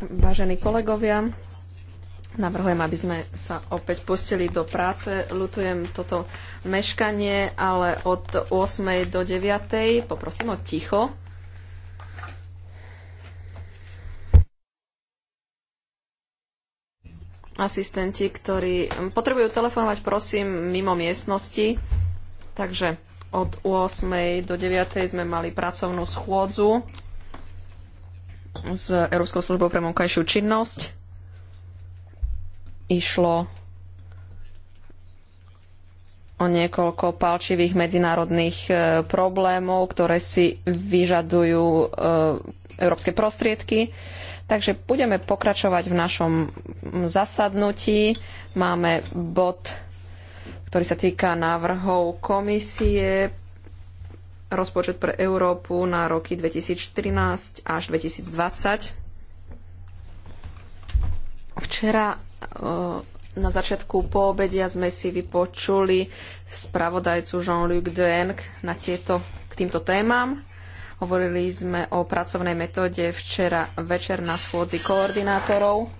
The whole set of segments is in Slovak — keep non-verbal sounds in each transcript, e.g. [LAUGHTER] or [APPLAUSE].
Vážení kolegovia, navrhujem, aby sme sa opäť pustili do práce. Lutujem toto meškanie, ale od 8. do 9. poprosím o ticho. Asistenti, ktorí potrebujú telefonovať, prosím, mimo miestnosti. Takže od 8. do 9. sme mali pracovnú schôdzu s Európskou službou pre vonkajšiu činnosť. Išlo o niekoľko palčivých medzinárodných e, problémov, ktoré si vyžadujú e, európske prostriedky. Takže budeme pokračovať v našom zasadnutí. Máme bod ktorý sa týka návrhov komisie rozpočet pre Európu na roky 2014 až 2020. Včera e, na začiatku poobedia sme si vypočuli spravodajcu Jean-Luc Deng na tieto, k týmto témam. Hovorili sme o pracovnej metóde včera večer na schôdzi koordinátorov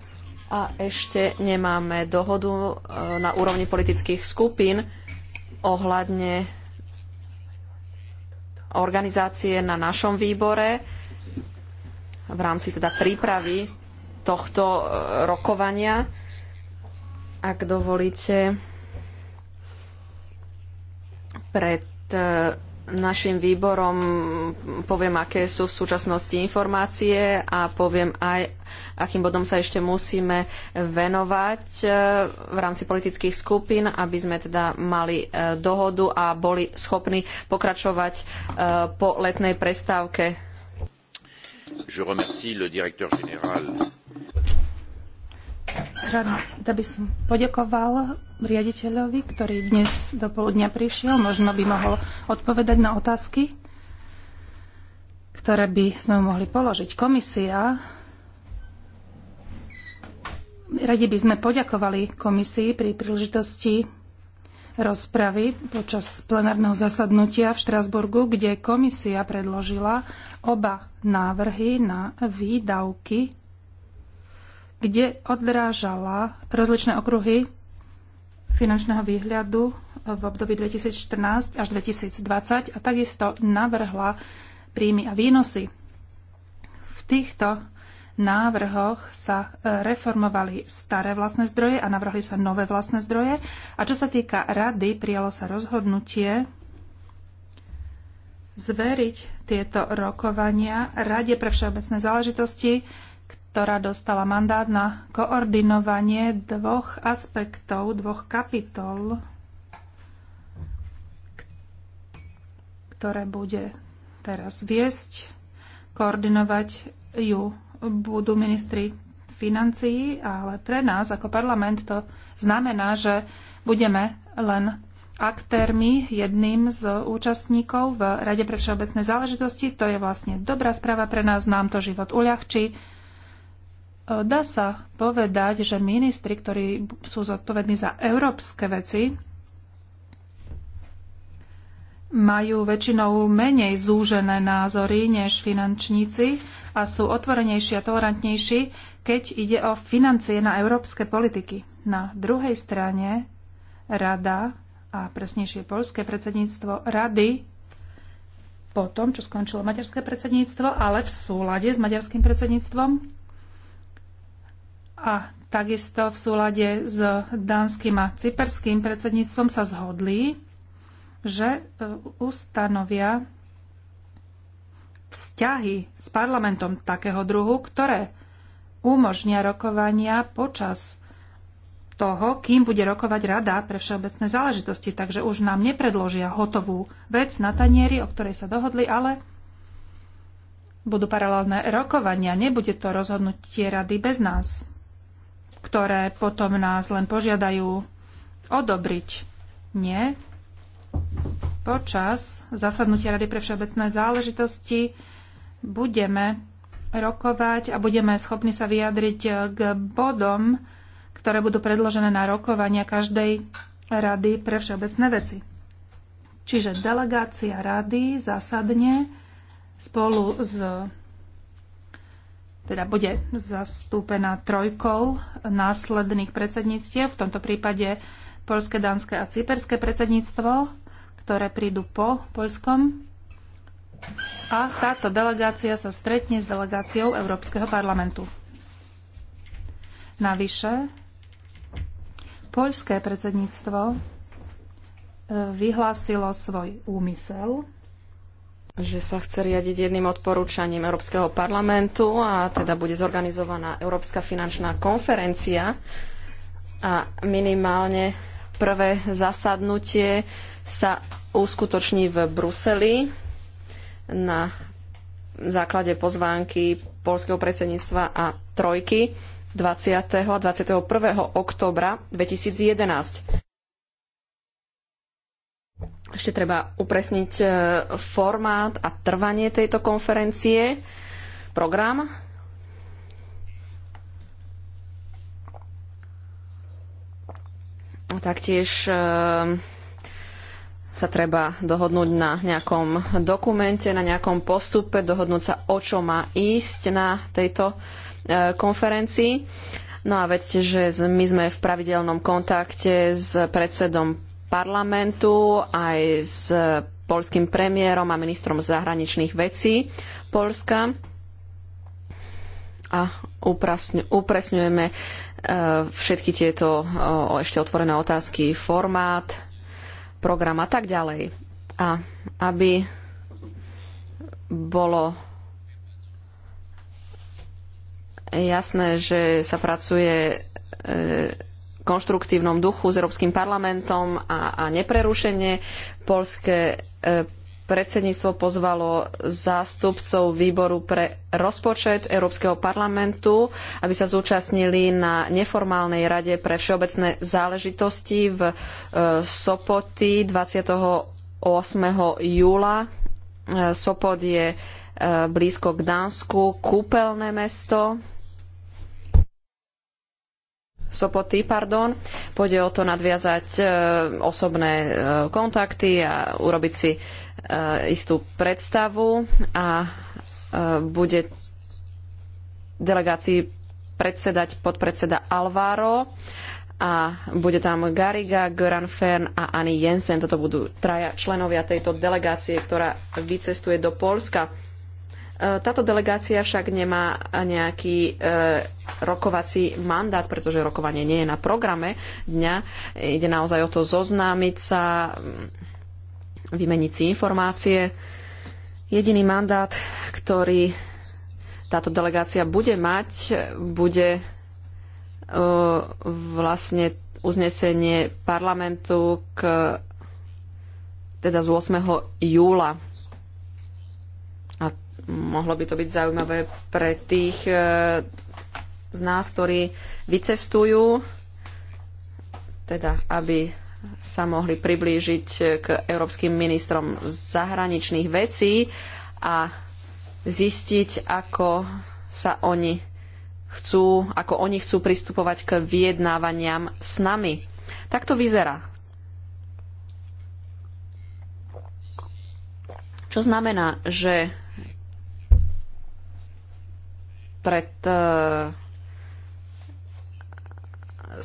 a ešte nemáme dohodu e, na úrovni politických skupín ohľadne organizácie na našom výbore v rámci teda prípravy tohto e, rokovania. Ak dovolíte, pred e, našim výborom poviem, aké sú v súčasnosti informácie a poviem aj, akým bodom sa ešte musíme venovať e, v rámci politických skupín, aby sme teda mali e, dohodu a boli schopní pokračovať e, po letnej prestávke. Je remercie le directeur général Rada by som poďakoval riaditeľovi, ktorý dnes do poludnia prišiel. Možno by mohol odpovedať na otázky, ktoré by sme mu mohli položiť. Komisia. Radi by sme poďakovali komisii pri príležitosti rozpravy počas plenárneho zasadnutia v Štrasburgu, kde komisia predložila oba návrhy na výdavky kde odrážala rozličné okruhy finančného výhľadu v období 2014 až 2020 a takisto navrhla príjmy a výnosy. V týchto návrhoch sa e, reformovali staré vlastné zdroje a navrhli sa nové vlastné zdroje. A čo sa týka rady, prijalo sa rozhodnutie zveriť tieto rokovania Rade pre všeobecné záležitosti ktorá dostala mandát na koordinovanie dvoch aspektov, dvoch kapitol, ktoré bude teraz viesť. Koordinovať ju budú ministri financií, ale pre nás ako parlament to znamená, že budeme len aktérmi, jedným z účastníkov v Rade pre všeobecné záležitosti. To je vlastne dobrá správa pre nás, nám to život uľahčí Dá sa povedať, že ministri, ktorí sú zodpovední za európske veci, majú väčšinou menej zúžené názory než finančníci a sú otvorenejší a tolerantnejší, keď ide o financie na európske politiky. Na druhej strane rada a presnejšie polské predsedníctvo rady po tom, čo skončilo maďarské predsedníctvo, ale v súlade s maďarským predsedníctvom a takisto v súlade s dánskym a cyperským predsedníctvom sa zhodli, že e, ustanovia vzťahy s parlamentom takého druhu, ktoré umožnia rokovania počas toho, kým bude rokovať Rada pre všeobecné záležitosti. Takže už nám nepredložia hotovú vec na tanieri, o ktorej sa dohodli, ale budú paralelné rokovania. Nebude to rozhodnutie Rady bez nás ktoré potom nás len požiadajú odobriť. Nie. Počas zasadnutia Rady pre všeobecné záležitosti budeme rokovať a budeme schopní sa vyjadriť k bodom, ktoré budú predložené na rokovania každej rady pre všeobecné veci. Čiže delegácia rady zasadne spolu s teda bude zastúpená trojkou následných predsedníctiev, v tomto prípade poľské, dánske a cyperské predsedníctvo, ktoré prídu po Polskom A táto delegácia sa stretne s delegáciou Európskeho parlamentu. Navyše, poľské predsedníctvo e, vyhlásilo svoj úmysel že sa chce riadiť jedným odporúčaním Európskeho parlamentu a teda bude zorganizovaná Európska finančná konferencia a minimálne prvé zasadnutie sa uskutoční v Bruseli na základe pozvánky polského predsedníctva a trojky 20. a 21. oktobra 2011. Ešte treba upresniť e, formát a trvanie tejto konferencie, program. Taktiež e, sa treba dohodnúť na nejakom dokumente, na nejakom postupe, dohodnúť sa, o čo má ísť na tejto e, konferencii. No a vedzte, že my sme v pravidelnom kontakte s predsedom parlamentu aj s polským premiérom a ministrom zahraničných vecí Polska a upresňujeme e, všetky tieto ešte otvorené otázky, formát, program a tak ďalej. A aby bolo jasné, že sa pracuje e, konštruktívnom duchu s Európskym parlamentom a, a neprerušenie. Polské e, predsedníctvo pozvalo zástupcov výboru pre rozpočet Európskeho parlamentu, aby sa zúčastnili na neformálnej rade pre všeobecné záležitosti v e, Sopoti 28. júla. E, Sopot je blízko k Dánsku, kúpeľné mesto, Sopoty, pardon. Pôjde o to nadviazať e, osobné e, kontakty a urobiť si e, istú predstavu a bude delegácii predsedať podpredseda Alvaro a bude tam Gariga, Göran Fern a Ani Jensen. Toto budú traja členovia tejto delegácie, ktorá vycestuje do Polska. Eh, táto delegácia však nemá nejaký eh, rokovací mandát, pretože rokovanie nie je na programe dňa. Ide naozaj o to zoznámiť sa, mm, vymeniť si informácie. Jediný mandát, ktorý táto delegácia bude mať, bude eh, vlastne uznesenie parlamentu k teda z 8. júla mohlo by to byť zaujímavé pre tých e, z nás, ktorí vycestujú, teda aby sa mohli priblížiť k európskym ministrom zahraničných vecí a zistiť, ako sa oni chcú, ako oni chcú pristupovať k vyjednávaniam s nami. Tak to vyzerá. Čo znamená, že pred e, e,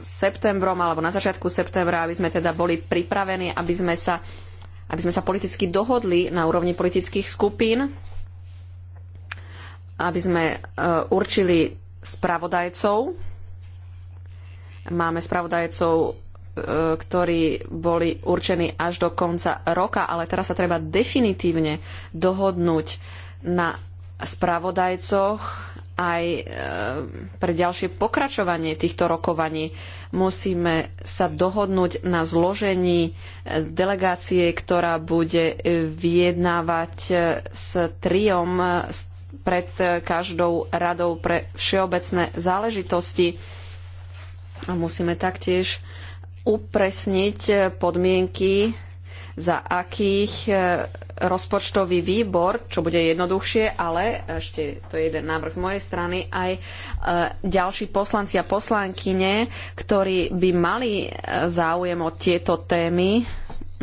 septembrom alebo na začiatku septembra, aby sme teda boli pripravení, aby sme sa, aby sme sa politicky dohodli na úrovni politických skupín, aby sme e, určili spravodajcov. Máme spravodajcov, ktorí boli určení až do konca roka, ale teraz sa treba definitívne dohodnúť na spravodajcoch aj e, pre ďalšie pokračovanie týchto rokovaní. Musíme sa dohodnúť na zložení e, delegácie, ktorá bude vyjednávať e, s triom pred každou radou pre všeobecné záležitosti. A musíme taktiež upresniť podmienky za akých e, rozpočtový výbor, čo bude jednoduchšie, ale ešte to je jeden návrh z mojej strany, aj e, ďalší poslanci a poslankyne, ktorí by mali e, záujem o tieto témy,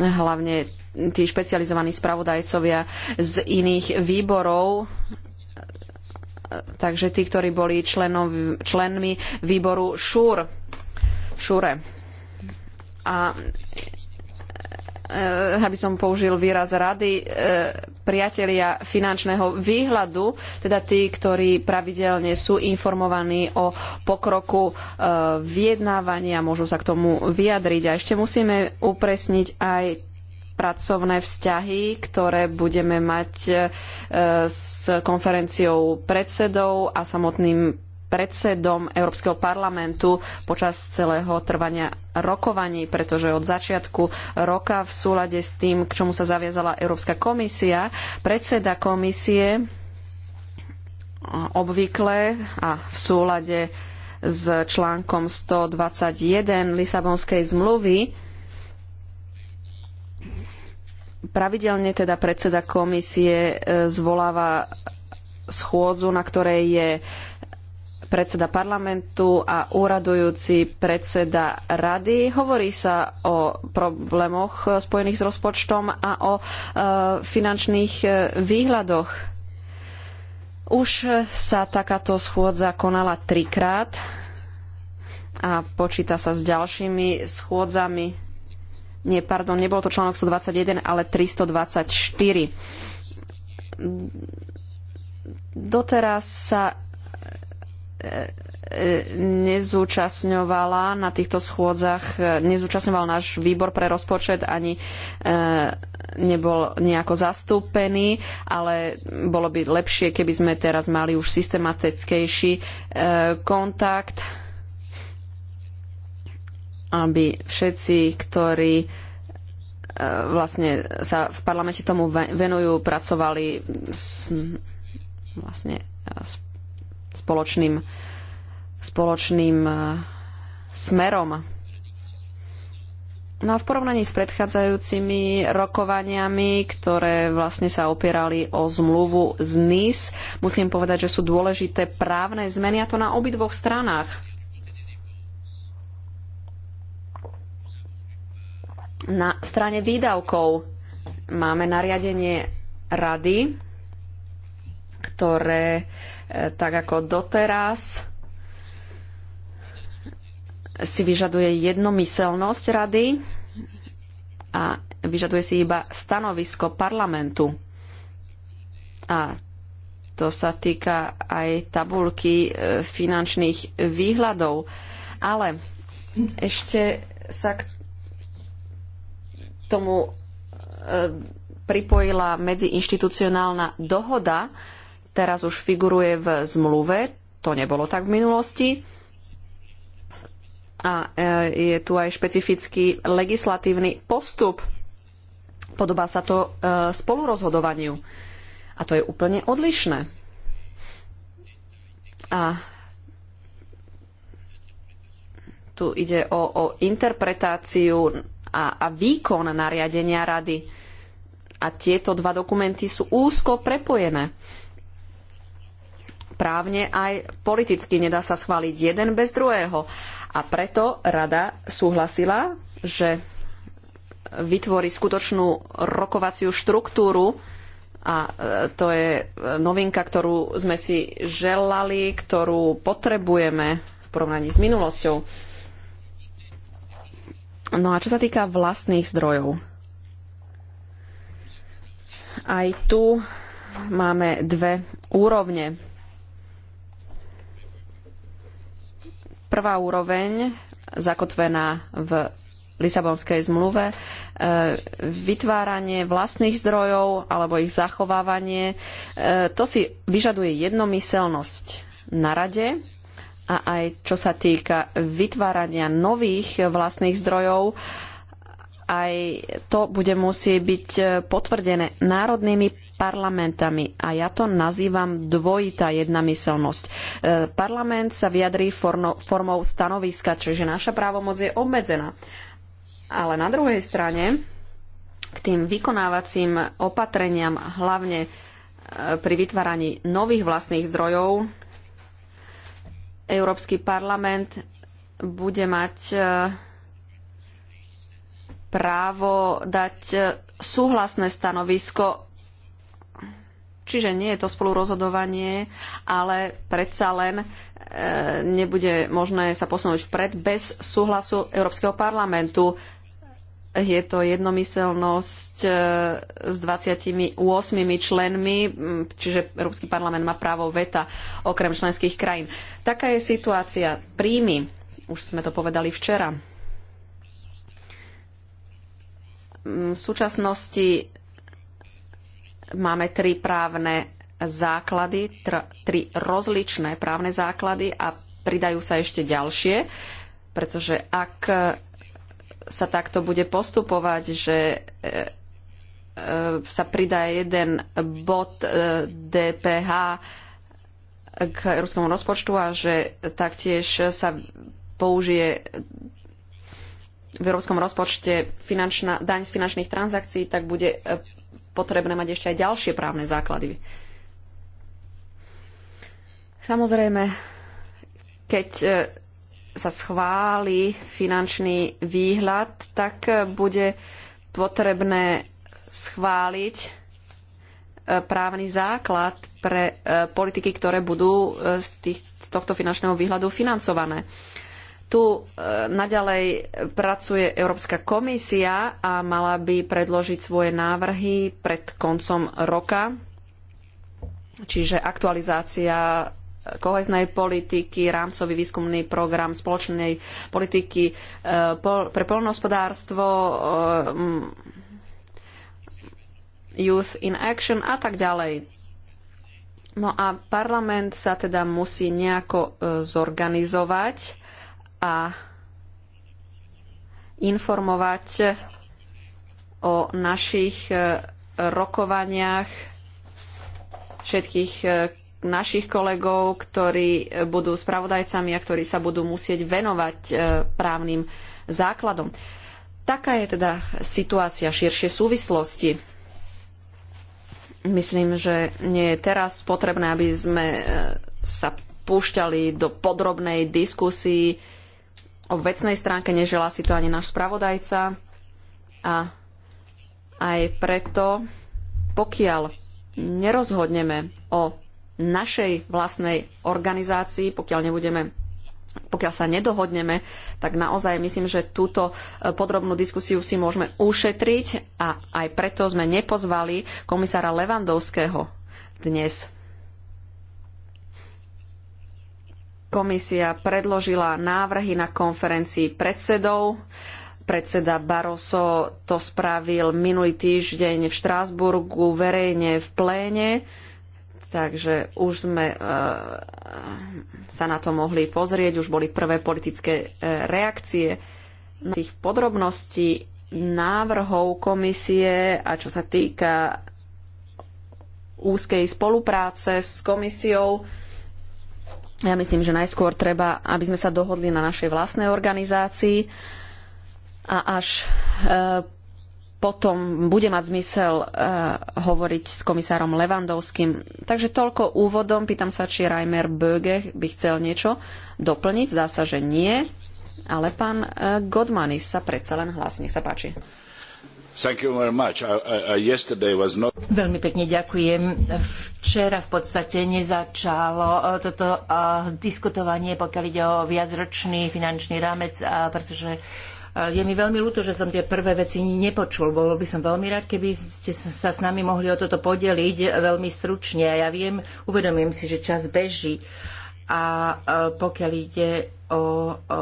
hlavne tí špecializovaní spravodajcovia z iných výborov, takže tí, ktorí boli členov, členmi výboru ŠUR, ŠURE. A Eh, aby som použil výraz rady, eh, priatelia finančného výhľadu, teda tí, ktorí pravidelne sú informovaní o pokroku eh, vyjednávania, môžu sa k tomu vyjadriť. A ešte musíme upresniť aj pracovné vzťahy, ktoré budeme mať s konferenciou predsedov a samotným predsedom Európskeho parlamentu počas celého trvania rokovaní, pretože od začiatku roka v súlade s tým, k čomu sa zaviazala Európska komisia, predseda komisie obvykle a v súlade s článkom 121 Lisabonskej zmluvy pravidelne teda predseda komisie e, zvoláva schôdzu, na ktorej je predseda parlamentu a úradujúci predseda rady. Hovorí sa o problémoch spojených s rozpočtom a o e, finančných e, výhľadoch. Už sa takáto schôdza konala trikrát a počíta sa s ďalšími schôdzami. Nie, pardon, nebol to článok 121, ale 324 doteraz sa nezúčastňovala na týchto schôdzach, e, nezúčastňoval náš výbor pre rozpočet ani e, nebol nejako zastúpený, ale bolo by lepšie, keby sme teraz mali už systematickejší e, kontakt, aby všetci, ktorí vlastne sa v parlamente tomu venujú, pracovali vlastne spoločným, spoločným e, smerom. No a v porovnaní s predchádzajúcimi rokovaniami, ktoré vlastne sa opierali o zmluvu z NIS, musím povedať, že sú dôležité právne zmeny a to na obidvoch stranách. Na strane výdavkov máme nariadenie rady, ktoré tak ako doteraz si vyžaduje jednomyselnosť rady a vyžaduje si iba stanovisko parlamentu. A to sa týka aj tabulky e, finančných výhľadov. Ale ešte sa k tomu e, pripojila medziinštitucionálna dohoda, teraz už figuruje v zmluve, to nebolo tak v minulosti. A e, je tu aj špecifický legislatívny postup. Podobá sa to e, spolurozhodovaniu. A to je úplne odlišné. A tu ide o, o interpretáciu a, a výkon nariadenia rady. A tieto dva dokumenty sú úzko prepojené právne aj politicky. Nedá sa schváliť jeden bez druhého. A preto rada súhlasila, že vytvorí skutočnú rokovaciu štruktúru a e, to je e, novinka, ktorú sme si želali, ktorú potrebujeme v porovnaní s minulosťou. No a čo sa týka vlastných zdrojov, aj tu máme dve úrovne Prvá úroveň, zakotvená v Lisabonskej zmluve, e, vytváranie vlastných zdrojov alebo ich zachovávanie, e, to si vyžaduje jednomyselnosť na rade a aj čo sa týka vytvárania nových vlastných zdrojov, aj to bude musieť byť e, potvrdené národnými parlamentami. A ja to nazývam dvojitá jednamyselnosť. E, parlament sa vyjadrí formou stanoviska, čiže naša právomoc je obmedzená. Ale na druhej strane k tým vykonávacím opatreniam, hlavne e, pri vytváraní nových vlastných zdrojov, Európsky parlament bude mať e, právo dať súhlasné stanovisko Čiže nie je to spolurozhodovanie, ale predsa len e, nebude možné sa posunúť vpred bez súhlasu Európskeho parlamentu. Je to jednomyselnosť e, s 28 členmi, čiže Európsky parlament má právo veta okrem členských krajín. Taká je situácia. Príjmy, už sme to povedali včera. V súčasnosti Máme tri právne základy, tri rozličné právne základy a pridajú sa ešte ďalšie, pretože ak e, sa takto bude postupovať, že e, e, sa pridá jeden bod DPH k ruskému rozpočtu a že taktiež sa použije v európskom rozpočte daň z finančných transakcií, tak bude potrebné mať ešte aj ďalšie právne základy. Samozrejme, keď e, sa schváli finančný výhľad, tak e, bude potrebné schváliť e, právny základ pre politiky, ktoré budú z, tých, z tohto finančného výhľadu financované. Tu e, naďalej pracuje Európska komisia a mala by predložiť svoje návrhy pred koncom roka, čiže aktualizácia koheznej politiky, rámcový výskumný program spoločnej politiky e, pre poľnohospodárstvo, e, Youth in Action a tak ďalej. No a parlament sa teda musí nejako zorganizovať a informovať o našich e, rokovaniach všetkých e, našich kolegov, ktorí budú spravodajcami a ktorí sa budú musieť venovať e, právnym základom. Taká je teda situácia širšie súvislosti. Myslím, že nie je teraz potrebné, aby sme sa púšťali do podrobnej diskusii o vecnej stránke neželá si to ani náš spravodajca a aj preto, pokiaľ nerozhodneme o našej vlastnej organizácii, pokiaľ nebudeme pokiaľ sa nedohodneme, tak naozaj myslím, že túto e, podrobnú diskusiu si môžeme ušetriť a aj preto sme nepozvali komisára Levandovského dnes Komisia predložila návrhy na konferencii predsedov. Predseda Barroso to spravil minulý týždeň v Štrásburgu verejne v pléne, takže už sme e, sa na to mohli pozrieť, už boli prvé politické e, reakcie. Na tých podrobností návrhov komisie a čo sa týka úzkej spolupráce s komisiou, ja myslím, že najskôr treba, aby sme sa dohodli na našej vlastnej organizácii a až e, potom bude mať zmysel e, hovoriť s komisárom Levandovským. Takže toľko úvodom. Pýtam sa, či Reimer Böge by chcel niečo doplniť. Zdá sa, že nie. Ale pán e, Godmanis sa predsa len hlási. Nech sa páči. Not... Veľmi pekne ďakujem. Včera v podstate nezačalo e, toto e, diskutovanie, pokiaľ ide o viacročný finančný rámec, pretože e, je mi veľmi ľúto, že som tie prvé veci nepočul. Bolo by som veľmi rád, keby ste sa s nami mohli o toto podeliť veľmi stručne. A Ja viem, uvedomujem si, že čas beží. A pokiaľ ide o, o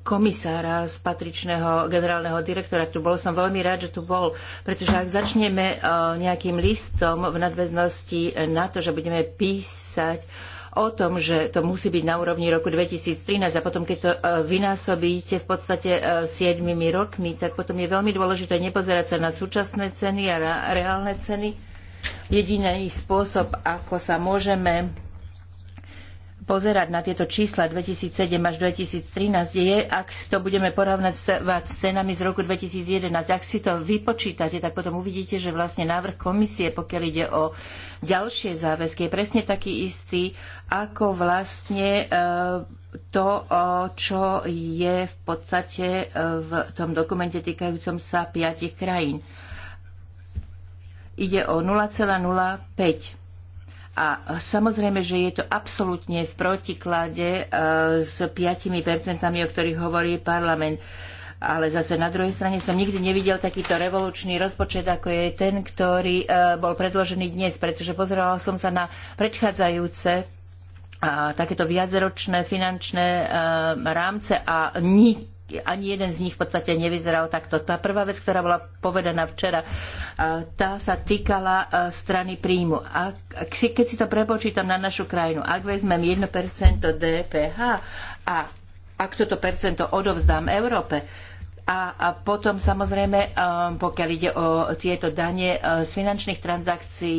komisára z patričného generálneho direktora. Tu bol som veľmi rád, že tu bol, pretože ak začneme nejakým listom v nadväznosti na to, že budeme písať o tom, že to musí byť na úrovni roku 2013 a potom, keď to vynásobíte v podstate 7 rokmi, tak potom je veľmi dôležité nepozerať sa na súčasné ceny a reálne ceny. Jediný spôsob, ako sa môžeme pozerať na tieto čísla 2007 až 2013 je, ak to budeme porovnať s cenami z roku 2011, ak si to vypočítate, tak potom uvidíte, že vlastne návrh komisie, pokiaľ ide o ďalšie záväzky, je presne taký istý, ako vlastne e, to, čo je v podstate e, v tom dokumente týkajúcom sa piatich krajín. Ide o 0,05 a samozrejme, že je to absolútne v protiklade e, s 5%, o ktorých hovorí parlament. Ale zase na druhej strane som nikdy nevidel takýto revolučný rozpočet, ako je ten, ktorý e, bol predložený dnes, pretože pozerala som sa na predchádzajúce a takéto viacročné finančné e, rámce a nič ani jeden z nich v podstate nevyzeral takto. Tá prvá vec, ktorá bola povedaná včera, e, tá sa týkala e, strany príjmu. A keď si to prepočítam na našu krajinu, ak vezmem 1% DPH a ak toto percento odovzdám Európe, a, potom samozrejme, e, pokiaľ ide o tieto dane z finančných transakcií,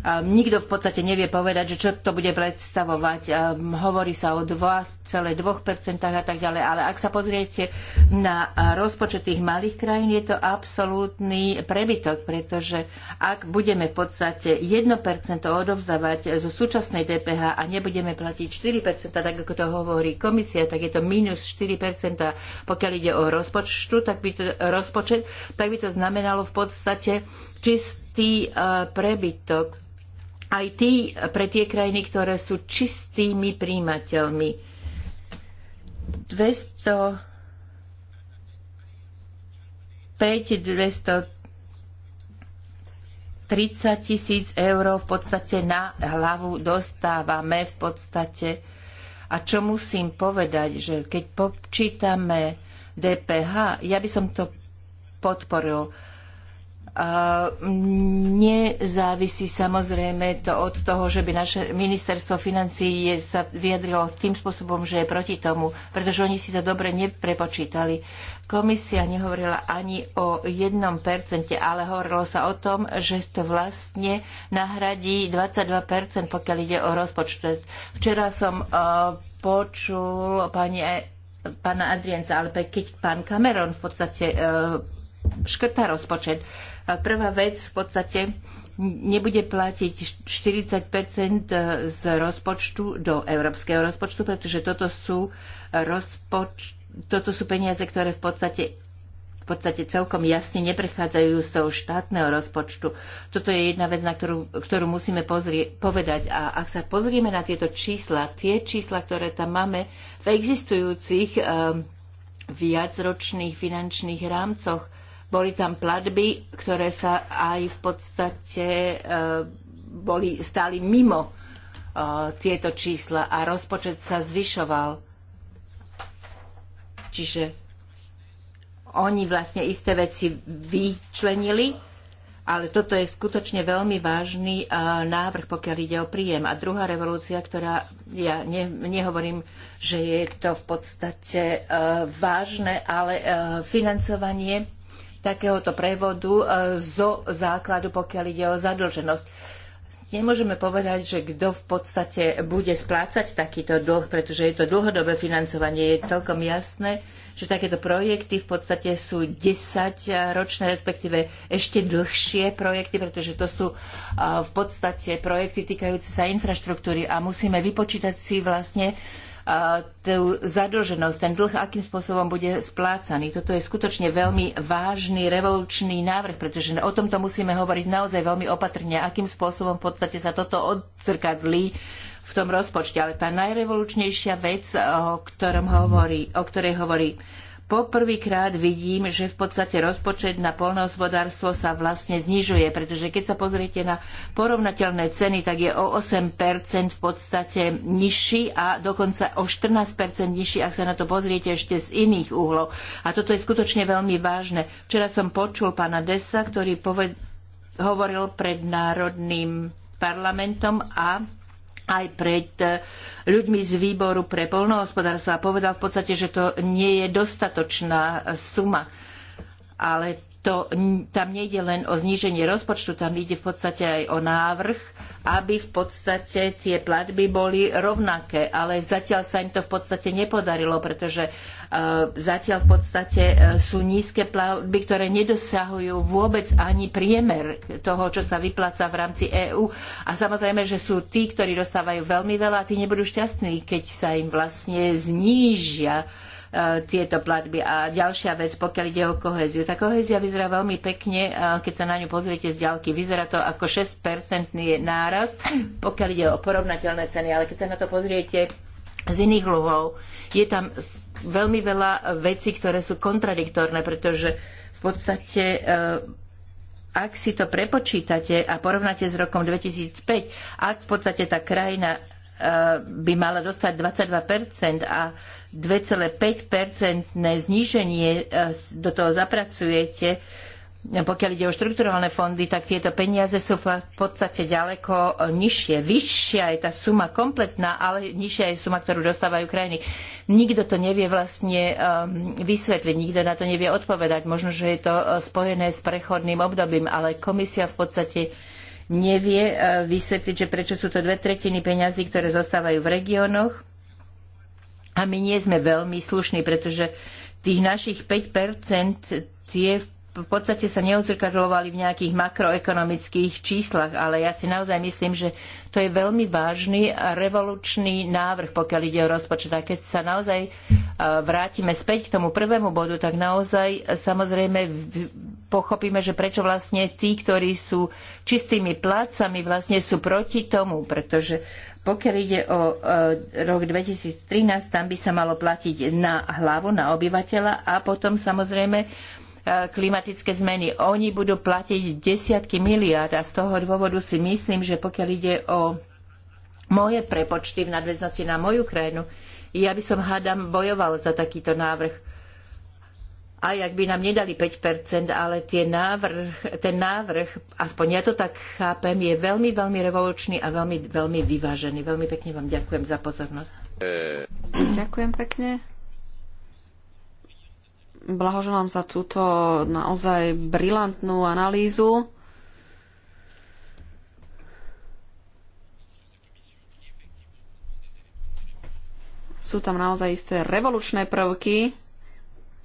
Ehm, nikto v podstate nevie povedať, že čo to bude predstavovať. Ehm, hovorí sa o 2,2% a tak ďalej, ale ak sa pozriete na rozpočet tých malých krajín, je to absolútny prebytok, pretože ak budeme v podstate 1% odovzdávať zo súčasnej DPH a nebudeme platiť 4%, tak ako to hovorí komisia, tak je to minus 4%, pokiaľ ide o rozpočtu, tak by to, rozpočet, tak by to znamenalo v podstate čistý eh, prebytok aj tí, pre tie krajiny, ktoré sú čistými príjimateľmi. 200 5 230 tisíc eur v podstate na hlavu dostávame v podstate. A čo musím povedať, že keď počítame DPH, ja by som to podporil nezávisí samozrejme to od toho, že by naše ministerstvo financí je, sa vyjadrilo tým spôsobom, že je proti tomu, pretože oni si to dobre neprepočítali. Komisia nehovorila ani o jednom percente, ale hovorilo sa o tom, že to vlastne nahradí 22%, pokiaľ ide o rozpočet. Včera som uh, počul pani, e, pána Adrienca, ale keď pán Cameron v podstate uh, e, škrtá rozpočet, Prvá vec v podstate nebude platiť 40 z rozpočtu do európskeho rozpočtu, pretože toto sú, rozpoč- toto sú peniaze, ktoré v podstate v podstate celkom jasne neprechádzajú z toho štátneho rozpočtu. Toto je jedna vec, na ktorú, ktorú musíme pozrie, povedať. A ak sa pozrieme na tieto čísla, tie čísla, ktoré tam máme v existujúcich um, viacročných finančných rámcoch, boli tam platby, ktoré sa aj v podstate e, boli, stáli mimo e, tieto čísla a rozpočet sa zvyšoval. Čiže oni vlastne isté veci vyčlenili, ale toto je skutočne veľmi vážny e, návrh, pokiaľ ide o príjem. A druhá revolúcia, ktorá, ja ne, nehovorím, že je to v podstate vážne, ale financovanie takéhoto prevodu e, zo základu, pokiaľ ide o zadlženosť. Nemôžeme povedať, že kto v podstate bude splácať takýto dlh, pretože je to dlhodobé financovanie. Je celkom jasné, že takéto projekty v podstate sú 10-ročné, respektíve ešte dlhšie projekty, pretože to sú e, v podstate projekty týkajúce sa infraštruktúry a musíme vypočítať si vlastne tú zadlženosť, ten dlh, akým spôsobom bude splácaný. Toto je skutočne veľmi vážny revolučný návrh, pretože o tomto musíme hovoriť naozaj veľmi opatrne, akým spôsobom v podstate sa toto odcrkadlí v tom rozpočte. Ale tá najrevolučnejšia vec, o, ktorom hovorí, o ktorej hovorí poprvýkrát vidím, že v podstate rozpočet na poľnohospodárstvo sa vlastne znižuje, pretože keď sa pozriete na porovnateľné ceny, tak je o 8% v podstate nižší a dokonca o 14% nižší, ak sa na to pozriete ešte z iných uhlov. A toto je skutočne veľmi vážne. Včera som počul pána Desa, ktorý poved- hovoril pred Národným parlamentom a aj pred e, ľuďmi z výboru pre polnohospodárstvo a povedal v podstate, že to nie je dostatočná e, suma. Ale to, tam nejde len o zníženie rozpočtu, tam ide v podstate aj o návrh, aby v podstate tie platby boli rovnaké, ale zatiaľ sa im to v podstate nepodarilo, pretože e, zatiaľ v podstate e, sú nízke platby, ktoré nedosahujú vôbec ani priemer toho, čo sa vypláca v rámci EÚ. A samozrejme, že sú tí, ktorí dostávajú veľmi veľa a tí nebudú šťastní, keď sa im vlastne znížia E, tieto platby. A ďalšia vec, pokiaľ ide o koheziu. Tá kohezia vyzerá veľmi pekne, keď sa na ňu pozriete z ďalky. Vyzerá to ako 6-percentný náraz, pokiaľ ide o porovnateľné ceny. Ale keď sa na to pozriete z iných hluhov, je tam veľmi veľa vecí, ktoré sú kontradiktorné, pretože v podstate e, ak si to prepočítate a porovnáte s rokom 2005, ak v podstate tá krajina Eh, by mala dostať 22% a 2,5% zníženie eh, do toho zapracujete, pokiaľ ide o štrukturálne fondy, tak tieto peniaze sú v podstate ďaleko eh, nižšie. Vyššia je tá suma kompletná, ale nižšia je suma, ktorú dostávajú krajiny. Nikto to nevie vlastne ehm, vysvetliť, nikto na to nevie odpovedať. Možno, že je to spojené s prechodným obdobím, ale komisia v podstate nevie e, vysvetliť, že prečo sú to dve tretiny peňazí, ktoré zostávajú v regiónoch. A my nie sme veľmi slušní, pretože tých našich 5% tie v v podstate sa neodzrkadlovali v nejakých makroekonomických číslach, ale ja si naozaj myslím, že to je veľmi vážny a revolučný návrh, pokiaľ ide o rozpočet. A keď sa naozaj e, vrátime späť k tomu prvému bodu, tak naozaj e, samozrejme pochopíme, že prečo vlastne tí, ktorí sú čistými plácami, vlastne sú proti tomu, pretože pokiaľ ide o e, rok 2013, tam by sa malo platiť na hlavu, na obyvateľa a potom samozrejme E, klimatické zmeny. Oni budú platiť desiatky miliard a z toho dôvodu si myslím, že pokiaľ ide o moje prepočty v nadväznosti na moju krajinu, ja by som hádam bojoval za takýto návrh aj ak by nám nedali 5%, ale tie návrh, ten návrh, aspoň ja to tak chápem, je veľmi, veľmi revolučný a veľmi, veľmi vyvážený. Veľmi pekne vám ďakujem za pozornosť. Ďakujem pekne. Blahoželám za túto naozaj brilantnú analýzu. Sú tam naozaj isté revolučné prvky.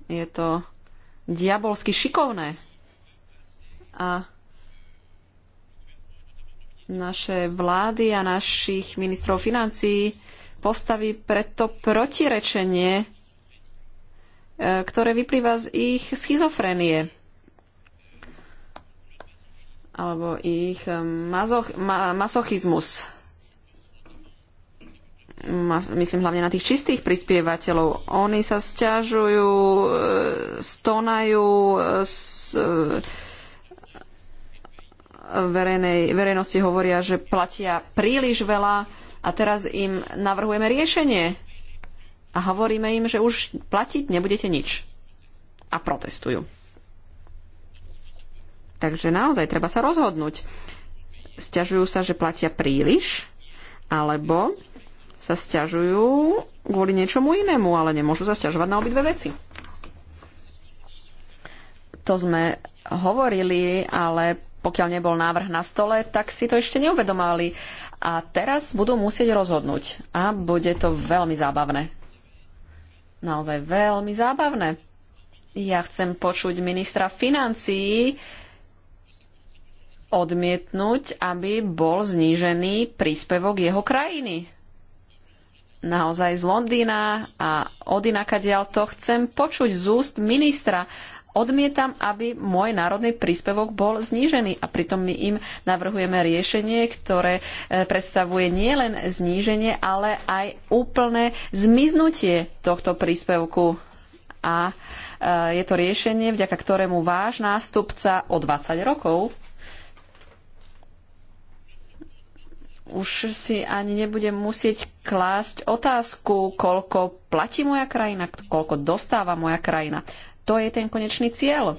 Je to diabolsky šikovné. A naše vlády a našich ministrov financií postaví preto protirečenie E, ktoré vyplýva z ich schizofrenie alebo ich e, mazoch, ma, masochizmus. Mas, myslím hlavne na tých čistých prispievateľov. Oni sa stiažujú, e, stonajú z verejnej, verejnosti hovoria, že platia príliš veľa a teraz im navrhujeme riešenie a hovoríme im, že už platiť nebudete nič. A protestujú. Takže naozaj treba sa rozhodnúť. Sťažujú sa, že platia príliš, alebo sa sťažujú kvôli niečomu inému, ale nemôžu sa sťažovať na obidve veci. To sme hovorili, ale pokiaľ nebol návrh na stole, tak si to ešte neuvedomali. A teraz budú musieť rozhodnúť. A bude to veľmi zábavné naozaj veľmi zábavné. Ja chcem počuť ministra financií odmietnúť, aby bol znížený príspevok jeho krajiny. Naozaj z Londýna a od inakadiaľ to chcem počuť z úst ministra, odmietam, aby môj národný príspevok bol znížený. A pritom my im navrhujeme riešenie, ktoré e, predstavuje nielen zníženie, ale aj úplné zmiznutie tohto príspevku. A e, je to riešenie, vďaka ktorému váš nástupca o 20 rokov už si ani nebudem musieť klásť otázku, koľko platí moja krajina, koľko dostáva moja krajina to je ten konečný cieľ.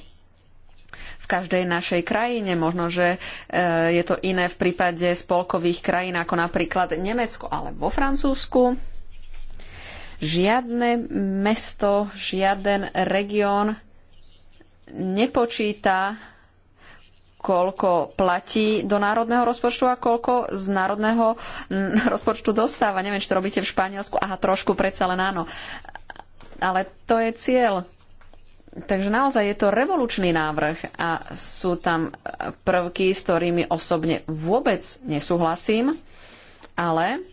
V každej našej krajine, možno, že e, je to iné v prípade spolkových krajín ako napríklad Nemecko, ale vo Francúzsku žiadne mesto, žiaden región nepočíta, koľko platí do národného rozpočtu a koľko z národného [LAUGHS] rozpočtu dostáva. Neviem, či to robíte v Španielsku. Aha, trošku predsa len áno. Ale to je cieľ. Takže naozaj je to revolučný návrh a sú tam prvky, s ktorými osobne vôbec nesúhlasím, ale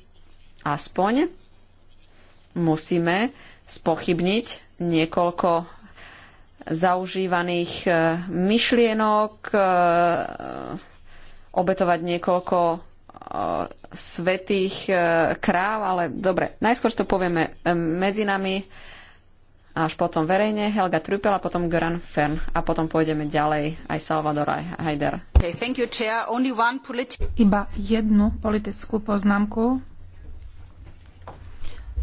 aspoň musíme spochybniť niekoľko zaužívaných e, myšlienok, e, obetovať niekoľko e, svetých kráv, ale dobre, najskôr to povieme medzi nami až potom verejne Helga Trupel a potom Göran Fern a potom pôjdeme ďalej aj Salvador aj Haider. Okay, you, Iba jednu politickú poznámku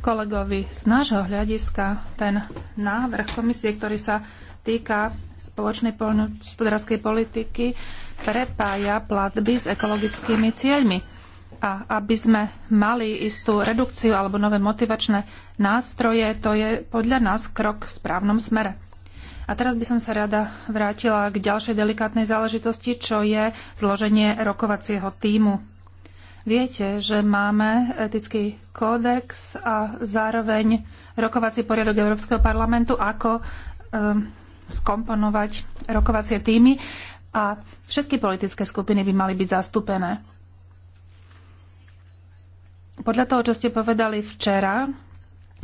kolegovi z nášho hľadiska ten návrh komisie, ktorý sa týka spoločnej poľnohospodárskej politiky, prepája platby s ekologickými cieľmi a aby sme mali istú redukciu alebo nové motivačné nástroje, to je podľa nás krok v správnom smere. A teraz by som sa rada vrátila k ďalšej delikátnej záležitosti, čo je zloženie rokovacieho týmu. Viete, že máme etický kódex a zároveň rokovací poriadok Európskeho parlamentu, ako um, skomponovať rokovacie týmy a všetky politické skupiny by mali byť zastúpené. Podľa toho, čo ste povedali včera,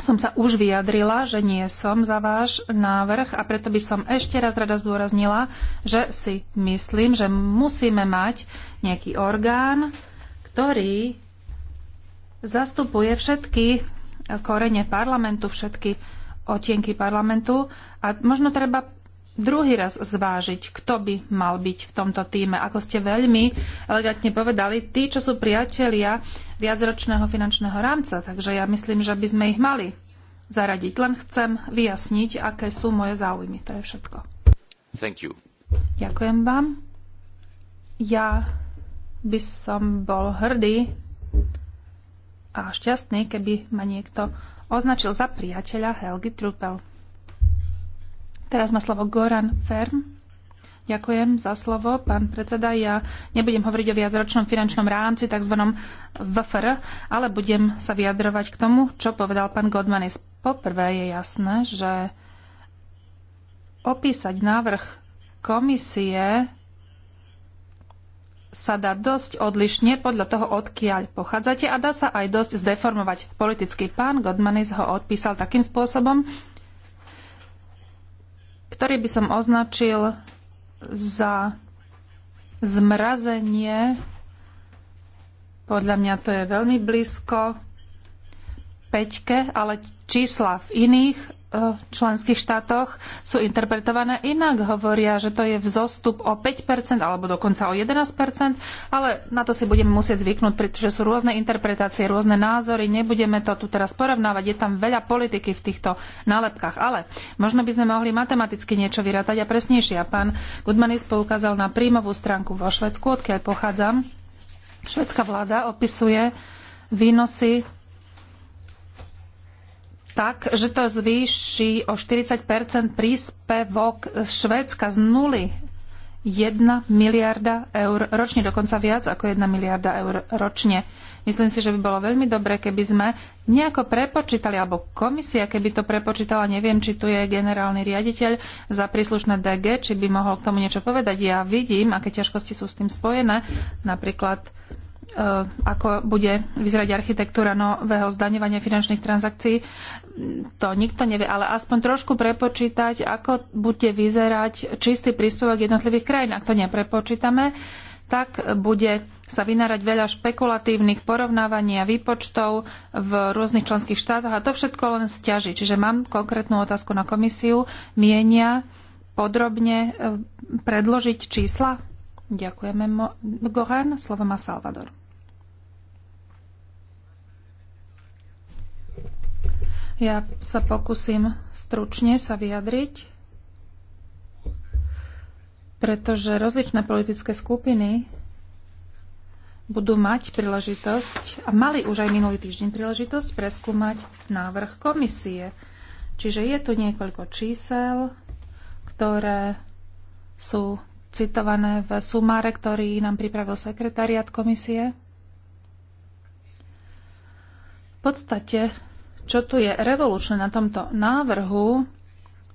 som sa už vyjadrila, že nie som za váš návrh a preto by som ešte raz rada zdôraznila, že si myslím, že musíme mať nejaký orgán, ktorý zastupuje všetky korene parlamentu, všetky otienky parlamentu a možno treba druhý raz zvážiť, kto by mal byť v tomto týme. Ako ste veľmi elegantne povedali, tí, čo sú priatelia viacročného finančného rámca, takže ja myslím, že by sme ich mali zaradiť. Len chcem vyjasniť, aké sú moje záujmy. To je všetko. Thank you. Ďakujem vám. Ja by som bol hrdý a šťastný, keby ma niekto označil za priateľa Helgi Trupel. Teraz má slovo Goran Ferm. Ďakujem za slovo, pán predseda. Ja nebudem hovoriť o viacročnom finančnom rámci, tzv. VFR, ale budem sa vyjadrovať k tomu, čo povedal pán Godmanis. Poprvé je jasné, že opísať návrh komisie sa dá dosť odlišne podľa toho, odkiaľ pochádzate a dá sa aj dosť zdeformovať politicky. Pán Godmanis ho odpísal takým spôsobom, ktorý by som označil za zmrazenie. Podľa mňa to je veľmi blízko peťke, ale čísla v iných Eh, členských štátoch sú interpretované inak. Hovoria, že to je vzostup o 5% alebo dokonca o 11%, ale na to si budeme musieť zvyknúť, pretože sú rôzne interpretácie, rôzne názory. Nebudeme to tu teraz porovnávať. Je tam veľa politiky v týchto nálepkách. Ale možno by sme mohli matematicky niečo vyrátať a presnejšie. A pán Gudmanis poukázal na príjmovú stránku vo Švedsku, odkiaľ pochádzam. Švedská vláda opisuje výnosy tak, že to zvýši o 40 príspevok z Švédska z nuly 1 miliarda eur ročne, dokonca viac ako 1 miliarda eur ročne. Myslím si, že by bolo veľmi dobré, keby sme nejako prepočítali, alebo komisia, keby to prepočítala, neviem, či tu je generálny riaditeľ za príslušné DG, či by mohol k tomu niečo povedať. Ja vidím, aké ťažkosti sú s tým spojené. Napríklad E, ako bude vyzerať architektúra nového zdaňovania finančných transakcií, to nikto nevie, ale aspoň trošku prepočítať, ako bude vyzerať čistý príspevok jednotlivých krajín. Ak to neprepočítame, tak bude sa vynárať veľa špekulatívnych porovnávaní a výpočtov v rôznych členských štátoch a to všetko len stiaží. Čiže mám konkrétnu otázku na komisiu. Mienia podrobne e, predložiť čísla? Ďakujeme, Mo- Goran. Slovo má Salvador. Ja sa pokúsim stručne sa vyjadriť, pretože rozličné politické skupiny budú mať príležitosť, a mali už aj minulý týždeň príležitosť, preskúmať návrh komisie. Čiže je tu niekoľko čísel, ktoré sú citované v sumáre, ktorý nám pripravil sekretariat komisie. V podstate, čo tu je revolučné na tomto návrhu,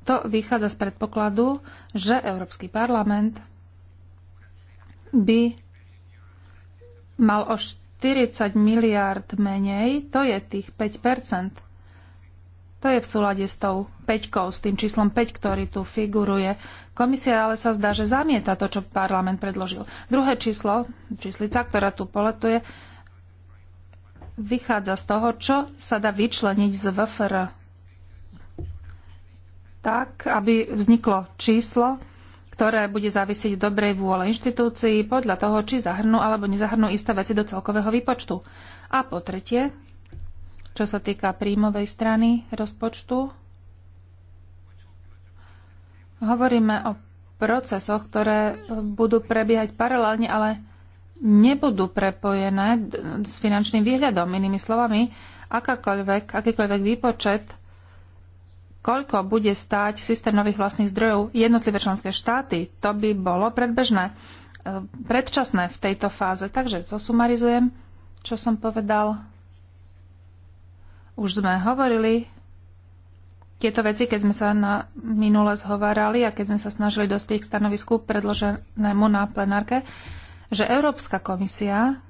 to vychádza z predpokladu, že Európsky parlament by mal o 40 miliard menej, to je tých 5 To je v súlade s tou 5, s tým číslom 5, ktorý tu figuruje. Komisia ale sa zdá, že zamieta to, čo parlament predložil. Druhé číslo, číslica, ktorá tu poletuje, vychádza z toho, čo sa dá vyčleniť z VFR. Tak, aby vzniklo číslo, ktoré bude závisieť dobrej vôle inštitúcií podľa toho, či zahrnú alebo nezahrnú isté veci do celkového výpočtu. A po tretie, čo sa týka príjmovej strany rozpočtu, Hovoríme o procesoch, ktoré budú prebiehať paralelne, ale nebudú prepojené s finančným výhľadom. Inými slovami, akákoľvek, akýkoľvek výpočet, koľko bude stáť systém nových vlastných zdrojov jednotlivé členské štáty, to by bolo predbežné, e, predčasné v tejto fáze. Takže zosumarizujem, čo som povedal. Už sme hovorili tieto veci, keď sme sa na minule zhovárali a keď sme sa snažili dospieť k stanovisku predloženému na plenárke, že Európska komisia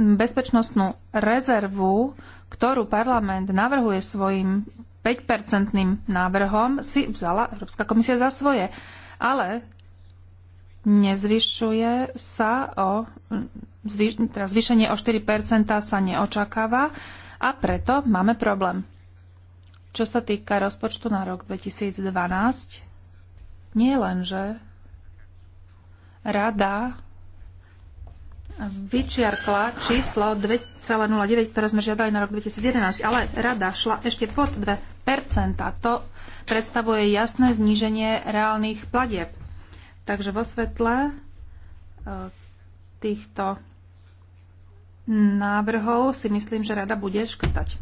bezpečnostnú rezervu, ktorú parlament navrhuje svojim 5-percentným návrhom, si vzala Európska komisia za svoje. Ale nezvyšuje sa o, zvýš, teda zvýšenie o 4% sa neočakáva a preto máme problém. Čo sa týka rozpočtu na rok 2012, nie len, že rada vyčiarkla číslo 2,09, ktoré sme žiadali na rok 2011, ale rada šla ešte pod 2%. To predstavuje jasné zníženie reálnych platieb. Takže vo svetle e, týchto návrhov si myslím, že rada bude škrtať.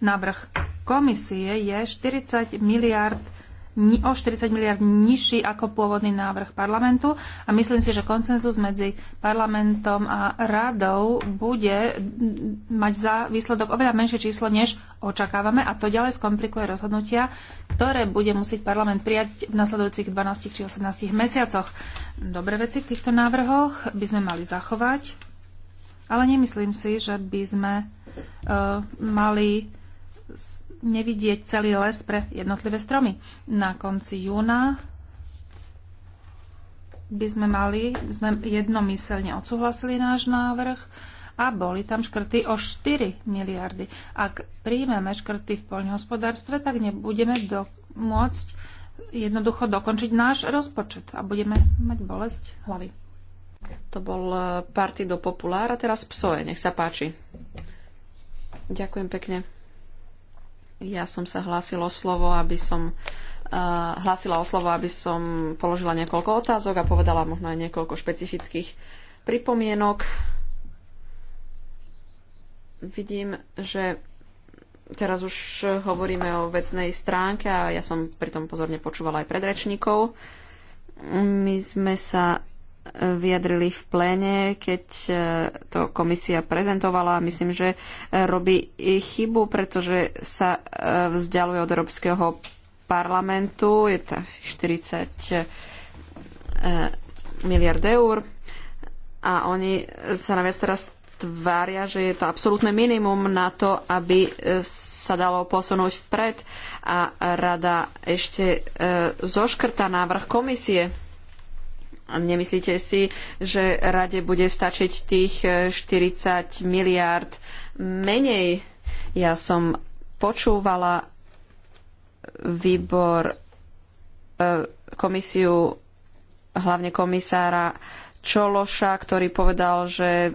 Návrh komisie je 40 miliard o 40 miliard nižší ako pôvodný návrh parlamentu a myslím si, že konsenzus medzi parlamentom a radou bude mať za výsledok oveľa menšie číslo, než očakávame a to ďalej skomplikuje rozhodnutia, ktoré bude musieť parlament prijať v nasledujúcich 12 či 18 mesiacoch. Dobre veci v týchto návrhoch by sme mali zachovať, ale nemyslím si, že by sme uh, mali nevidieť celý les pre jednotlivé stromy. Na konci júna by sme mali, sme jednomyselne odsúhlasili náš návrh a boli tam škrty o 4 miliardy. Ak príjmeme škrty v poľnohospodárstve, tak nebudeme do, môcť jednoducho dokončiť náš rozpočet a budeme mať bolesť hlavy. To bol e, party do populára, teraz PSOE, nech sa páči. Ďakujem pekne. Ja som sa hlásila slovo, aby som uh, hlásila o slovo, aby som položila niekoľko otázok a povedala možno aj niekoľko špecifických pripomienok. Vidím, že teraz už hovoríme o vecnej stránke a ja som pritom pozorne počúvala aj predrečníkov. My sme sa vyjadrili v pléne, keď e, to komisia prezentovala. Myslím, že e, robí chybu, pretože sa e, vzdialuje od Európskeho parlamentu. Je to 40 miliard eur a oni sa naviac teraz tvária, že je to absolútne minimum na to, aby sa dalo posunúť vpred a rada ešte zoškrta návrh komisie a nemyslíte si, že rade bude stačiť tých 40 e, miliárd menej? Ja som počúvala výbor, e, komisiu, hlavne komisára Čološa, ktorý povedal, že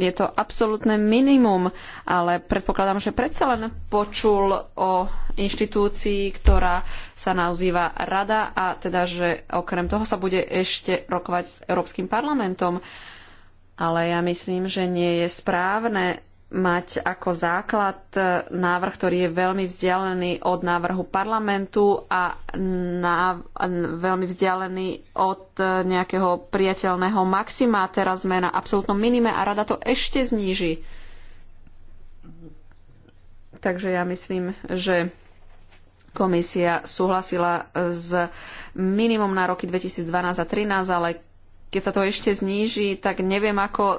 je to absolútne minimum, ale predpokladám, že predsa len počul o inštitúcii, ktorá sa nazýva Rada a teda, že okrem toho sa bude ešte rokovať s Európskym parlamentom. Ale ja myslím, že nie je správne mať ako základ e, návrh, ktorý je veľmi vzdialený od návrhu parlamentu a na, veľmi vzdialený od e, nejakého priateľného maxima. Teraz sme na absolútnom minime a rada to ešte zníži. Takže ja myslím, že komisia súhlasila s minimum na roky 2012 a 2013, ale keď sa to ešte zníži, tak neviem, ako e,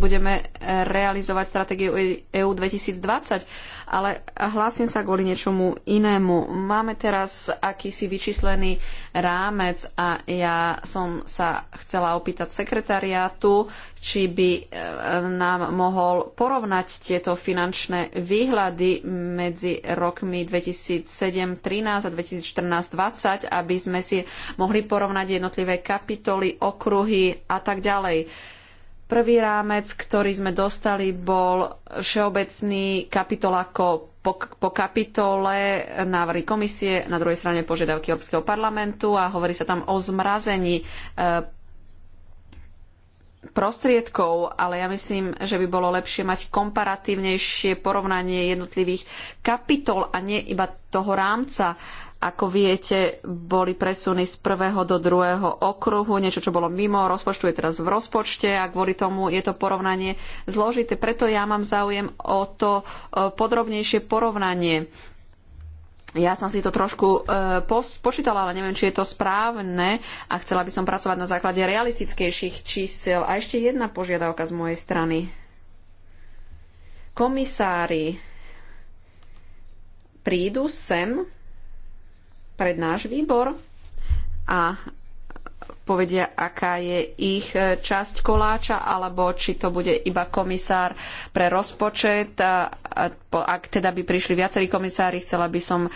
budeme realizovať stratégiu EU 2020 ale hlásim sa kvôli niečomu inému. Máme teraz akýsi vyčíslený rámec a ja som sa chcela opýtať sekretariátu, či by e, nám mohol porovnať tieto finančné výhľady medzi rokmi 2007-13 a 2014-20, aby sme si mohli porovnať jednotlivé kapitoly, okruhy a tak ďalej Prvý rámec, ktorý sme dostali, bol všeobecný kapitol ako po, po kapitole návrhy komisie, na druhej strane požiadavky Európskeho parlamentu a hovorí sa tam o zmrazení e, prostriedkov, ale ja myslím, že by bolo lepšie mať komparatívnejšie porovnanie jednotlivých kapitol a nie iba toho rámca. E, ako viete, boli presuny z prvého do druhého okruhu. Niečo, čo bolo mimo rozpočtu, je teraz v rozpočte a kvôli tomu je to porovnanie zložité. Preto ja mám záujem o to e, podrobnejšie porovnanie. Ja som si to trošku e, počítala, ale neviem, či je to správne a chcela by som pracovať na základe realistickejších čísel. A ešte jedna požiadavka z mojej strany. Komisári prídu sem pred náš výbor a povedia, aká je ich e, časť koláča, alebo či to bude iba komisár pre rozpočet. A, ak teda by prišli viacerí komisári, chcela by som e,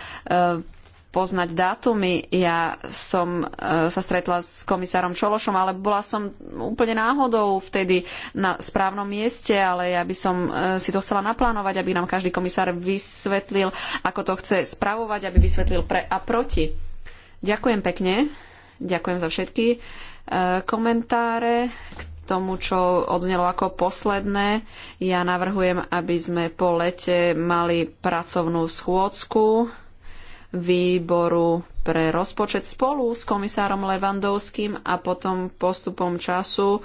poznať dátumy. Ja som e, sa stretla s komisárom Čološom, ale bola som úplne náhodou vtedy na správnom mieste, ale ja by som e, si to chcela naplánovať, aby nám každý komisár vysvetlil, ako to chce spravovať, aby vysvetlil pre a proti. Ďakujem pekne. Ďakujem za všetky e, komentáre k tomu, čo odznelo ako posledné. Ja navrhujem, aby sme po lete mali pracovnú schôdzku výboru pre rozpočet spolu s komisárom Levandovským a potom postupom času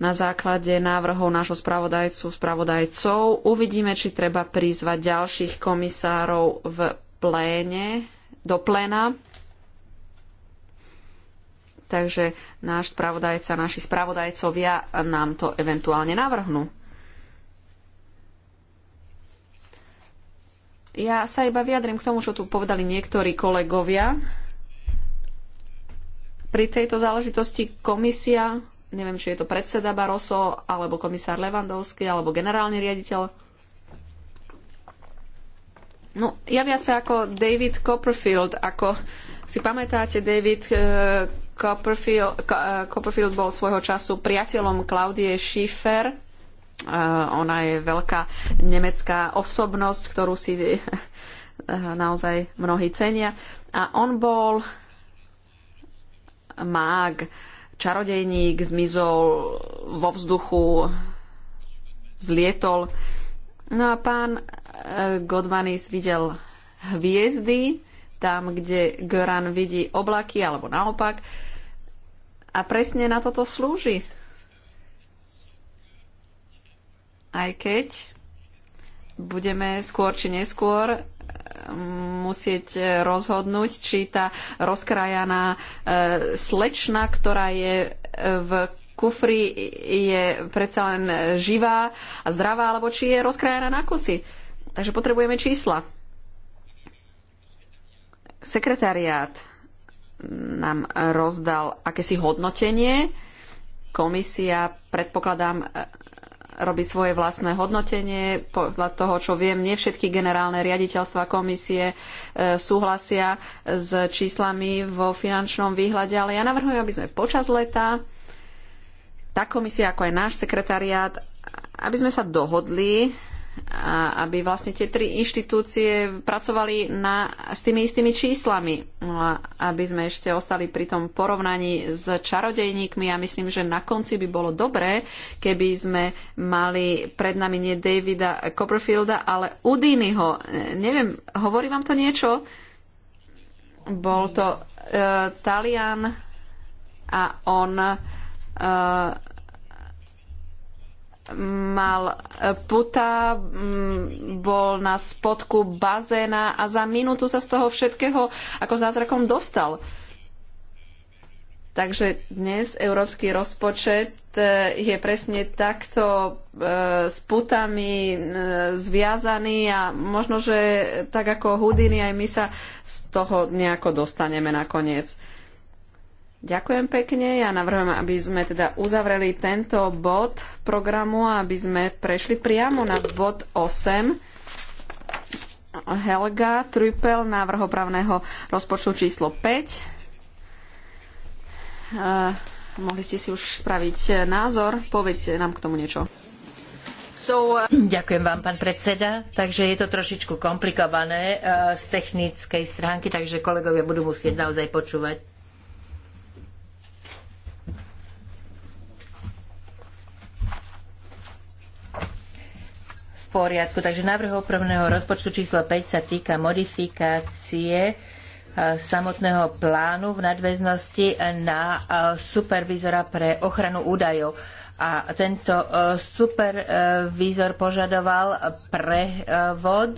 na základe návrhov nášho spravodajcu, spravodajcov. Uvidíme, či treba prizvať ďalších komisárov v pléne, do pléna. Takže náš spravodajca, naši spravodajcovia nám to eventuálne navrhnú. Ja sa iba vyjadrím k tomu, čo tu povedali niektorí kolegovia. Pri tejto záležitosti komisia, neviem, či je to predseda Barroso, alebo komisár Levandovský, alebo generálny riaditeľ No, javia sa ako David Copperfield, ako si pamätáte, David eh, Copperfield, eh, Copperfield bol svojho času priateľom Klaudie Schiffer Eh, ona je veľká nemecká osobnosť, ktorú si eh, naozaj mnohí cenia. A on bol mág, čarodejník, zmizol vo vzduchu, zlietol. No a pán eh, Godmanis videl hviezdy, tam, kde Göran vidí oblaky, alebo naopak. A presne na toto slúži aj keď budeme skôr či neskôr eh, musieť eh, rozhodnúť, či tá rozkrajaná eh, slečna, ktorá je v kufri, je predsa len živá a zdravá, alebo či je rozkrajaná na kusy. Takže potrebujeme čísla. Sekretariát nám rozdal akési hodnotenie. Komisia, predpokladám, robí svoje vlastné hodnotenie. Podľa toho, čo viem, nie všetky generálne riaditeľstva komisie e, súhlasia s číslami vo finančnom výhľade, ale ja navrhujem, aby sme počas leta tá komisia, ako aj náš sekretariát, aby sme sa dohodli a aby vlastne tie tri inštitúcie pracovali na, s tými istými číslami. No a aby sme ešte ostali pri tom porovnaní s čarodejníkmi, ja myslím, že na konci by bolo dobré, keby sme mali pred nami nie Davida Copperfielda, ale Udinyho. Neviem, hovorí vám to niečo? Bol to uh, Talian a on uh, mal e, puta, bol na spodku bazéna a za minútu sa z toho všetkého ako zázrakom dostal. Takže dnes európsky rozpočet e, je presne takto e, s putami zviazaný a možno, že tak ako Hudiny aj my sa z toho nejako dostaneme nakoniec. Ďakujem pekne. Ja navrhujem, aby sme teda uzavreli tento bod programu a aby sme prešli priamo na bod 8. Helga Trupel, návrh opravného rozpočtu číslo 5. Uh, eh, mohli ste si už spraviť názor. Povedzte nám k tomu niečo. So, uh... Ďakujem vám, pán predseda. Takže je to trošičku komplikované uh, z technickej stránky, takže kolegovia budú musieť naozaj počúvať. poriadku, takže návrh opravného rozpočtu číslo 5 sa týka modifikácie e, samotného plánu v nadväznosti na e, supervízora pre ochranu údajov. A tento e, supervízor požadoval prevod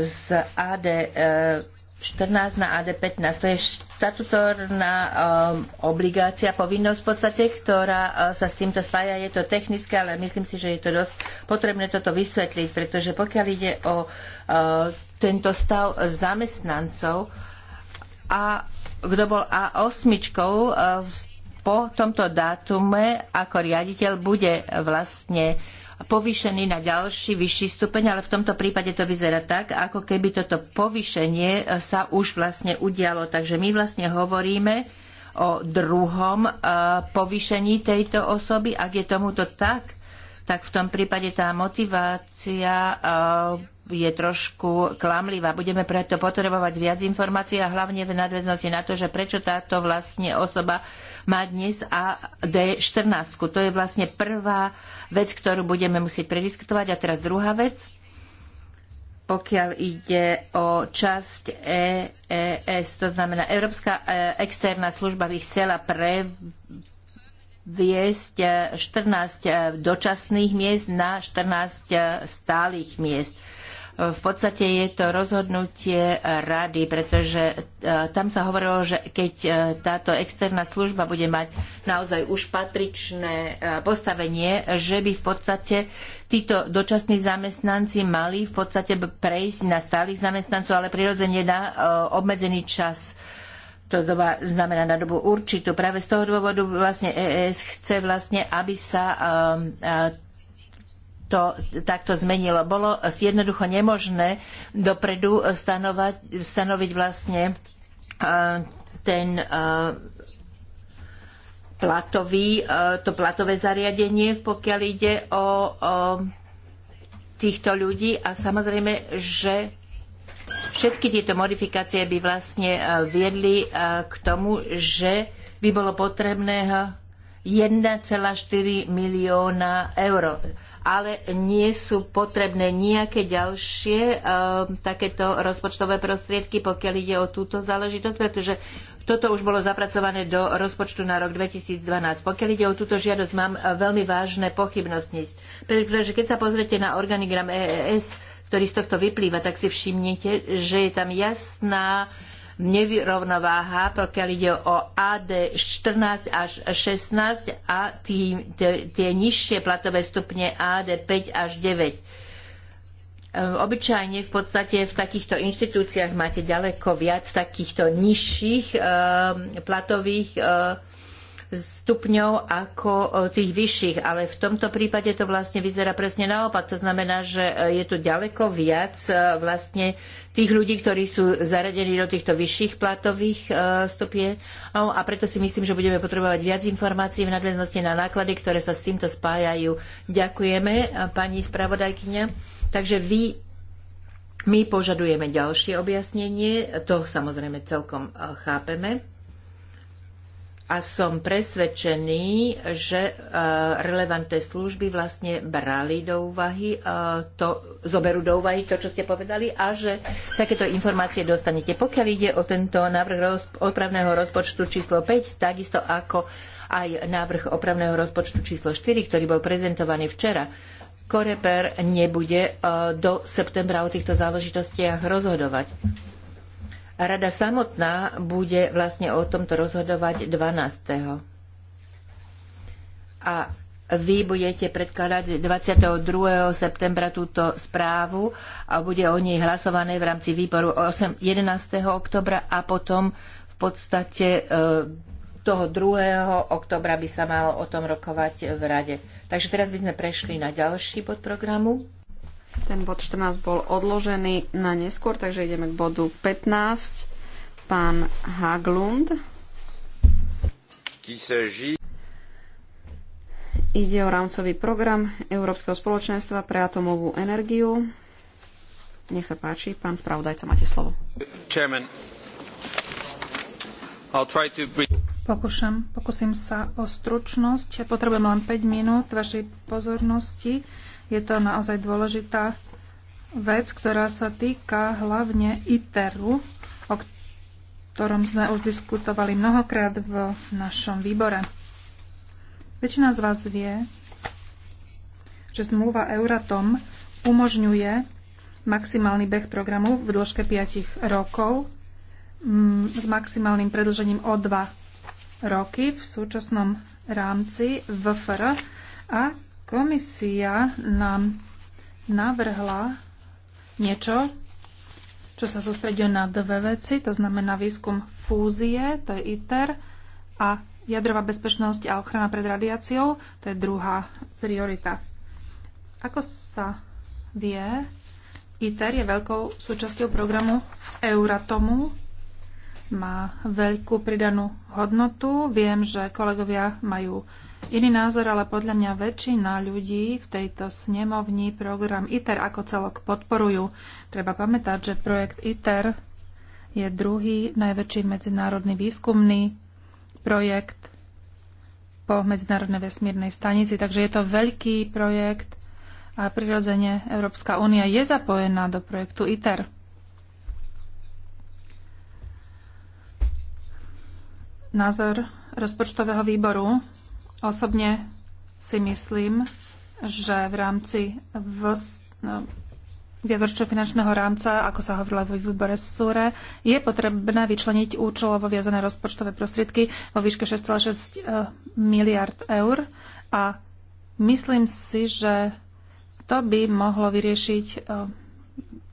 z AD 14 na AD15. To je štatutórna um, obligácia, povinnosť v podstate, ktorá uh, sa s týmto spája. Je to technické, ale myslím si, že je to dosť potrebné toto vysvetliť, pretože pokiaľ ide o uh, tento stav zamestnancov a kto bol A8 uh, po tomto dátume ako riaditeľ bude vlastne povýšený na ďalší vyšší stupeň, ale v tomto prípade to vyzerá tak, ako keby toto povýšenie e, sa už vlastne udialo. Takže my vlastne hovoríme o druhom e, povýšení tejto osoby. Ak je tomuto tak, tak v tom prípade tá motivácia e, je trošku klamlivá. Budeme preto potrebovať viac informácií a hlavne v nadväznosti na to, že prečo táto vlastne osoba má dnes a D14. To je vlastne prvá vec, ktorú budeme musieť prediskutovať. A teraz druhá vec pokiaľ ide o časť EES, to znamená Európska e, externá služba by chcela previesť 14 e, e, dočasných miest na 14 stálych miest. V podstate je to rozhodnutie rady, pretože e, tam sa hovorilo, že keď e, táto externá služba bude mať naozaj už patričné e, postavenie, že by v podstate títo dočasní zamestnanci mali v podstate prejsť na stálych zamestnancov, ale prirodzene na obmedzený čas to znamená na dobu určitú. Práve z toho dôvodu vlastne ES chce vlastne, aby sa to takto zmenilo. Bolo jednoducho nemožné dopredu stanovať, stanoviť vlastne e, ten e, platový, e, to platové zariadenie, pokiaľ ide o, o týchto ľudí a samozrejme, že všetky tieto modifikácie by vlastne viedli k tomu, že by bolo potrebné 1,4 milióna eur ale nie sú potrebné nejaké ďalšie e, takéto rozpočtové prostriedky, pokiaľ ide o túto záležitosť, pretože toto už bolo zapracované do rozpočtu na rok 2012. Pokiaľ ide o túto žiadosť, mám eh, veľmi vážne pochybnosti. Pretože keď sa pozriete na organigram EES, ktorý z tohto vyplýva, tak si všimnete, že je tam jasná nevyrovnováha, pokiaľ ide o AD 14 až 16 a tie nižšie platové stupne AD 5 až 9. Ehm, obyčajne v podstate v takýchto inštitúciách máte ďaleko viac takýchto nižších ehm, platových e, stupňov ako e, tých vyšších, ale v tomto prípade to vlastne vyzerá presne naopak. To znamená, že e, je tu ďaleko viac e, vlastne tých ľudí, ktorí sú zaradení do týchto vyšších platových stupien no, a preto si myslím, že budeme potrebovať viac informácií v nadväznosti na náklady, ktoré sa s týmto spájajú. Ďakujeme, pani spravodajkyňa. Takže vy my požadujeme ďalšie objasnenie, to samozrejme celkom chápeme a som presvedčený, že e, relevantné služby vlastne brali do úvahy, e, to, zoberú do úvahy to, čo ste povedali a že takéto informácie dostanete. Pokiaľ ide o tento návrh opravného rozpočtu číslo 5, takisto ako aj návrh opravného rozpočtu číslo 4, ktorý bol prezentovaný včera, Koreper nebude e, do septembra o týchto záležitostiach rozhodovať. Rada samotná bude vlastne o tomto rozhodovať 12. A vy budete predkladať 22. septembra túto správu a bude o nej hlasované v rámci výboru 8, 11. oktobra a potom v podstate e, toho 2. oktobra by sa malo o tom rokovať v rade. Takže teraz by sme prešli na ďalší bod programu. Ten bod 14 bol odložený na neskôr, takže ideme k bodu 15. Pán Haglund. Ide o rámcový program Európskeho spoločenstva pre atomovú energiu. Nech sa páči, pán spravodajca, máte slovo. Chairman, Pokúšam, pokúsim sa o stručnosť. Potrebujem len 5 minút vašej pozornosti. Je to naozaj dôležitá vec, ktorá sa týka hlavne ITERu, o ktorom sme už diskutovali mnohokrát v našom výbore. Väčšina z vás vie, že zmluva Euratom umožňuje maximálny beh programu v dĺžke 5 rokov mm, s maximálnym predlžením o 2 roky v súčasnom rámci VFR a Komisia nám navrhla niečo, čo sa sústredil na dve veci, to znamená výskum fúzie, to je ITER, a jadrová bezpečnosť a ochrana pred radiáciou, to je druhá priorita. Ako sa vie, ITER je veľkou súčasťou programu Euratomu, má veľkú pridanú hodnotu. Viem, že kolegovia majú iný názor, ale podľa mňa väčšina ľudí v tejto snemovni program ITER ako celok podporujú. Treba pamätať, že projekt ITER je druhý najväčší medzinárodný výskumný projekt po Medzinárodnej vesmírnej stanici, takže je to veľký projekt a prirodzene Európska únia je zapojená do projektu ITER. Názor rozpočtového výboru Osobne si myslím, že v rámci v, no, viacročného finančného rámca, ako sa hovorilo vo výbore SURE, je potrebné vyčleniť účelovo viazané rozpočtové prostriedky vo výške 6,6 e, miliard eur a myslím si, že to by mohlo vyriešiť e,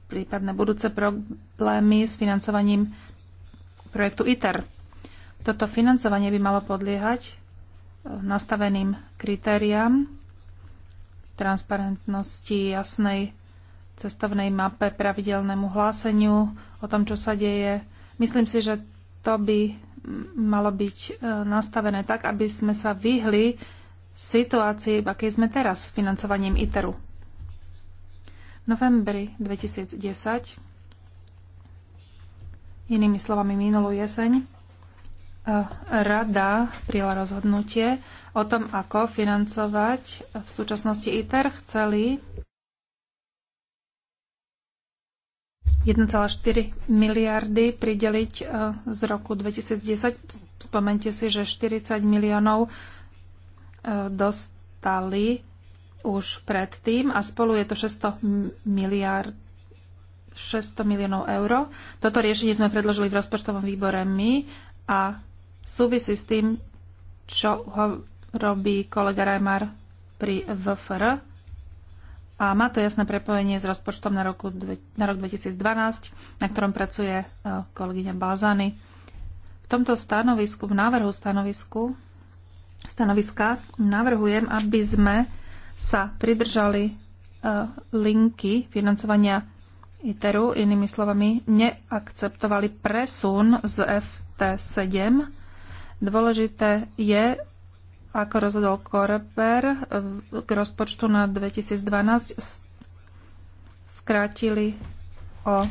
prípadné budúce problémy s financovaním projektu ITER. Toto financovanie by malo podliehať nastaveným kritériám transparentnosti, jasnej cestovnej mape, pravidelnému hláseniu o tom, čo sa deje. Myslím si, že to by malo byť e, nastavené tak, aby sme sa vyhli situácii, v akej sme teraz s financovaním ITERu. V novembri 2010, inými slovami minulú jeseň, Eh, rada prijala rozhodnutie o tom, ako financovať eh, v súčasnosti ITER. Chceli 1,4 miliardy prideliť eh, z roku 2010. Spomente si, že 40 miliónov dostali už predtým a spolu je to 600 miliard 600 miliónov eur. Toto riešenie sme predložili v rozpočtovom výbore my a súvisí s tým, čo ho robí kolega Reimar pri VFR a má to jasné prepojenie s rozpočtom na, roku, na rok 2012, na ktorom pracuje e, kolegyňa Balzany. V tomto stanovisku, v návrhu stanovisku, stanoviska navrhujem, aby sme sa pridržali e, linky financovania ITERu, inými slovami, neakceptovali presun z FT7 Dôležité je, ako rozhodol Koreper k rozpočtu na 2012, skrátili o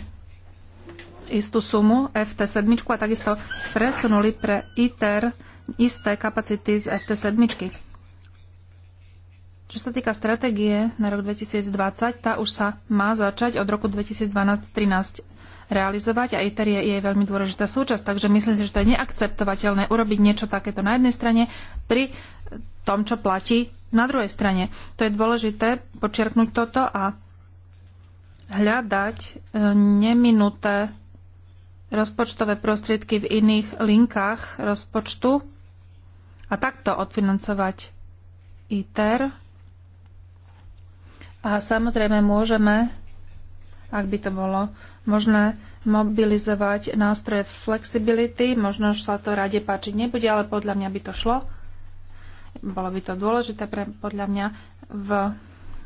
istú sumu FT7 a takisto presunuli pre ITER isté kapacity z FT7. Čo sa týka stratégie na rok 2020, tá už sa má začať od roku 2012-13 realizovať a ITER je jej veľmi dôležitá súčasť. Takže myslím si, že to je neakceptovateľné urobiť niečo takéto na jednej strane pri tom, čo platí na druhej strane. To je dôležité počiarknúť toto a hľadať e, neminuté rozpočtové prostriedky v iných linkách rozpočtu a takto odfinancovať ITER. A samozrejme môžeme, ak by to bolo možné mobilizovať nástroje flexibility. Možno sa to rade páčiť nebude, ale podľa mňa by to šlo. Bolo by to dôležité pre, podľa mňa v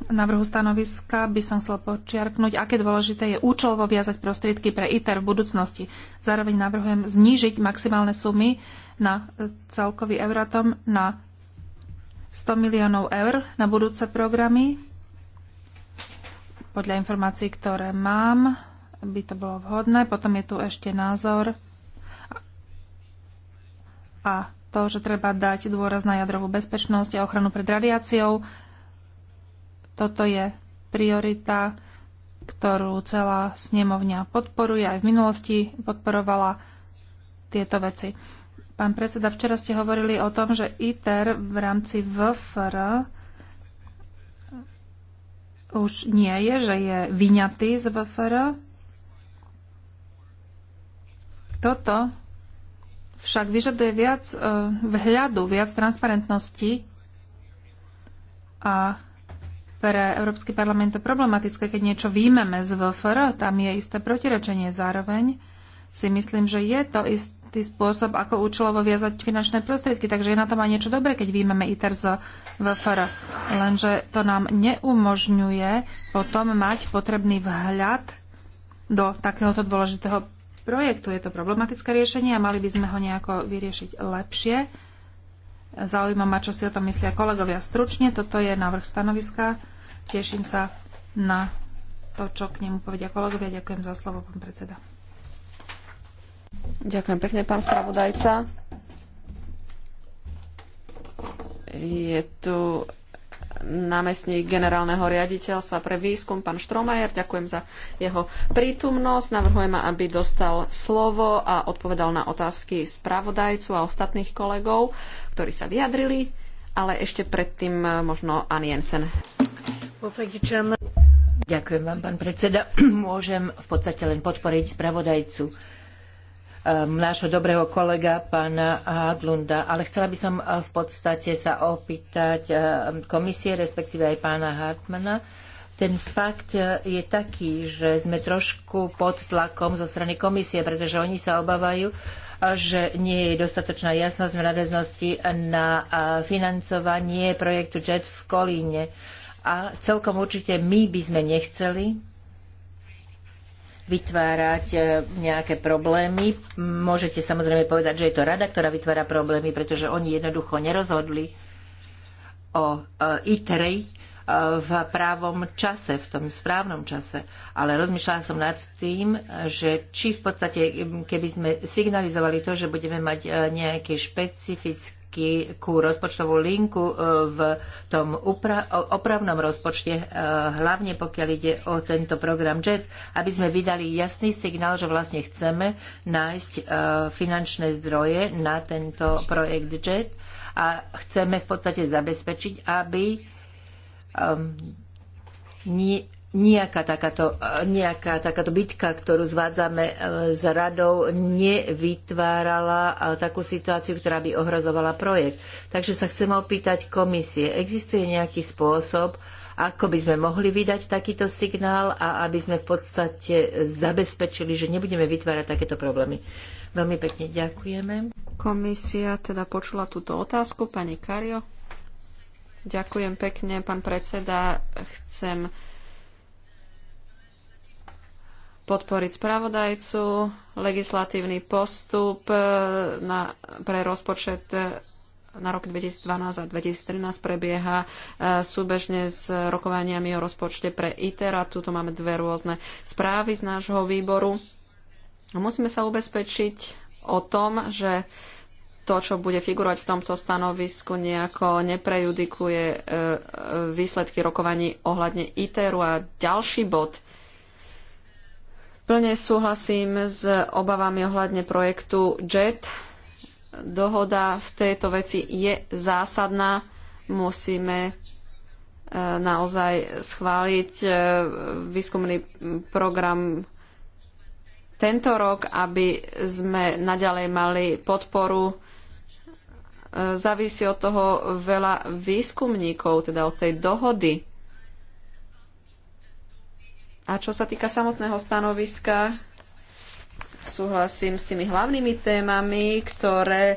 návrhu stanoviska by som chcel počiarknúť, aké dôležité je účelovo viazať prostriedky pre ITER v budúcnosti. Zároveň navrhujem znížiť maximálne sumy na e, celkový Euratom na 100 miliónov eur na budúce programy. Podľa informácií, ktoré mám, by to bolo vhodné. Potom je tu ešte názor a to, že treba dať dôraz na jadrovú bezpečnosť a ochranu pred radiáciou. Toto je priorita, ktorú celá snemovňa podporuje, aj v minulosti podporovala tieto veci. Pán predseda, včera ste hovorili o tom, že ITER v rámci VFR už nie je, že je vyňatý z VFR. Toto však vyžaduje viac e, vhľadu, viac transparentnosti a pre Európsky parlament je problematické, keď niečo výjmeme z VFR, tam je isté protirečenie. Zároveň si myslím, že je to istý spôsob, ako účelovo viazať finančné prostriedky, takže je na tom aj niečo dobré, keď výjmeme ITER z VFR. Lenže to nám neumožňuje potom mať potrebný vhľad do takéhoto dôležitého projektu. Je to problematické riešenie a mali by sme ho nejako vyriešiť lepšie. Zaujíma ma, čo si o tom myslia kolegovia stručne. Toto je návrh stanoviska. Teším sa na to, čo k nemu povedia kolegovia. Ďakujem za slovo, pán predseda. Ďakujem pekne, pán spravodajca. Je tu námestník generálneho riaditeľstva pre výskum, pán Štromajer. Ďakujem za jeho prítomnosť. Navrhujem, aby dostal slovo a odpovedal na otázky spravodajcu a ostatných kolegov, ktorí sa vyjadrili, ale ešte predtým eh, možno Ann Jensen. Ďakujem vám, pán predseda. [CLEARS THROAT] Môžem v podstate len podporiť spravodajcu. Ehm, nášho dobrého kolega pána Haglunda. Ale chcela by som eh, v podstate sa opýtať ehm, komisie, respektíve aj pána Hartmana. Ten fakt eh, je taký, že sme trošku pod tlakom zo strany komisie, pretože oni sa obávajú, že nie je dostatočná jasnosť v nadeznosti na eh, financovanie projektu JET v Kolíne. A celkom určite my by sme nechceli, vytvárať e, nejaké problémy. Môžete samozrejme povedať, že je to rada, ktorá vytvára problémy, pretože oni jednoducho nerozhodli o e, ITREI e, v právom čase, v tom správnom čase. Ale rozmýšľala som nad tým, že či v podstate, keby sme signalizovali to, že budeme mať nejaký špecifický ku rozpočtovú linku e, v tom opravnom rozpočte, e, hlavne pokiaľ ide o tento program JET, aby sme vydali jasný signál, že vlastne chceme nájsť e, finančné zdroje na tento projekt JET a chceme v podstate zabezpečiť, aby nie nejaká takáto, nejaká takáto bitka, ktorú zvádzame eh, s radou, nevytvárala eh, takú situáciu, ktorá by ohrozovala projekt. Takže sa chcem opýtať komisie, existuje nejaký spôsob, ako by sme mohli vydať takýto signál a aby sme v podstate zabezpečili, že nebudeme vytvárať takéto problémy. Veľmi pekne ďakujeme. Komisia teda počula túto otázku, pani Kario. Ďakujem pekne, pán predseda. Chcem podporiť spravodajcu, legislatívny postup e, na, pre rozpočet e, na rok 2012 a 2013 prebieha e, súbežne s rokovaniami o rozpočte pre ITER a tuto máme dve rôzne správy z nášho výboru. Musíme sa ubezpečiť o tom, že to, čo bude figurovať v tomto stanovisku, nejako neprejudikuje výsledky rokovaní ohľadne ITERu. A ďalší bod Plne súhlasím s obavami ohľadne projektu JET. Dohoda v tejto veci je zásadná. Musíme e, naozaj schváliť e, výskumný program tento rok, aby sme naďalej mali podporu. E, závisí od toho veľa výskumníkov, teda od tej dohody a čo sa týka samotného stanoviska, súhlasím s tými hlavnými témami, ktoré e,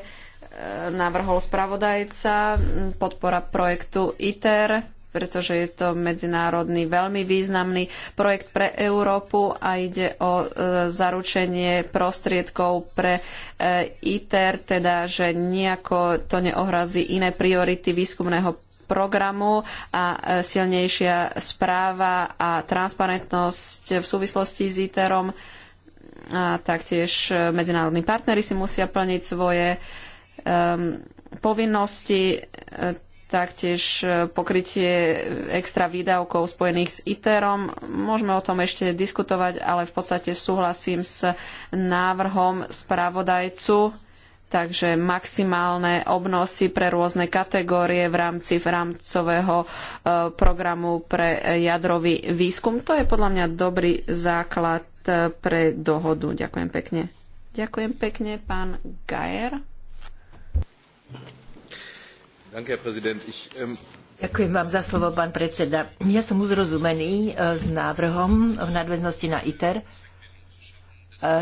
navrhol spravodajca, podpora projektu ITER, pretože je to medzinárodný veľmi významný projekt pre Európu a ide o e, zaručenie prostriedkov pre e, ITER, teda že nejako to neohrazí iné priority výskumného programu a e, silnejšia správa a transparentnosť v súvislosti s ITERom. A taktiež e, medzinárodní partnery si musia plniť svoje um, povinnosti, taktiež pokrytie extra výdavkov spojených s ITERom. Môžeme o tom ešte diskutovať, ale v podstate súhlasím s návrhom spravodajcu takže maximálne obnosy pre rôzne kategórie v rámci v rámcového e, programu pre jadrový výskum. To je podľa mňa dobrý základ e, pre dohodu. Ďakujem pekne. Ďakujem pekne, pán Gajer. Ähm, Ďakujem vám za slovo, pán predseda. Ja som uzrozumený e, s návrhom v nadväznosti na ITER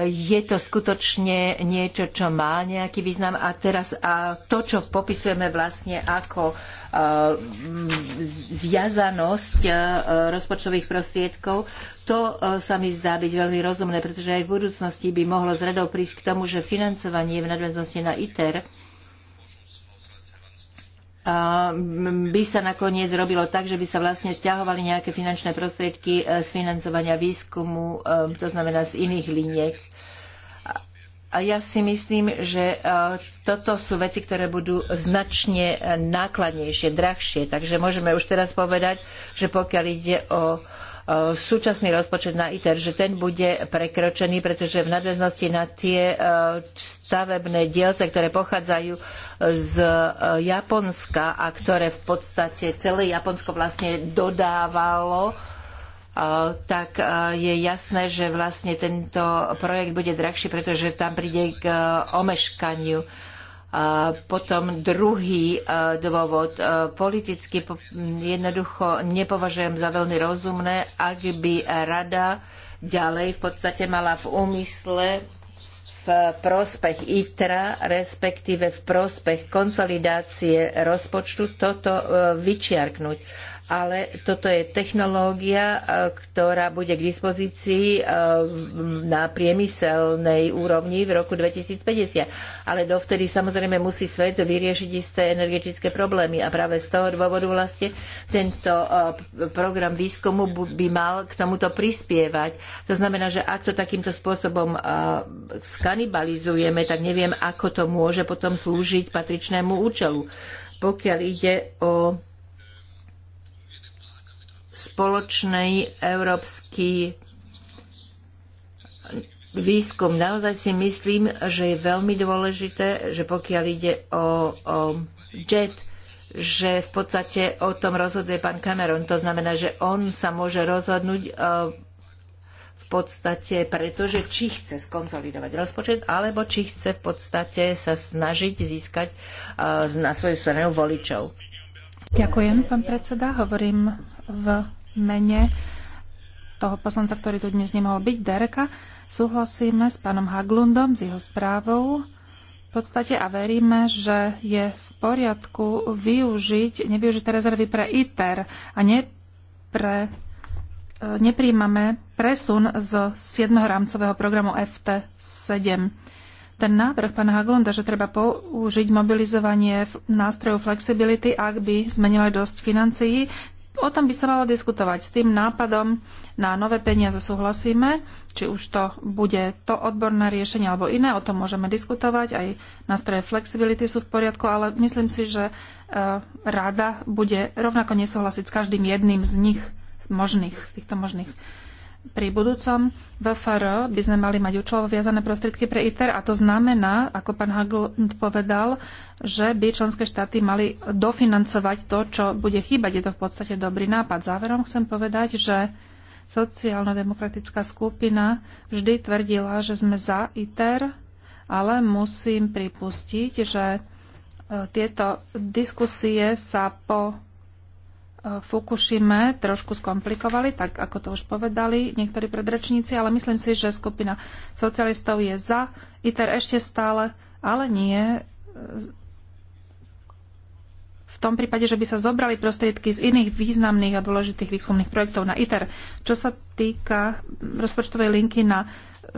je to skutočne niečo, čo má nejaký význam a teraz a to, čo popisujeme vlastne ako e, zviazanosť e, rozpočtových prostriedkov, to e, sa mi zdá byť veľmi rozumné, pretože aj v budúcnosti by mohlo z radou prísť k tomu, že financovanie v nadväznosti na ITER by sa nakoniec robilo tak, že by sa vlastne stiahovali nejaké finančné prostriedky e, z financovania výskumu, e, to znamená z iných liniek. A ja si myslím, že e, toto sú veci, ktoré budú značne e, nákladnejšie, drahšie. Takže môžeme už teraz povedať, že pokiaľ ide o e, súčasný rozpočet na ITER, že ten bude prekročený, pretože v nadväznosti na tie stavebné dielce, ktoré pochádzajú z Japonska a ktoré v podstate celé Japonsko vlastne dodávalo tak je jasné, že vlastne tento projekt bude drahší, pretože tam príde k omeškaniu. Potom druhý dôvod. Politicky jednoducho nepovažujem za veľmi rozumné, ak by rada ďalej v podstate mala v úmysle v prospech ITRA, respektíve v prospech konsolidácie rozpočtu toto e, vyčiarknúť ale toto je technológia, e, ktorá bude k dispozícii e, na priemyselnej úrovni v roku 2050. Ale dovtedy samozrejme musí svet vyriešiť isté energetické problémy a práve z toho dôvodu vlastne tento e, program výskumu by mal k tomuto prispievať. To znamená, že ak to takýmto spôsobom skanibalizujeme, tak neviem, ako to môže potom slúžiť patričnému účelu. Pokiaľ ide o spoločný európsky výskum. Naozaj si myslím, že je veľmi dôležité, že pokiaľ ide o, o JET, že v podstate o tom rozhoduje pán Cameron. To znamená, že on sa môže rozhodnúť e, v podstate preto, že či chce skonsolidovať rozpočet, alebo či chce v podstate sa snažiť získať e, na svoju stranu voličov. Ďakujem, pán predseda. Hovorím v mene toho poslanca, ktorý tu dnes nemohol byť, Dereka. Súhlasíme s pánom Haglundom, s jeho správou v podstate a veríme, že je v poriadku využiť nevyužité rezervy pre ITER a ne pre, e, nepríjmame presun z 7. rámcového programu FT7 ten návrh pána Haglunda, že treba použiť mobilizovanie nástrojov flexibility, ak by sme nemali dosť financií, o tom by sa malo diskutovať. S tým nápadom na nové peniaze súhlasíme, či už to bude to odborné riešenie alebo iné, o tom môžeme diskutovať, aj nástroje flexibility sú v poriadku, ale myslím si, že e, rada bude rovnako nesúhlasiť s každým jedným z nich, možných, z týchto možných pri budúcom VFR by sme mali mať účelovo viazané prostriedky pre ITER a to znamená, ako pán Hagl povedal, že by členské štáty mali dofinancovať to, čo bude chýbať. Je to v podstate dobrý nápad. Záverom chcem povedať, že sociálno-demokratická skupina vždy tvrdila, že sme za ITER, ale musím pripustiť, že e, tieto diskusie sa po Fukushima trošku skomplikovali, tak ako to už povedali niektorí predrečníci, ale myslím si, že skupina socialistov je za ITER ešte stále, ale nie e, v tom prípade, že by sa zobrali prostriedky z iných významných a dôležitých výskumných projektov na ITER. Čo sa týka rozpočtovej linky na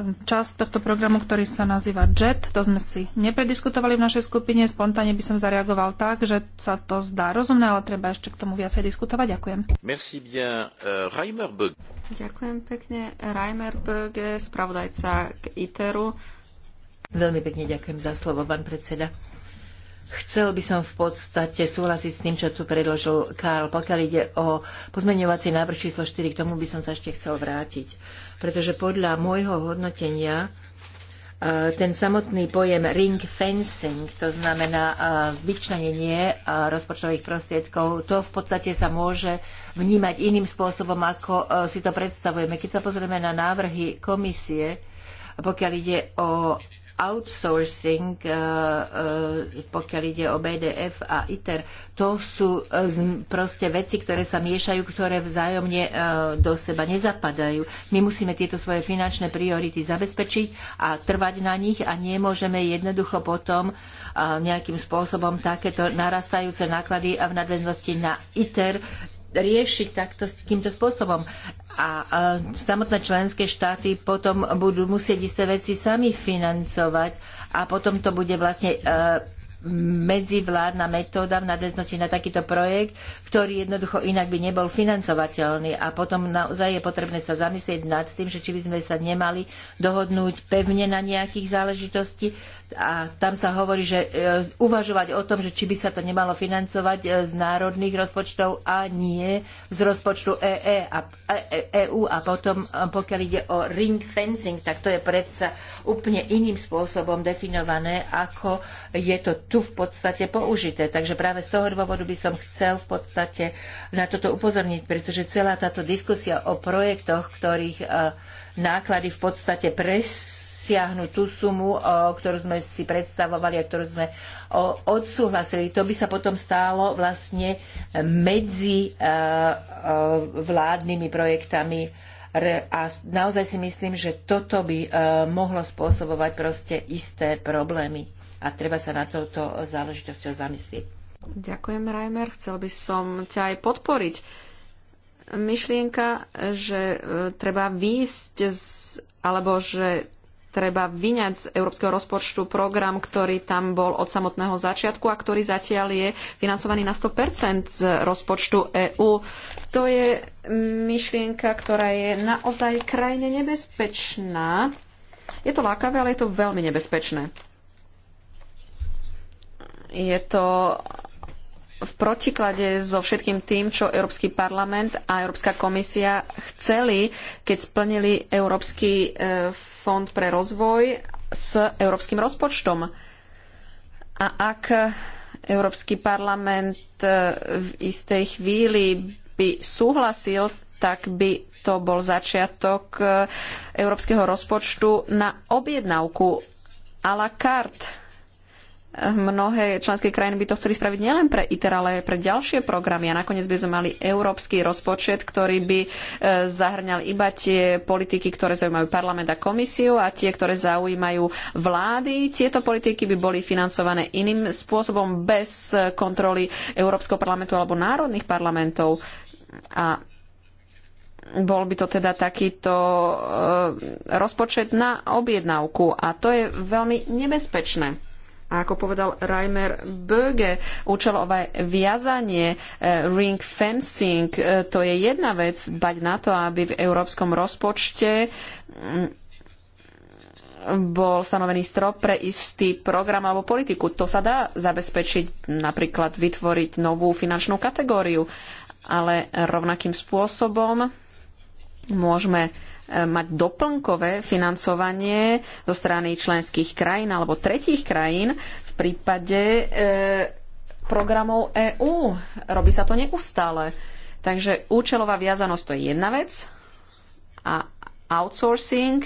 časť tohto programu, ktorý sa nazýva JET. To sme si neprediskutovali v našej skupine. Spontánne by som zareagoval tak, že sa to zdá rozumné, ale treba ešte k tomu viacej diskutovať. Ďakujem. Merci bien. Eh, Reimer Böge. Ďakujem pekne. Reimer spravodajca k ITERu. Veľmi pekne ďakujem za slovo, pán predseda. Chcel by som v podstate súhlasiť s tým, čo tu predložil Karl. Pokiaľ ide o pozmeňovací návrh číslo 4, k tomu by som sa ešte chcel vrátiť. Pretože podľa môjho hodnotenia e, ten samotný pojem ring fencing, to znamená e, vyčlenenie e, rozpočtových prostriedkov, to v podstate sa môže vnímať iným spôsobom, ako si to predstavujeme. Keď sa pozrieme na návrhy komisie, pokiaľ ide o outsourcing, eh, eh, pokiaľ ide o BDF a ITER, to sú eh, proste veci, ktoré sa miešajú, ktoré vzájomne do seba nezapadajú. My musíme tieto svoje finančné priority zabezpečiť a trvať na nich a nemôžeme jednoducho potom nejakým spôsobom takéto narastajúce náklady v nadväznosti na ITER riešiť takto, týmto spôsobom. A, a samotné členské štáty potom budú musieť isté veci sami financovať a potom to bude vlastne e, medzivládna metóda v nadväznosti na takýto projekt, ktorý jednoducho inak by nebol financovateľný. A potom naozaj je potrebné sa zamyslieť nad tým, že či by sme sa nemali dohodnúť pevne na nejakých záležitosti, a tam sa hovorí, že e, uvažovať o tom, že či by sa to nemalo financovať e, z národných rozpočtov a nie z rozpočtu EE e a, EU a potom, pokiaľ ide o ring fencing, tak to je predsa úplne iným spôsobom definované, ako je to tu v podstate použité. Takže práve z toho dôvodu by som chcel v podstate na toto upozorniť, pretože celá táto diskusia o projektoch, ktorých náklady v podstate pres dosiahnuť tú sumu, ktorú sme si predstavovali a ktorú sme odsúhlasili. To by sa potom stálo vlastne medzi e, e, vládnymi projektami a naozaj si myslím, že toto by e, mohlo spôsobovať proste isté problémy a treba sa na toto záležitosťou zamyslieť. Ďakujem, Reimer. Chcel by som ťa aj podporiť myšlienka, že treba výjsť z, alebo že treba vyňať z európskeho rozpočtu program, ktorý tam bol od samotného začiatku a ktorý zatiaľ je financovaný na 100% z rozpočtu EÚ. To je myšlienka, ktorá je naozaj krajne nebezpečná. Je to lákavé, ale je to veľmi nebezpečné. Je to v protiklade so všetkým tým, čo Európsky parlament a Európska komisia chceli, keď splnili Európsky e, fond pre rozvoj s európskym rozpočtom. A ak Európsky parlament e, v istej chvíli by súhlasil, tak by to bol začiatok e, európskeho rozpočtu na objednávku a la carte mnohé členské krajiny by to chceli spraviť nielen pre ITER, ale aj pre ďalšie programy. A nakoniec by sme mali európsky rozpočet, ktorý by e, zahrňal iba tie politiky, ktoré zaujímajú parlament a komisiu a tie, ktoré zaujímajú vlády. Tieto politiky by boli financované iným spôsobom bez kontroly Európskeho parlamentu alebo národných parlamentov. A bol by to teda takýto e, rozpočet na objednávku a to je veľmi nebezpečné a ako povedal Reimer Böge, účelové viazanie, eh, ring fencing, eh, to je jedna vec, dbať na to, aby v európskom rozpočte mm, bol stanovený strop pre istý program alebo politiku. To sa dá zabezpečiť, napríklad vytvoriť novú finančnú kategóriu, ale rovnakým spôsobom môžeme Eh, mať doplnkové financovanie zo strany členských krajín alebo tretích krajín v prípade eh, programov EÚ. Robí sa to neustále. Takže účelová viazanosť to je jedna vec a outsourcing,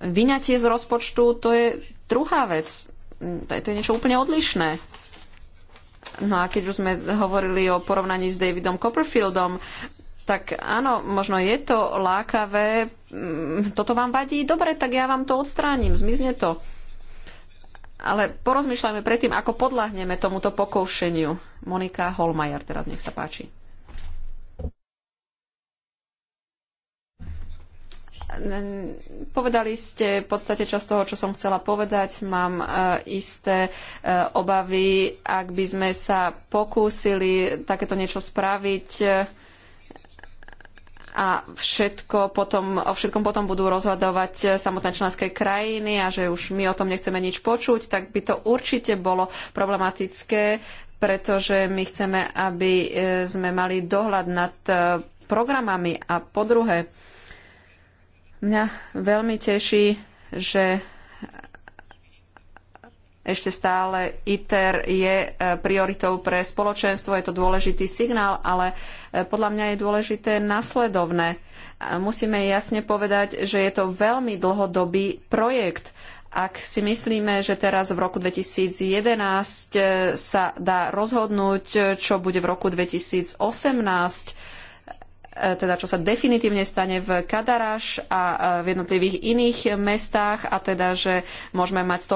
vyňatie z rozpočtu, to je druhá vec. To je, to je niečo úplne odlišné. No a keď už sme hovorili o porovnaní s Davidom Copperfieldom tak áno, možno je to lákavé, mm, toto vám vadí, dobre, tak ja vám to odstránim, zmizne to. Ale porozmýšľajme predtým, ako podľahneme tomuto pokoušeniu. Monika Holmajer, teraz nech sa páči. Povedali ste v podstate čas toho, čo som chcela povedať. Mám e, isté e, obavy, ak by sme sa pokúsili takéto niečo spraviť a všetko potom, o všetkom potom budú rozhodovať samotné členské krajiny a že už my o tom nechceme nič počuť, tak by to určite bolo problematické, pretože my chceme, aby e, sme mali dohľad nad e, programami. A po druhé, mňa veľmi teší, že ešte stále ITER je e, prioritou pre spoločenstvo, je to dôležitý signál, ale e, podľa mňa je dôležité nasledovné. Musíme jasne povedať, že je to veľmi dlhodobý projekt ak si myslíme, že teraz v roku 2011 e, sa dá rozhodnúť, čo bude v roku 2018, E, teda čo sa definitívne stane v Kadaráš a e, v jednotlivých iných mestách a teda, že môžeme mať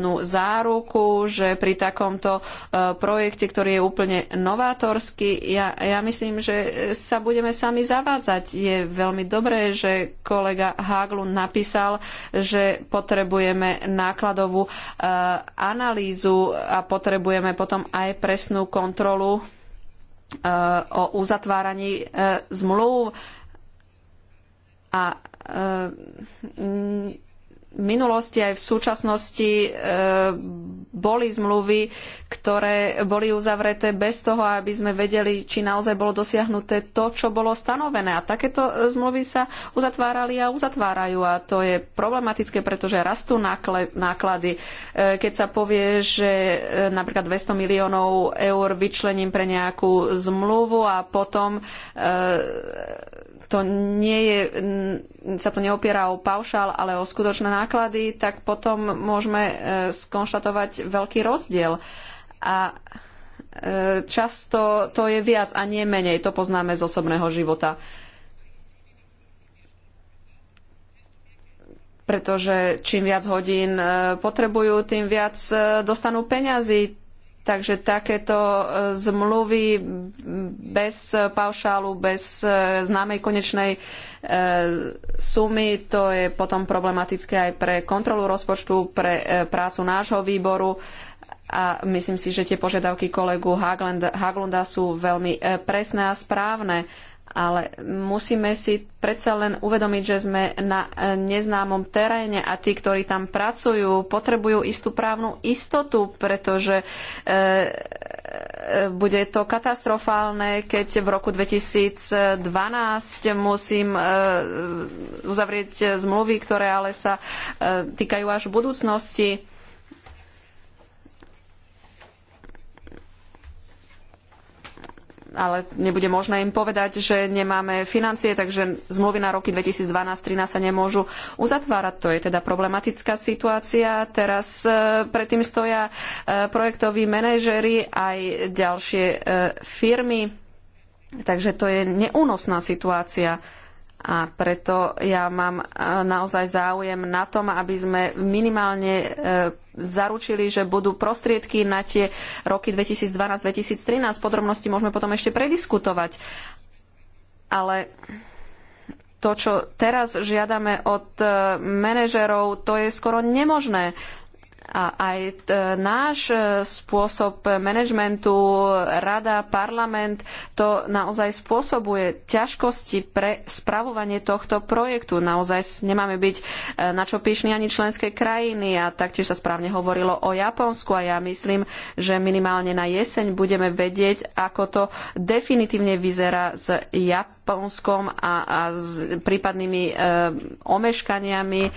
100% záruku, že pri takomto e, projekte, ktorý je úplne novátorský, ja, ja myslím, že sa budeme sami zavádzať. Je veľmi dobré, že kolega Haglund napísal, že potrebujeme nákladovú analýzu a potrebujeme potom aj presnú kontrolu o uzatváraní e, zmluv a e, minulosti aj v súčasnosti e, boli zmluvy, ktoré boli uzavreté bez toho, aby sme vedeli, či naozaj bolo dosiahnuté to, čo bolo stanovené. A takéto e, zmluvy sa uzatvárali a uzatvárajú. A to je problematické, pretože rastú náklady. E, keď sa povie, že e, napríklad 200 miliónov eur vyčlením pre nejakú zmluvu a potom e, to nie je, sa to neopiera o paušál, ale o skutočné náklady, tak potom môžeme e, skonštatovať veľký rozdiel. A e, často to je viac a nie menej, to poznáme z osobného života. Pretože čím viac hodín e, potrebujú, tým viac dostanú peňazí, Takže takéto e, zmluvy bez paušálu, bez e, známej konečnej e, sumy, to je potom problematické aj pre kontrolu rozpočtu, pre prácu nášho výboru a myslím si, že tie požiadavky kolegu Haglunda sú veľmi presné a správne ale musíme si predsa len uvedomiť, že sme na e, neznámom teréne a tí, ktorí tam pracujú, potrebujú istú právnu istotu, pretože e, e, bude to katastrofálne, keď v roku 2012 musím e, uzavrieť zmluvy, ktoré ale sa e, týkajú až budúcnosti ale nebude možné im povedať, že nemáme financie, takže zmluvy na roky 2012-2013 sa nemôžu uzatvárať. To je teda problematická situácia. Teraz e, predtým stoja e, projektoví manažery aj ďalšie e, firmy. Takže to je neúnosná situácia. A preto ja mám e, naozaj záujem na tom, aby sme minimálne e, zaručili, že budú prostriedky na tie roky 2012-2013. Podrobnosti môžeme potom ešte prediskutovať. Ale to, čo teraz žiadame od e, manažerov, to je skoro nemožné. A aj náš e, spôsob manažmentu, rada, parlament, to naozaj spôsobuje ťažkosti pre spravovanie tohto projektu. Naozaj nemáme byť e, na čo píšni ani členské krajiny a taktiež sa správne hovorilo o Japonsku a ja myslím, že minimálne na jeseň budeme vedieť, ako to definitívne vyzerá s Japonskou Japonskom a, a s prípadnými e, omeškaniami. E, e,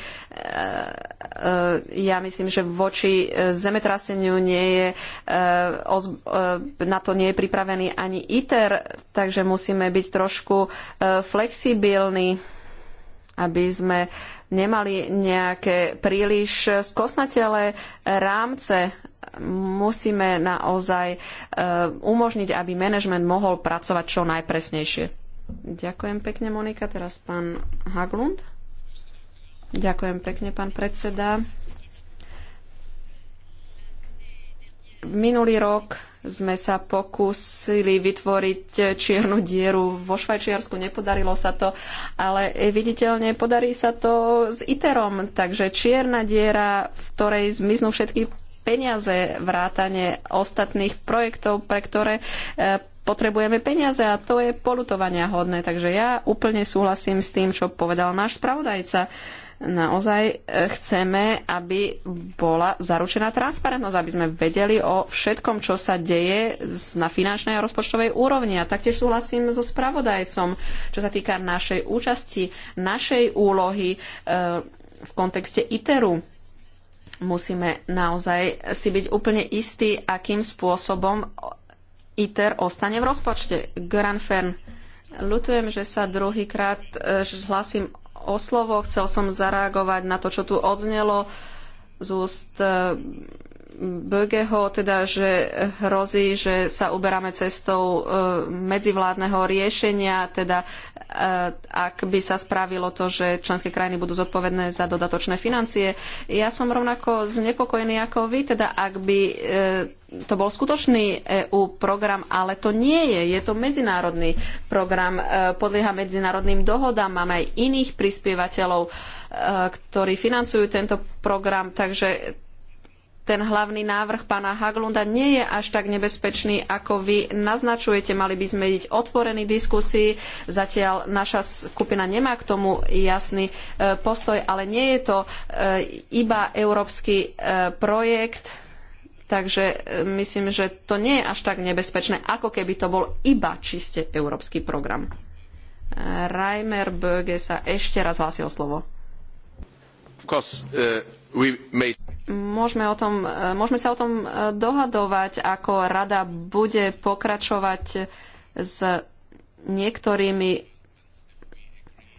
ja myslím, že voči e, zemetraseniu nie je, e, e, na to nie je pripravený ani ITER, takže musíme byť trošku flexibilní, aby sme nemali nejaké príliš skosnatele rámce. Musíme naozaj umožniť, aby manažment mohol pracovať čo najpresnejšie. Ďakujem pekne, Monika. Teraz pán Haglund. Ďakujem pekne, pán predseda. Minulý rok sme sa pokúsili vytvoriť čiernu dieru vo Švajčiarsku. Nepodarilo sa to, ale viditeľne podarí sa to s ITERom. Takže čierna diera, v ktorej zmiznú všetky peniaze, vrátane ostatných projektov, pre ktoré eh, potrebujeme peniaze a to je polutovania hodné. Takže ja úplne súhlasím s tým, čo povedal náš spravodajca. Naozaj e, chceme, aby bola zaručená transparentnosť, aby sme vedeli o všetkom, čo sa deje na finančnej a rozpočtovej úrovni. A taktiež súhlasím so spravodajcom, čo sa týka našej účasti, našej úlohy e, v kontexte ITERu musíme naozaj si byť úplne istí, akým spôsobom ITER ostane v rozpočte. Gran Fern, ľutujem, že sa druhýkrát e, hlasím o slovo. Chcel som zareagovať na to, čo tu odznelo z úst e, Bögeho, teda, že hrozí, že sa uberáme cestou e, medzivládneho riešenia, teda e, ak by sa spravilo to, že členské krajiny budú zodpovedné za dodatočné financie. Ja som rovnako znepokojený ako vy, teda ak by e, to bol skutočný EU program, ale to nie je, je to medzinárodný program, podlieha medzinárodným dohodám, máme aj iných prispievateľov ktorí financujú tento program, takže ten hlavný návrh pána Haglunda nie je až tak nebezpečný, ako vy naznačujete. Mali by sme ísť otvorený diskusii. Zatiaľ naša skupina nemá k tomu jasný e, postoj, ale nie je to e, iba európsky e, projekt. Takže myslím, že to nie je až tak nebezpečné, ako keby to bol iba čiste európsky program. Reimer Böge sa ešte raz hlásil slovo. Of course, uh, we Môžeme, o tom, e, môžeme sa o tom e, dohadovať, ako rada bude pokračovať s niektorými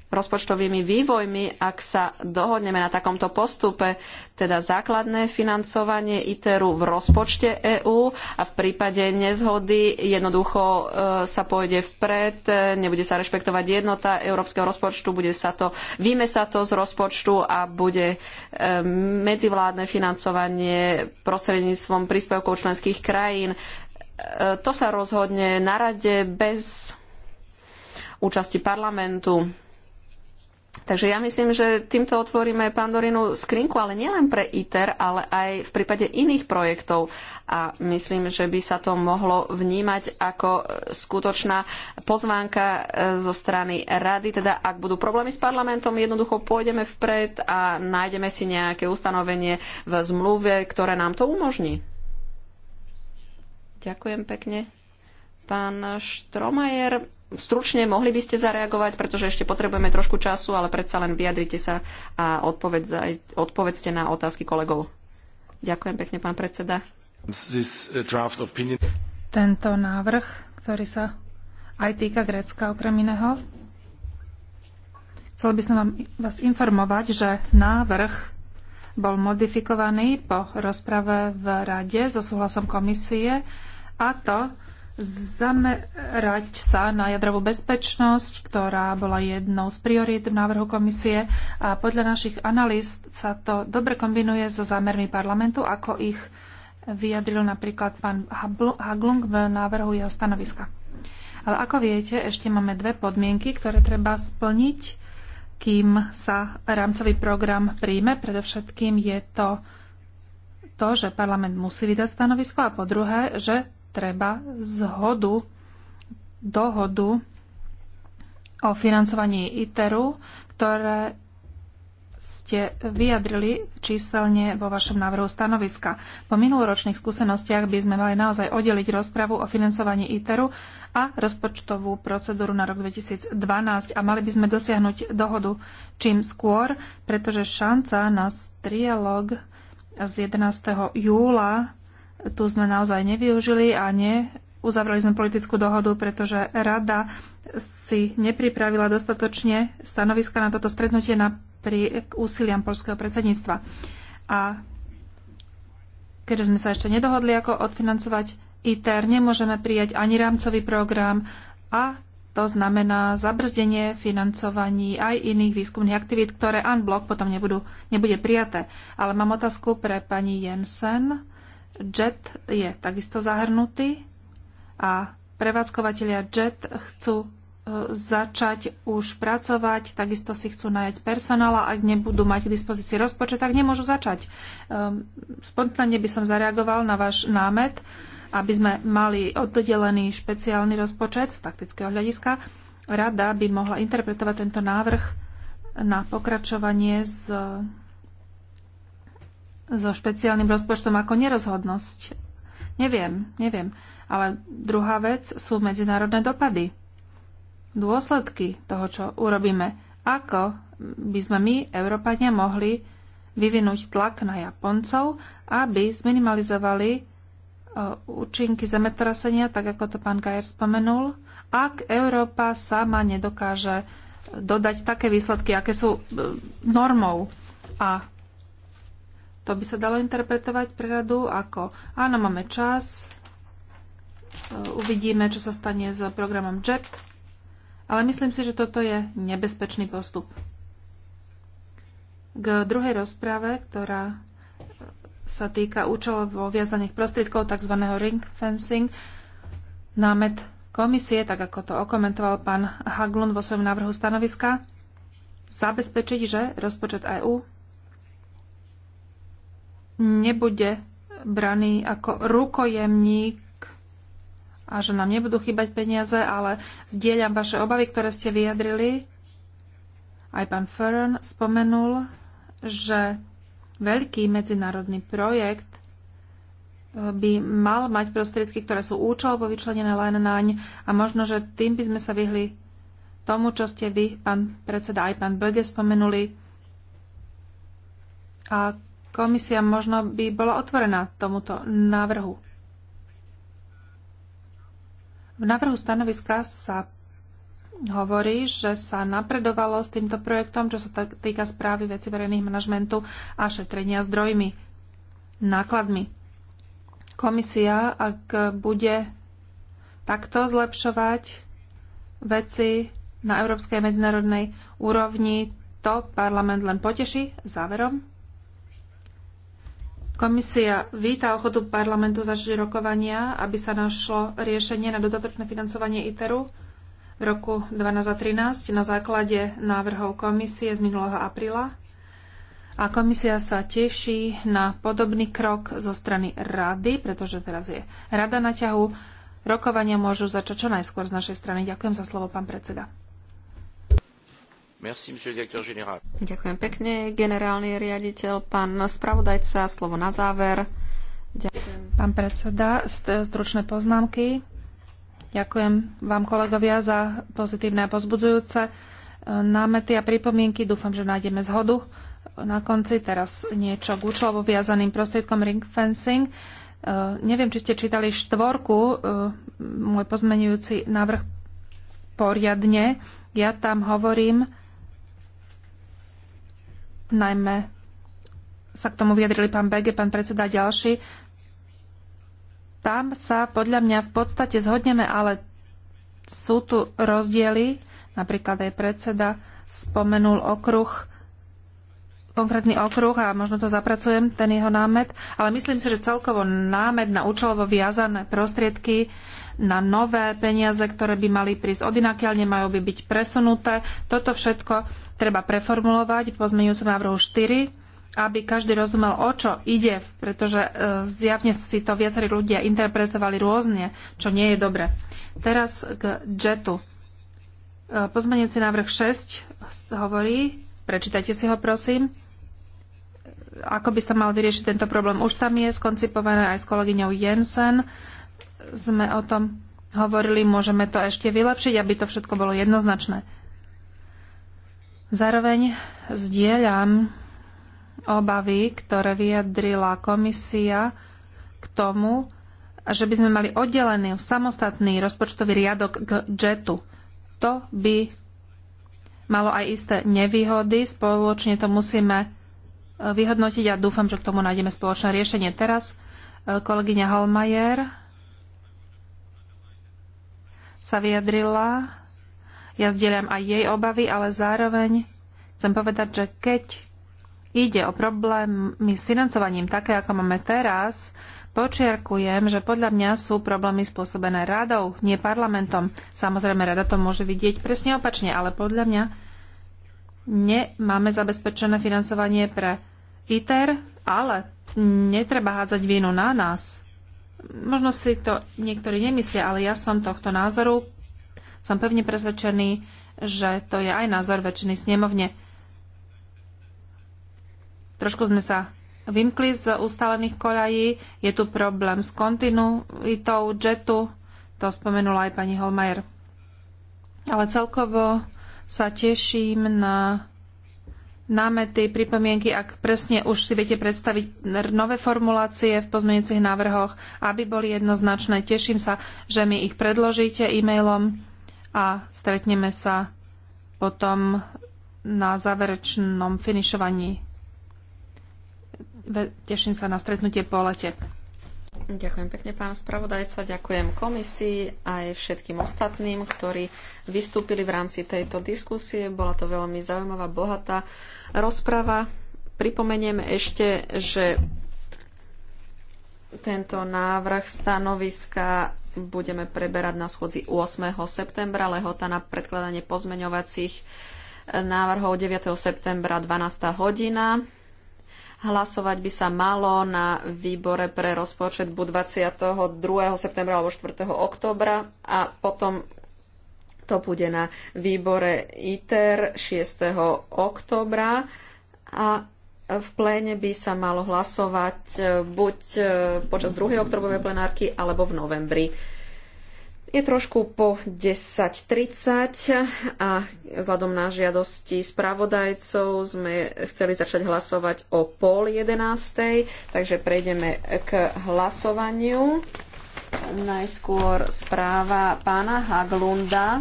rozpočtovými vývojmi, ak sa dohodneme na takomto postupe, teda základné financovanie ITERu v rozpočte EÚ a v prípade nezhody jednoducho e, sa pôjde vpred, e, nebude sa rešpektovať jednota európskeho rozpočtu, bude sa to, víme sa to z rozpočtu a bude e, medzivládne financovanie prostredníctvom príspevkov členských krajín. To sa rozhodne na rade bez účasti parlamentu Takže ja myslím, že týmto otvoríme Pandorinu skrinku, ale nielen pre ITER, ale aj v prípade iných projektov. A myslím, že by sa to mohlo vnímať ako e, skutočná pozvánka e, zo strany rady. Teda ak budú problémy s parlamentom, jednoducho pôjdeme vpred a nájdeme si nejaké ustanovenie v zmluve, ktoré nám to umožní. Ďakujem pekne. Pán Štromajer, stručne mohli by ste zareagovať, pretože ešte potrebujeme trošku času, ale predsa len vyjadrite sa a odpovedzte na otázky kolegov. Ďakujem pekne, pán predseda. Uh, Tento návrh, ktorý sa aj týka Grécka okrem iného, chcel by som vám, vás informovať, že návrh bol modifikovaný po rozprave v Rade so súhlasom komisie a to zamerať sa na jadrovú bezpečnosť, ktorá bola jednou z priorít v návrhu komisie a podľa našich analýz sa to dobre kombinuje so zámermi parlamentu, ako ich vyjadril napríklad pán Haglung v návrhu jeho stanoviska. Ale ako viete, ešte máme dve podmienky, ktoré treba splniť, kým sa rámcový program príjme. Predovšetkým je to to, že parlament musí vydať stanovisko a po druhé, že treba zhodu, dohodu o financovaní ITERu, ktoré ste vyjadrili číselne vo vašom návrhu stanoviska. Po minuloročných skúsenostiach by sme mali naozaj oddeliť rozpravu o financovaní ITERu a rozpočtovú procedúru na rok 2012 a mali by sme dosiahnuť dohodu čím skôr, pretože šanca na trialog z 11. júla tu sme naozaj nevyužili a ne, uzavreli sme politickú dohodu, pretože rada si nepripravila dostatočne stanoviska na toto stretnutie napriek úsiliam polského predsedníctva. A keďže sme sa ešte nedohodli, ako odfinancovať ITER, nemôžeme prijať ani rámcový program a to znamená zabrzdenie financovaní aj iných výskumných aktivít, ktoré unblock potom nebudú, nebude prijaté. Ale mám otázku pre pani Jensen JET je takisto zahrnutý a prevádzkovateľia JET chcú e, začať už pracovať, takisto si chcú najať personála, ak nebudú mať k dispozícii rozpočet, tak nemôžu začať. Ehm, spontánne by som zareagoval na váš námet, aby sme mali oddelený špeciálny rozpočet z taktického hľadiska. Rada by mohla interpretovať tento návrh na pokračovanie s so špeciálnym rozpočtom ako nerozhodnosť. Neviem, neviem. Ale druhá vec sú medzinárodné dopady. Dôsledky toho, čo urobíme. Ako by sme my, Európania, mohli vyvinúť tlak na Japoncov, aby zminimalizovali e, účinky zemetrasenia, tak ako to pán Gajer spomenul, ak Európa sama nedokáže dodať také výsledky, aké sú e, normou. A to by sa dalo interpretovať pre radu ako áno, máme čas, e, uvidíme, čo sa stane s programom JET, ale myslím si, že toto je nebezpečný postup. K druhej rozprave, ktorá e, sa týka účelovo viazaných prostriedkov, tzv. ring fencing, námet komisie, tak ako to okomentoval pán Haglund vo svojom návrhu stanoviska, zabezpečiť, že rozpočet EÚ nebude braný ako rukojemník a že nám nebudú chýbať peniaze, ale zdieľam vaše obavy, ktoré ste vyjadrili. Aj pán Fern spomenul, že veľký medzinárodný projekt eh, by mal mať prostriedky, ktoré sú účelovo vyčlenené len naň a možno, že tým by sme sa vyhli tomu, čo ste vy, pán predseda, aj pán Böge spomenuli, a komisia možno by bola otvorená tomuto návrhu. V návrhu stanoviska sa hovorí, že sa napredovalo s týmto projektom, čo sa týka správy veci verejných manažmentu a šetrenia zdrojmi, nákladmi. Komisia, ak bude takto zlepšovať veci na európskej medzinárodnej úrovni, to parlament len poteší záverom Komisia víta ochotu parlamentu začať rokovania, aby sa našlo riešenie na dodatočné financovanie ITERu v roku 12 a 13 na základe návrhov komisie z minulého apríla. A komisia sa teší na podobný krok zo strany rady, pretože teraz je rada na ťahu. Rokovania môžu začať čo najskôr z našej strany. Ďakujem za slovo, pán predseda. Merci, monsieur le directeur général. Ďakujem pekne, generálny riaditeľ, pán spravodajca, slovo na záver. Ďakujem. Pán predseda, stručné poznámky. Ďakujem vám, kolegovia, za pozitívne a pozbudzujúce eh, námety a pripomienky. Dúfam, že nájdeme zhodu na konci. Teraz niečo k účelovo viazaným prostriedkom ring fencing. Eh, neviem, či ste čítali štvorku, eh, môj pozmenujúci návrh poriadne. Ja tam hovorím Najmä sa k tomu vyjadrili pán Bege, pán predseda a ďalší. Tam sa podľa mňa v podstate zhodneme, ale sú tu rozdiely. Napríklad aj predseda spomenul okruh konkrétny okruh a možno to zapracujem, ten jeho námet, ale myslím si, že celkovo námet na účelovo viazané prostriedky na nové peniaze, ktoré by mali prísť od majú nemajú by byť presunuté. Toto všetko treba preformulovať v pozmeňujúcom návrhu 4, aby každý rozumel, o čo ide, pretože e, zjavne si to viacerí ľudia interpretovali rôzne, čo nie je dobre. Teraz k jetu. E, pozmeňujúci návrh 6 hovorí, prečítajte si ho prosím, ako by sa mal vyriešiť tento problém. Už tam je skoncipované aj s kolegyňou Jensen. Sme o tom hovorili, môžeme to ešte vylepšiť, aby to všetko bolo jednoznačné. Zároveň zdieľam obavy, ktoré vyjadrila komisia k tomu, že by sme mali oddelený samostatný rozpočtový riadok k JETu. To by malo aj isté nevýhody, spoločne to musíme e, vyhodnotiť a dúfam, že k tomu nájdeme spoločné riešenie. Teraz e, kolegyňa Holmajer sa vyjadrila ja zdieľam aj jej obavy, ale zároveň chcem povedať, že keď ide o problémy s financovaním také, ako máme teraz, počiarkujem, že podľa mňa sú problémy spôsobené radou, nie parlamentom. Samozrejme, rada to môže vidieť presne opačne, ale podľa mňa nemáme zabezpečené financovanie pre ITER, ale netreba hádzať vinu na nás. Možno si to niektorí nemyslia, ale ja som tohto názoru. Som pevne presvedčený, že to je aj názor väčšiny snemovne. Trošku sme sa vymkli z ustalených koľají. Je tu problém s kontinuitou jetu. To spomenula aj pani Holmajer. Ale celkovo sa teším na námety, pripomienky, ak presne už si viete predstaviť nové formulácie v pozmeňujúcich návrhoch, aby boli jednoznačné. Teším sa, že mi ich predložíte e-mailom a stretneme sa potom na záverečnom finišovaní. Teším sa na stretnutie po lete. Ďakujem pekne, pán spravodajca, ďakujem komisii aj všetkým ostatným, ktorí vystúpili v rámci tejto diskusie. Bola to veľmi zaujímavá, bohatá rozprava. Pripomeniem ešte, že tento návrh stanoviska budeme preberať na schodzi 8. septembra, lehota na predkladanie pozmeňovacích eh, návrhov 9. septembra 12. hodina. Hlasovať by sa malo na výbore pre rozpočet bu 22. septembra alebo 4. oktobra a potom to bude na výbore ITER 6. oktobra a v pléne by sa malo hlasovať e, buď e, počas druhej oktobrovej plenárky alebo v novembri. Je trošku po 10.30 a vzhľadom na žiadosti spravodajcov sme chceli začať hlasovať o pol 11.00, Takže prejdeme k hlasovaniu. Najskôr správa pána Haglunda.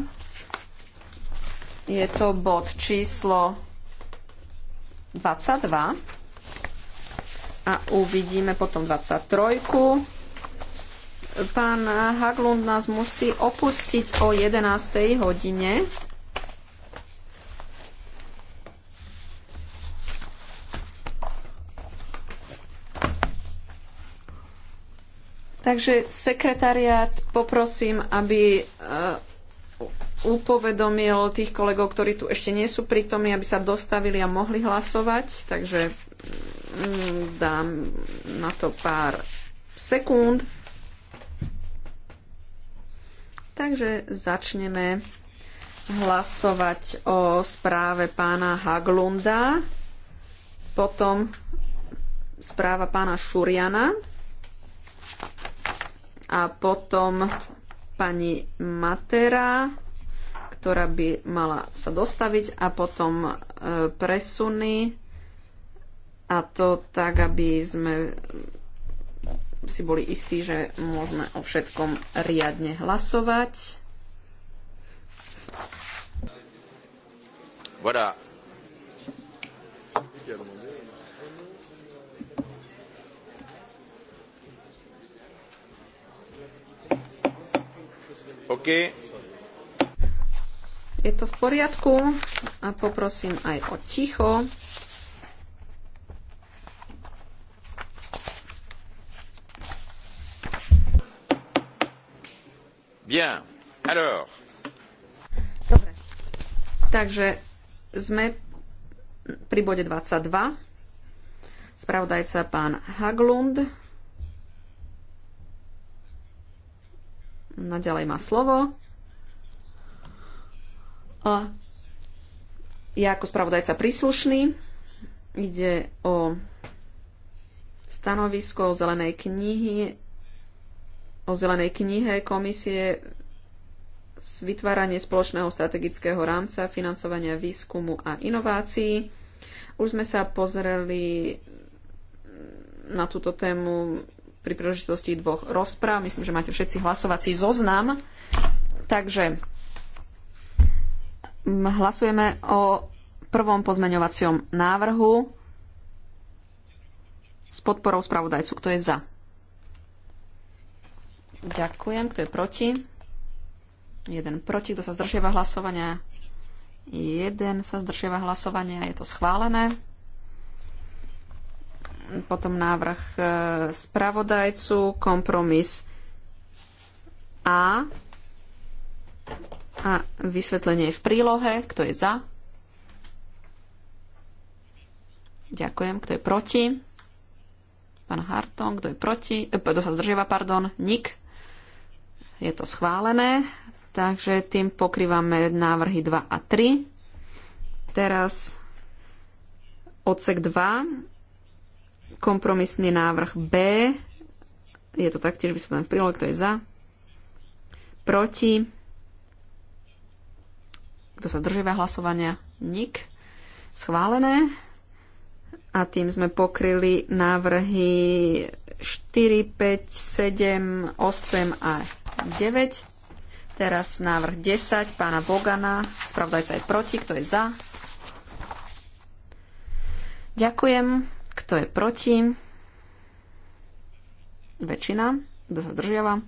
Je to bod číslo 22 a uvidíme potom 23. Pán Haglund nás musí opustiť o 11. hodine. Takže sekretariát poprosím, aby e, upovedomil tých kolegov, ktorí tu ešte nie sú prítomní, aby sa dostavili a mohli hlasovať. Takže mm, dám na to pár sekúnd. Takže začneme hlasovať o správe pána Haglunda, potom správa pána Šuriana a potom pani Matera ktorá by mala sa dostaviť a potom e, presuny a to tak, aby sme si boli istí, že môžeme o všetkom riadne hlasovať. Voda. Okay je to v poriadku a poprosím aj o ticho. Bien. Alors. Dobre. Takže sme pri bode 22. Spravodajca pán Haglund. Naďalej má slovo ja ako spravodajca príslušný ide o stanovisko o zelenej knihy o zelenej knihe komisie vytváranie spoločného strategického rámca financovania výskumu a inovácií. Už sme sa pozreli na túto tému pri príležitosti dvoch rozpráv. Myslím, že máte všetci hlasovací zoznam. Takže Hlasujeme o prvom pozmeňovacom návrhu s podporou spravodajcu. Kto je za? Ďakujem. Kto je proti? Jeden proti. Kto sa zdržieva hlasovania? Jeden sa zdržieva hlasovania. Je to schválené. Potom návrh e, spravodajcu, kompromis A a vysvetlenie je v prílohe. Kto je za? Ďakujem. Kto je proti? Pán Harton. Kto je proti? E, kto sa zdržiava, pardon. Nik. Je to schválené. Takže tým pokrývame návrhy 2 a 3. Teraz odsek 2. Kompromisný návrh B. Je to taktiež vysvetlené v prílohe. Kto je za? Proti? Kto sa zdržíva hlasovania? Nik. Schválené. A tým sme pokryli návrhy 4, 5, 7, 8 a 9. Teraz návrh 10 pána Bogana. Spravdajca je proti. Kto je za? Ďakujem. Kto je proti? Väčšina. Kto sa zdržiava?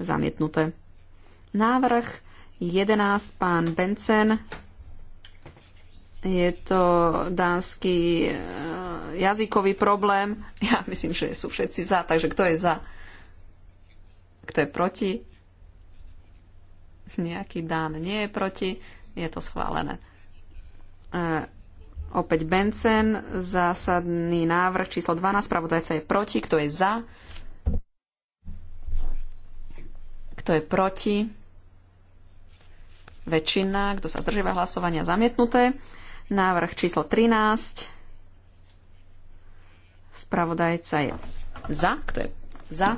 Zamietnuté. Návrh 11, pán Bencen. Je to dánsky eh, jazykový problém. [LAUGHS] Ja myslím, že sú všetci za, takže kto je za? Kto je proti? Nejaký Dán nie je proti. Je to schválené. E, opäť Bencen, zásadný návrh číslo 12, spravodajca je proti, kto je za? Kto je proti? väčšina, kto sa zdržíva hlasovania, zamietnuté. Návrh číslo 13. Spravodajca je za. Kto je za?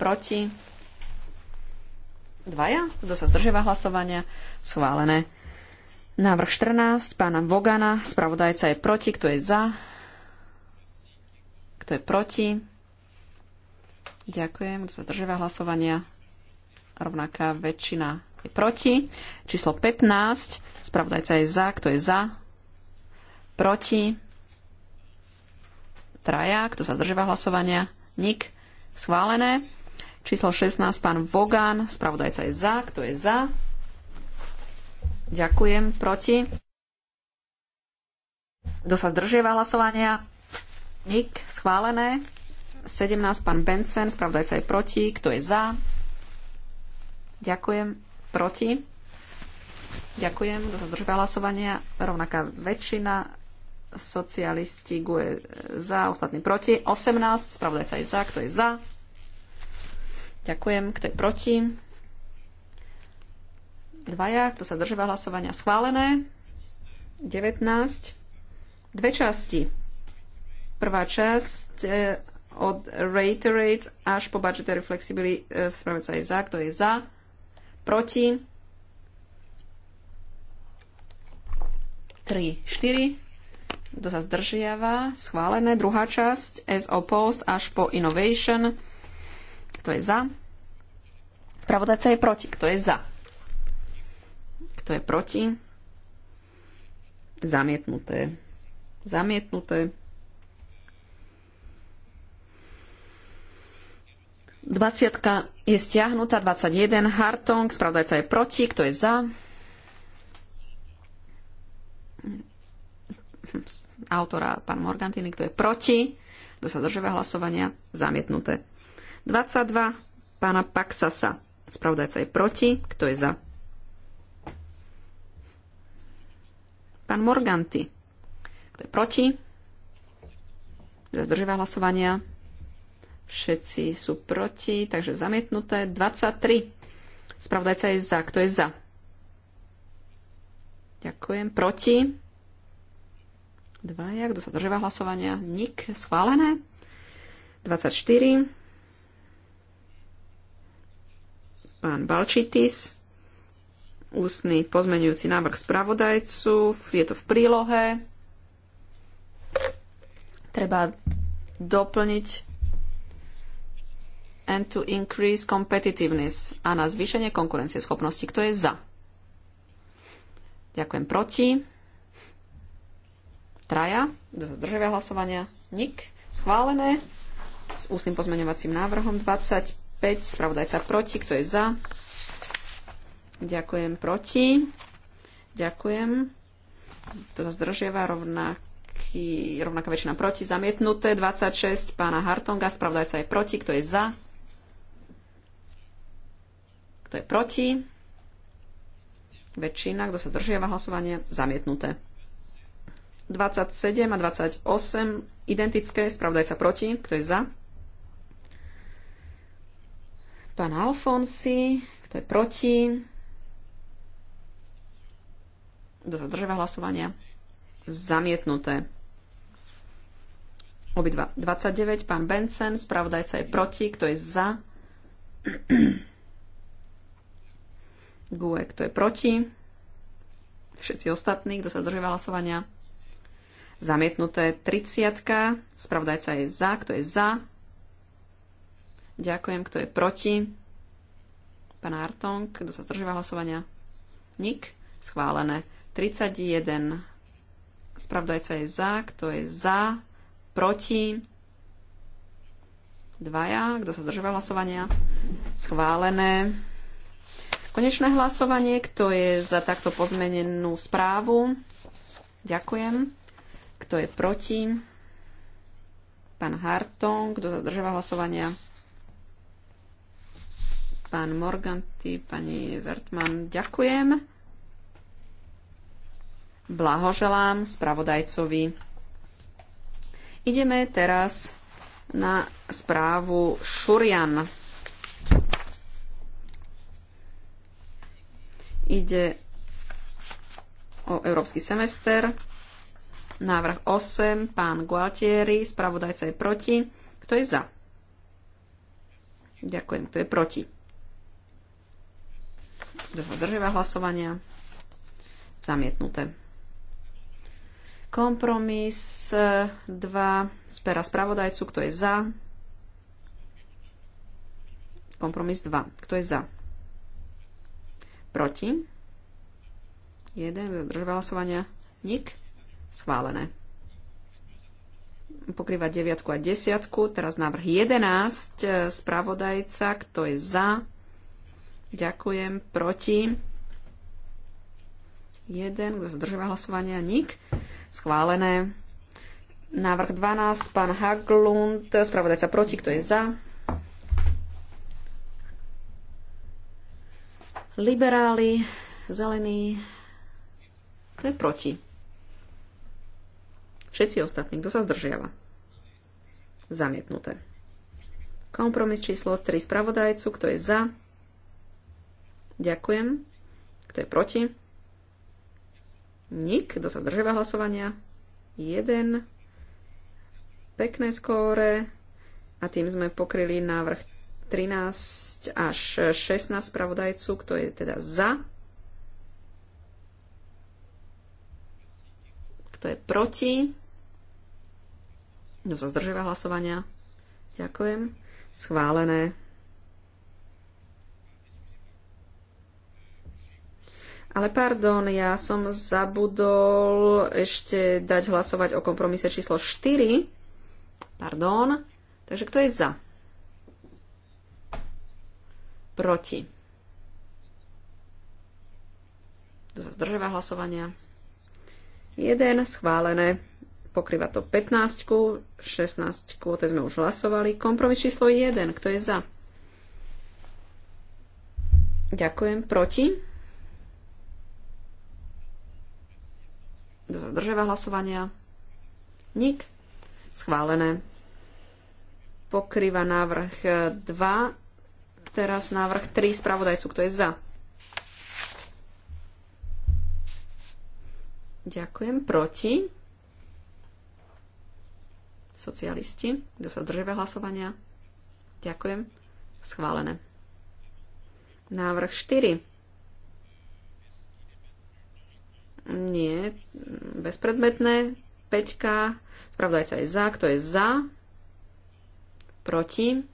Proti? Dvaja. Kto sa zdržíva hlasovania? Schválené. Návrh 14 pána Vogana. Spravodajca je proti. Kto je za? Kto je proti? Ďakujem. Kto sa zdržíva hlasovania? Rovnaká väčšina je proti. Číslo 15, spravodajca je za, kto je za, proti, traja, kto sa zdržíva hlasovania, nik, schválené. Číslo 16, pán Vogan, spravodajca je za, kto je za, ďakujem, proti. Kto sa zdržíva hlasovania? Nik, schválené. 17, pán Benson, spravodajca je proti, kto je za? Ďakujem, proti. Ďakujem, kto sa zdržal hlasovania. Rovnaká väčšina socialisti guje za, ostatní proti. 18, spravodajca je za, kto je za. Ďakujem, kto je proti. Dvaja, kto sa zdržal hlasovania, schválené. 19. Dve časti. Prvá časť eh, od reiterates až po budgetary flexibility, eh, spravodajca je za, kto je za proti, 3, 4, kto sa zdržiava, schválené, druhá časť, as opposed až po innovation, kto je za, spravodajca je proti, kto je za, kto je proti, zamietnuté, zamietnuté, 20 je stiahnutá, 21 Hartong, spravodajca je proti, kto je za? Autora pán Morgantini, kto je proti? Kto sa držíva hlasovania? Zamietnuté. 22 pána Paxasa, spravodajca je proti, kto je za? Pán Morganti, kto je proti? Kto sa zdržíva hlasovania? Všetci sú proti, takže zamietnuté. 23. Spravodajca je za. Kto je za? Ďakujem. Proti? Dvaja. Kto sa držíva hlasovania? Nik. Schválené. 24. Pán Balčitis. Ústny pozmenujúci návrh spravodajcu. Je to v prílohe. Treba doplniť and to increase competitiveness a na zvýšenie konkurencieschopnosti. Kto je za? Ďakujem proti. Traja. Zdržia hlasovania. Nik. Schválené. S ústnym pozmeňovacím návrhom 25. Spravodajca proti. Kto je za? Ďakujem proti. Ďakujem. To sa zdržieva rovnaký, rovnaká väčšina proti. Zamietnuté 26 pána Hartonga. Spravodajca je proti. Kto je za? Kto je proti? Väčšina. Kto sa držiava hlasovanie? Zamietnuté. 27 a 28 identické. Spravodajca proti. Kto je za? Pán Alfonsi. Kto je proti? Kto sa držiava hlasovania? Zamietnuté. Obidva. 29. Pán Benson. Spravodajca je proti. Kto je za? [CLEARS THROAT] Guek, kto je proti. Všetci ostatní, kto sa zdržíva hlasovania. Zamietnuté 30. Spravdajca Spravodajca je za, kto je za. Ďakujem, kto je proti. Pán Artong, kto sa zdržíva hlasovania. Nik. Schválené. 31. Spravdajca je za, kto je za, proti, dvaja, kto sa zdržíva hlasovania, schválené konečné hlasovanie. Kto je za takto pozmenenú správu? Ďakujem. Kto je proti? Pán Hartong. Kto zadržava hlasovania? Pán Morganti, pani Vertman. Ďakujem. Blahoželám spravodajcovi. Ideme teraz na správu Šurian. Ide o európsky semester. Návrh 8, pán Gualtieri, spravodajca je proti. Kto je za? Ďakujem, kto je proti? Kto podržíva hlasovania? Zamietnuté. Kompromis 2 eh, spera spravodajcu, kto je za? Kompromis 2, kto je za? Proti? Jeden, zdržal hlasovania. Nik? Schválené. Pokrýva 9 a 10. Teraz návrh 11. Spravodajca, kto je za? Ďakujem. Proti? Jeden, kto zdržal hlasovania. Nik? Schválené. Návrh 12, pán Haglund, spravodajca proti, kto je za? Liberáli, zelení, to je proti. Všetci ostatní, kto sa zdržiava. Zamietnuté. Kompromis číslo 3 spravodajcu, kto je za. Ďakujem. Kto je proti? Nik, kto sa zdržiava hlasovania. 1. Pekné skóre. A tým sme pokryli návrh 13 až 16 spravodajcu, kto je teda za, kto je proti, kto sa zdržíva hlasovania. Ďakujem. Schválené. Ale pardon, ja som zabudol ešte dať hlasovať o kompromise číslo 4. Pardon. Takže kto je za? Proti. Kto sa zdržiava hlasovania? 1 schválené. Pokrýva to 15, 16, o tej sme už hlasovali. Kompromis číslo 1, kto je za? Ďakujem. Proti? Kto sa zdržiava hlasovania? Nik. Schválené. Pokrýva návrh 2 Teraz návrh 3 spravodajcu, kto je za. Ďakujem. Proti? Socialisti. Kto sa zdržíva hlasovania? Ďakujem. Schválené. Návrh 4. Nie, bezpredmetné. 5. Spravodajca je za. Kto je za? Proti?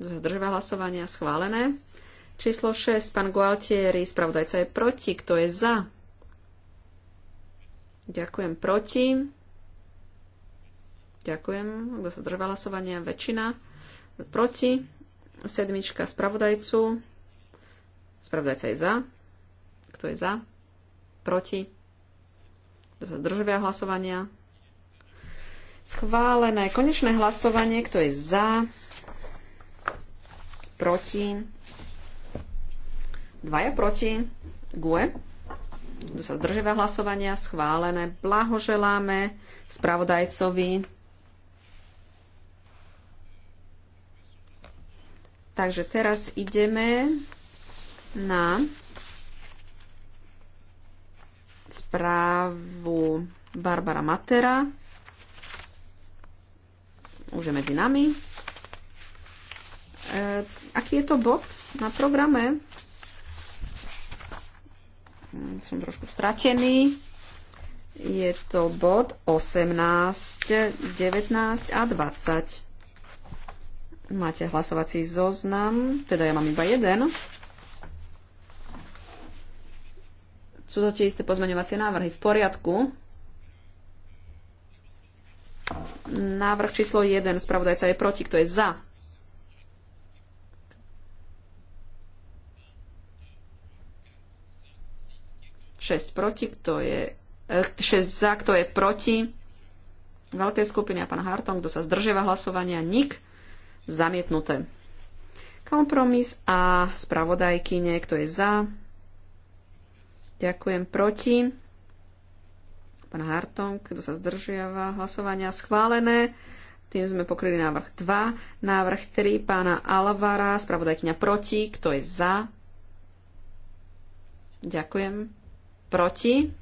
zdržíva hlasovania, schválené. Číslo 6, pán Gualtieri, spravodajca je proti, kto je za? Ďakujem proti. Ďakujem, kto sa zdržal hlasovania, väčšina proti. Sedmička spravodajcu. Spravodajca je za. Kto je za? Proti. Kto sa zdržia hlasovania? Schválené. Konečné hlasovanie. Kto je za? proti, dvaja proti, GUE, kto sa zdržiava hlasovania, schválené. Blahoželáme spravodajcovi. Takže teraz ideme na správu Barbara Matera. Už je medzi nami. E, aký je to bod na programe? Hm, som trošku stratený. Je to bod 18, 19 a 20. Máte hlasovací zoznam, teda ja mám iba jeden. Sú to tie isté pozmeňovacie návrhy. V poriadku. Návrh číslo 1. Spravodajca je proti. Kto je za? 6 proti, kto je 6 eh, za, kto je proti. veľkej skupiny a pán Harton, kto sa zdržiava hlasovania, nik zamietnuté. Kompromis a spravodajky, niekto je za. Ďakujem proti. Pán Hartong, kto sa zdržiava hlasovania, schválené. Tým sme pokryli návrh 2. Návrh 3 pána Alvara, spravodajkyňa proti. Kto je za? Ďakujem proti.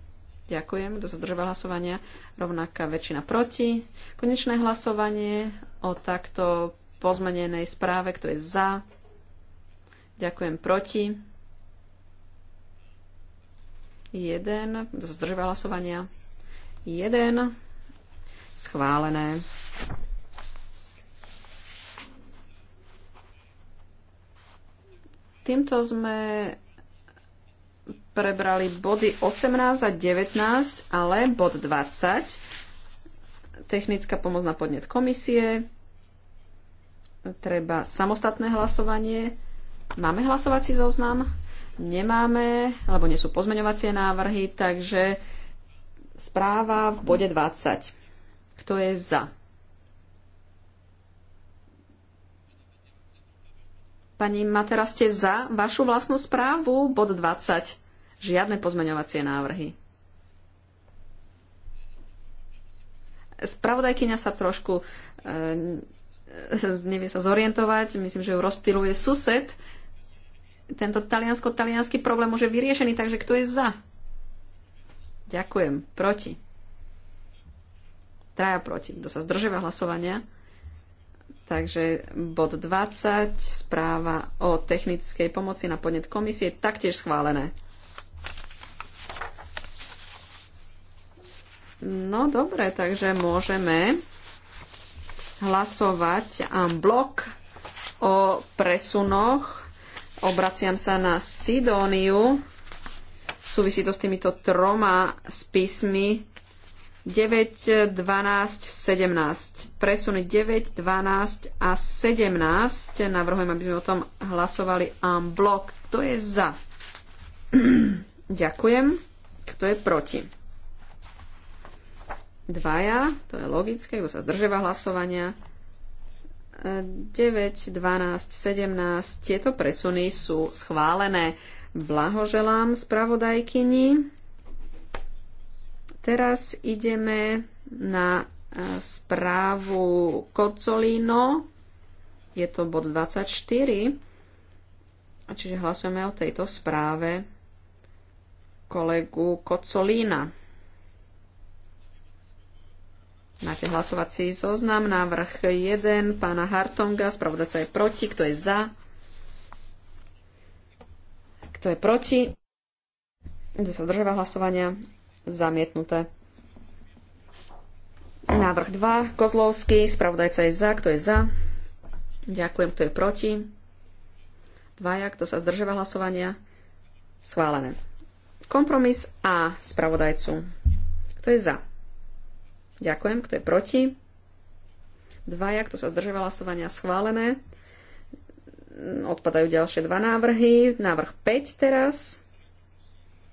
Ďakujem, kto sa zdržal hlasovania. Rovnaká väčšina proti. Konečné hlasovanie o takto pozmenenej správe, kto je za. Ďakujem, proti. Jeden, kto sa zdržal hlasovania. Jeden. Schválené. Týmto sme prebrali body 18 a 19, ale bod 20, technická pomoc na podnet komisie, treba samostatné hlasovanie. Máme hlasovací zoznam? Nemáme, lebo nie sú pozmeňovacie návrhy, takže správa v bode 20. Kto je za? Pani Matera, ste za vašu vlastnú správu, bod 20. Žiadne pozmeňovacie návrhy. Spravodajkyňa sa trošku e, nevie sa zorientovať, myslím, že ju rozptiluje sused. Tento taliansko-talianský problém už je vyriešený, takže kto je za? Ďakujem. Proti. Traja proti. Kto sa zdržiava hlasovania? Takže bod 20, správa o technickej pomoci na podnet komisie, taktiež schválené. No dobre, takže môžeme hlasovať blok o presunoch. Obraciam sa na Sidóniu. Súvisí to s týmito troma spismi 9, 12, 17. Presuny 9, 12 a 17. Navrhujem, aby sme o tom hlasovali en blok. Kto je za? [CLEARS THROAT] Ďakujem. Kto je proti? Dvaja, to je logické, kto sa zdrževa hlasovania. 9, 12, 17, tieto presuny sú schválené. Blahoželám spravodajkyni. Teraz ideme na e, správu Kocolino. Je to bod 24. a Čiže hlasujeme o tejto správe kolegu Kocolína. Máte hlasovací zoznam, návrh 1 pána Hartonga, sa je proti, kto je za, kto je proti, kto sa država hlasovania, Zamietnuté. Návrh 2. Kozlovský. Spravodajca je za. Kto je za? Ďakujem. Kto je proti? Dvaja. Kto sa zdržava hlasovania? Schválené. Kompromis A. Spravodajcu. Kto je za? Ďakujem. Kto je proti? Dvaja. Kto sa zdržava hlasovania? Schválené. Odpadajú ďalšie dva návrhy. Návrh 5 teraz.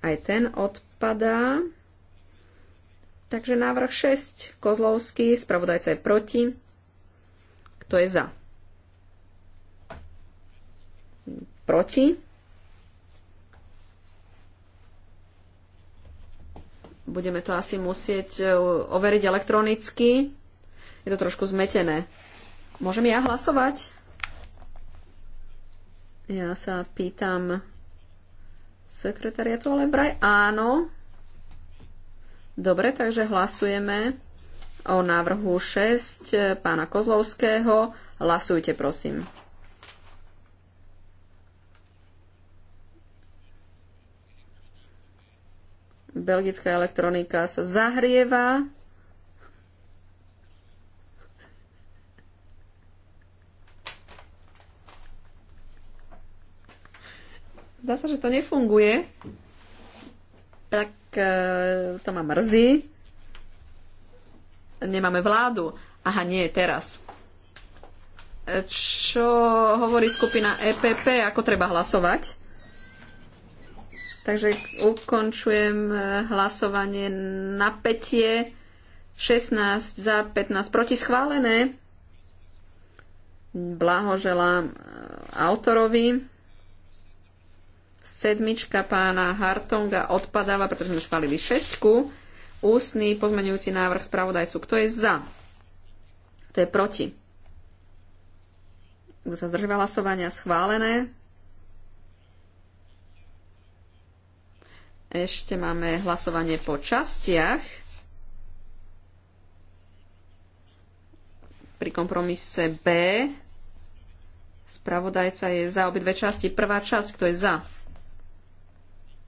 Aj ten odpadá. Takže návrh 6, Kozlovský, spravodajca je proti. Kto je za? Proti. Budeme to asi musieť e, overiť elektronicky. Je to trošku zmetené. Môžem ja hlasovať? Ja sa pýtam sekretariatu, ale vraj áno. Dobre, takže hlasujeme o návrhu 6 eh, pána Kozlovského. Hlasujte, prosím. Belgická elektronika sa zahrieva. Zdá sa, že to nefunguje tak e, to ma mrzí. Nemáme vládu. Aha, nie, teraz. E, čo hovorí skupina EPP, ako treba hlasovať? Takže ukončujem e, hlasovanie petie. 16 za 15 proti schválené. Blahoželám autorovi. Sedmička pána Hartonga odpadáva, pretože sme spálili šestku. Ústny pozmeňujúci návrh spravodajcu. Kto je za? Kto je proti? Kto sa zdržia hlasovania? Schválené. Ešte máme hlasovanie po častiach. pri kompromise B. Spravodajca je za obidve časti. Prvá časť, kto je za?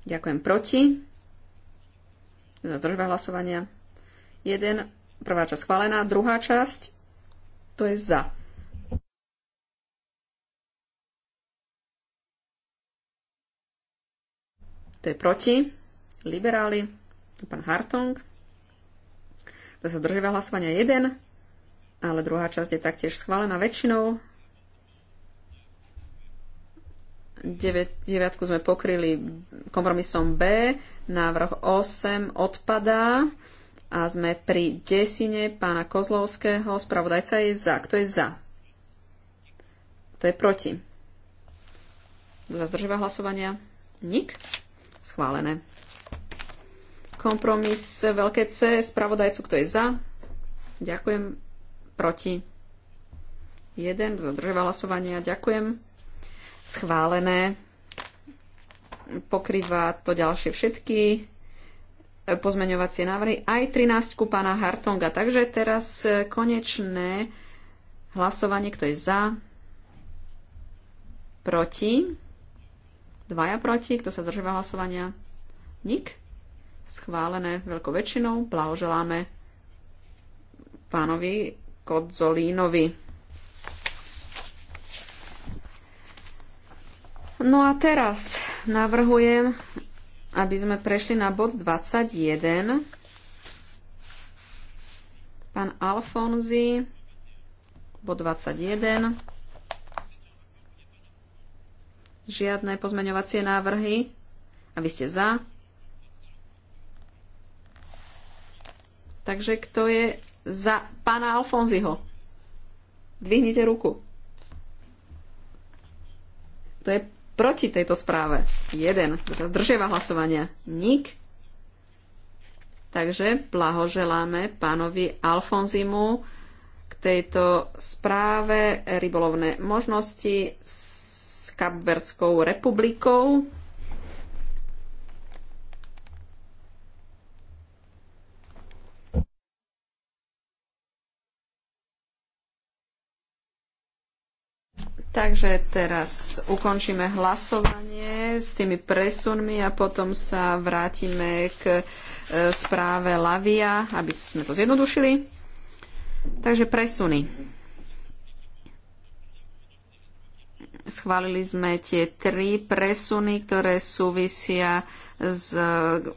Ďakujem proti. Zdržba hlasovania. 1. Prvá časť schválená. Druhá časť. To je za. To je proti. Liberáli. To je pán Hartong. To sa držíva hlasovania 1, ale druhá časť je taktiež schválená väčšinou 9, sme pokryli kompromisom B, návrh 8 odpadá a sme pri desine pána Kozlovského. Spravodajca je za. Kto je za? Kto je proti? Kto hlasovania? Nik? Schválené. Kompromis veľké C. Spravodajcu, kto je za? Ďakujem. Proti? 1. Kto hlasovania? Ďakujem schválené. Pokrýva to ďalšie všetky e, pozmeňovacie návrhy, aj 13 pána Hartonga. Takže teraz e, konečné hlasovanie, kto je za, proti, dvaja proti, kto sa zdržíva hlasovania, nik, schválené veľkou väčšinou, blahoželáme pánovi Kodzolínovi. No a teraz navrhujem, aby sme prešli na bod 21. Pán Alfonzi, bod 21. Žiadne pozmeňovacie návrhy. A vy ste za. Takže kto je za pána Alfonziho? Dvihnite ruku. To je proti tejto správe? Jeden. zdržiava hlasovania? Nik. Takže blahoželáme pánovi Alfonzimu k tejto správe rybolovné možnosti s Kapverdskou republikou. Takže teraz ukončíme hlasovanie s tými presunmi a potom sa vrátime k e, správe Lavia, aby sme to zjednodušili. Takže presuny. Schválili sme tie tri presuny, ktoré súvisia s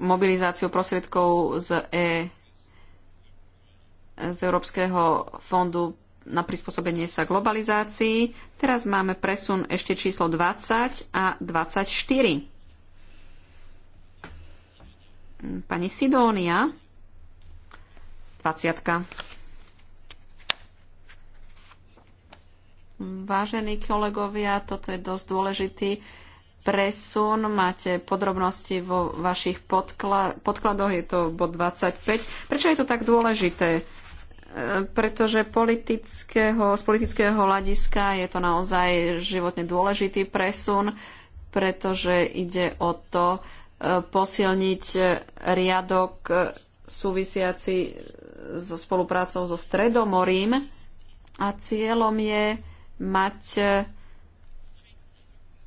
mobilizáciou prostriedkov z, e, z Európskeho fondu na prispôsobenie sa globalizácii. Teraz máme presun ešte číslo 20 a 24. Pani Sidónia, 20. Vážení kolegovia, toto je dosť dôležitý presun. Máte podrobnosti vo vašich podkla- podkladoch, je to bod 25. Prečo je to tak dôležité? pretože politického, z politického hľadiska je to naozaj životne dôležitý presun, pretože ide o to e, posilniť riadok súvisiaci so spoluprácou so Stredomorím a cieľom je mať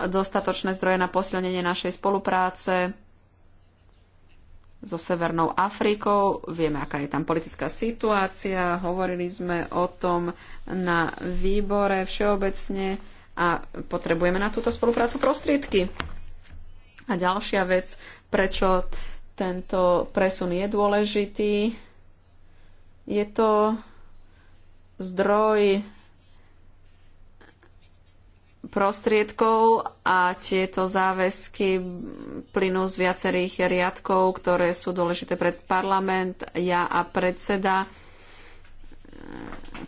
dostatočné zdroje na posilnenie našej spolupráce so Severnou Afrikou. Vieme, aká je tam politická situácia. Hovorili sme o tom na výbore všeobecne a potrebujeme na túto spoluprácu prostriedky. A ďalšia vec, prečo tento presun je dôležitý, je to zdroj prostriedkov a tieto záväzky plynú z viacerých riadkov, ktoré sú dôležité pre parlament, ja a predseda.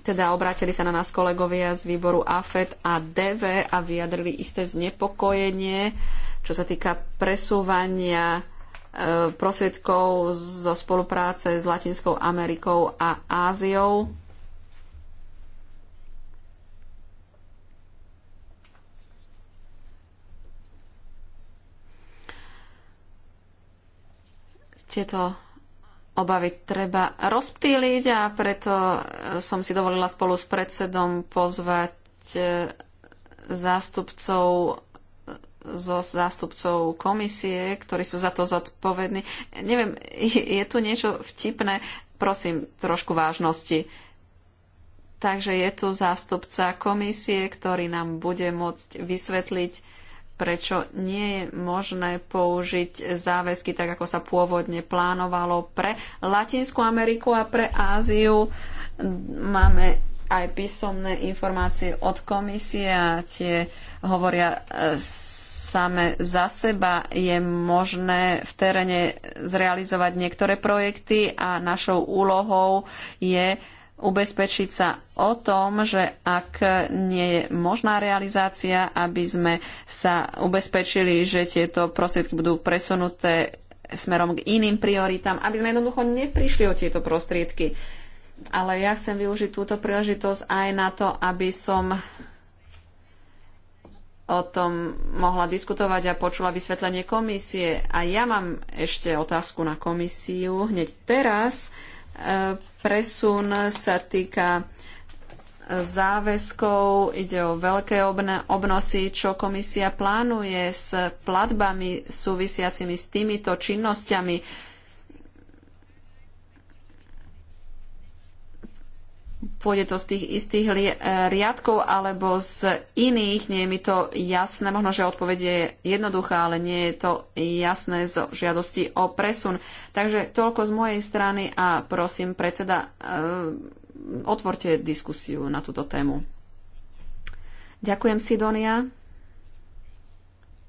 Teda obrátili sa na nás kolegovia z výboru AFET a DV a vyjadrili isté znepokojenie, čo sa týka presúvania e, prostriedkov zo spolupráce s Latinskou Amerikou a Áziou Tieto obavy treba rozptýliť a preto e, som si dovolila spolu s predsedom pozvať e, zástupcov e, zo zástupcov komisie, ktorí sú za to zodpovední. Neviem, [LAUGHS] je tu niečo vtipné? Prosím, trošku vážnosti. Takže je tu zástupca komisie, ktorý nám bude môcť vysvetliť, prečo nie je možné použiť záväzky tak, ako sa pôvodne plánovalo pre Latinskú Ameriku a pre Áziu. Máme aj písomné informácie od komisie a tie hovoria e, same za seba. Je možné v teréne zrealizovať niektoré projekty a našou úlohou je ubezpečiť sa o tom, že ak nie je možná realizácia, aby sme sa ubezpečili, že tieto prostriedky budú presunuté smerom k iným prioritám, aby sme jednoducho neprišli o tieto prostriedky. Ale ja chcem využiť túto príležitosť aj na to, aby som o tom mohla diskutovať a počula vysvetlenie komisie. A ja mám ešte otázku na komisiu hneď teraz. Uh, Presun sa týka e, záväzkov, ide o veľké obnosy, čo komisia plánuje s platbami súvisiacimi s týmito činnosťami pôjde to z tých istých e, riadkov alebo z iných, nie je mi to jasné. Možno, že odpoveď je jednoduchá, ale nie je to jasné z žiadosti o presun. Takže toľko z mojej strany a prosím, predseda, e, otvorte diskusiu na túto tému. Ďakujem, Sidonia.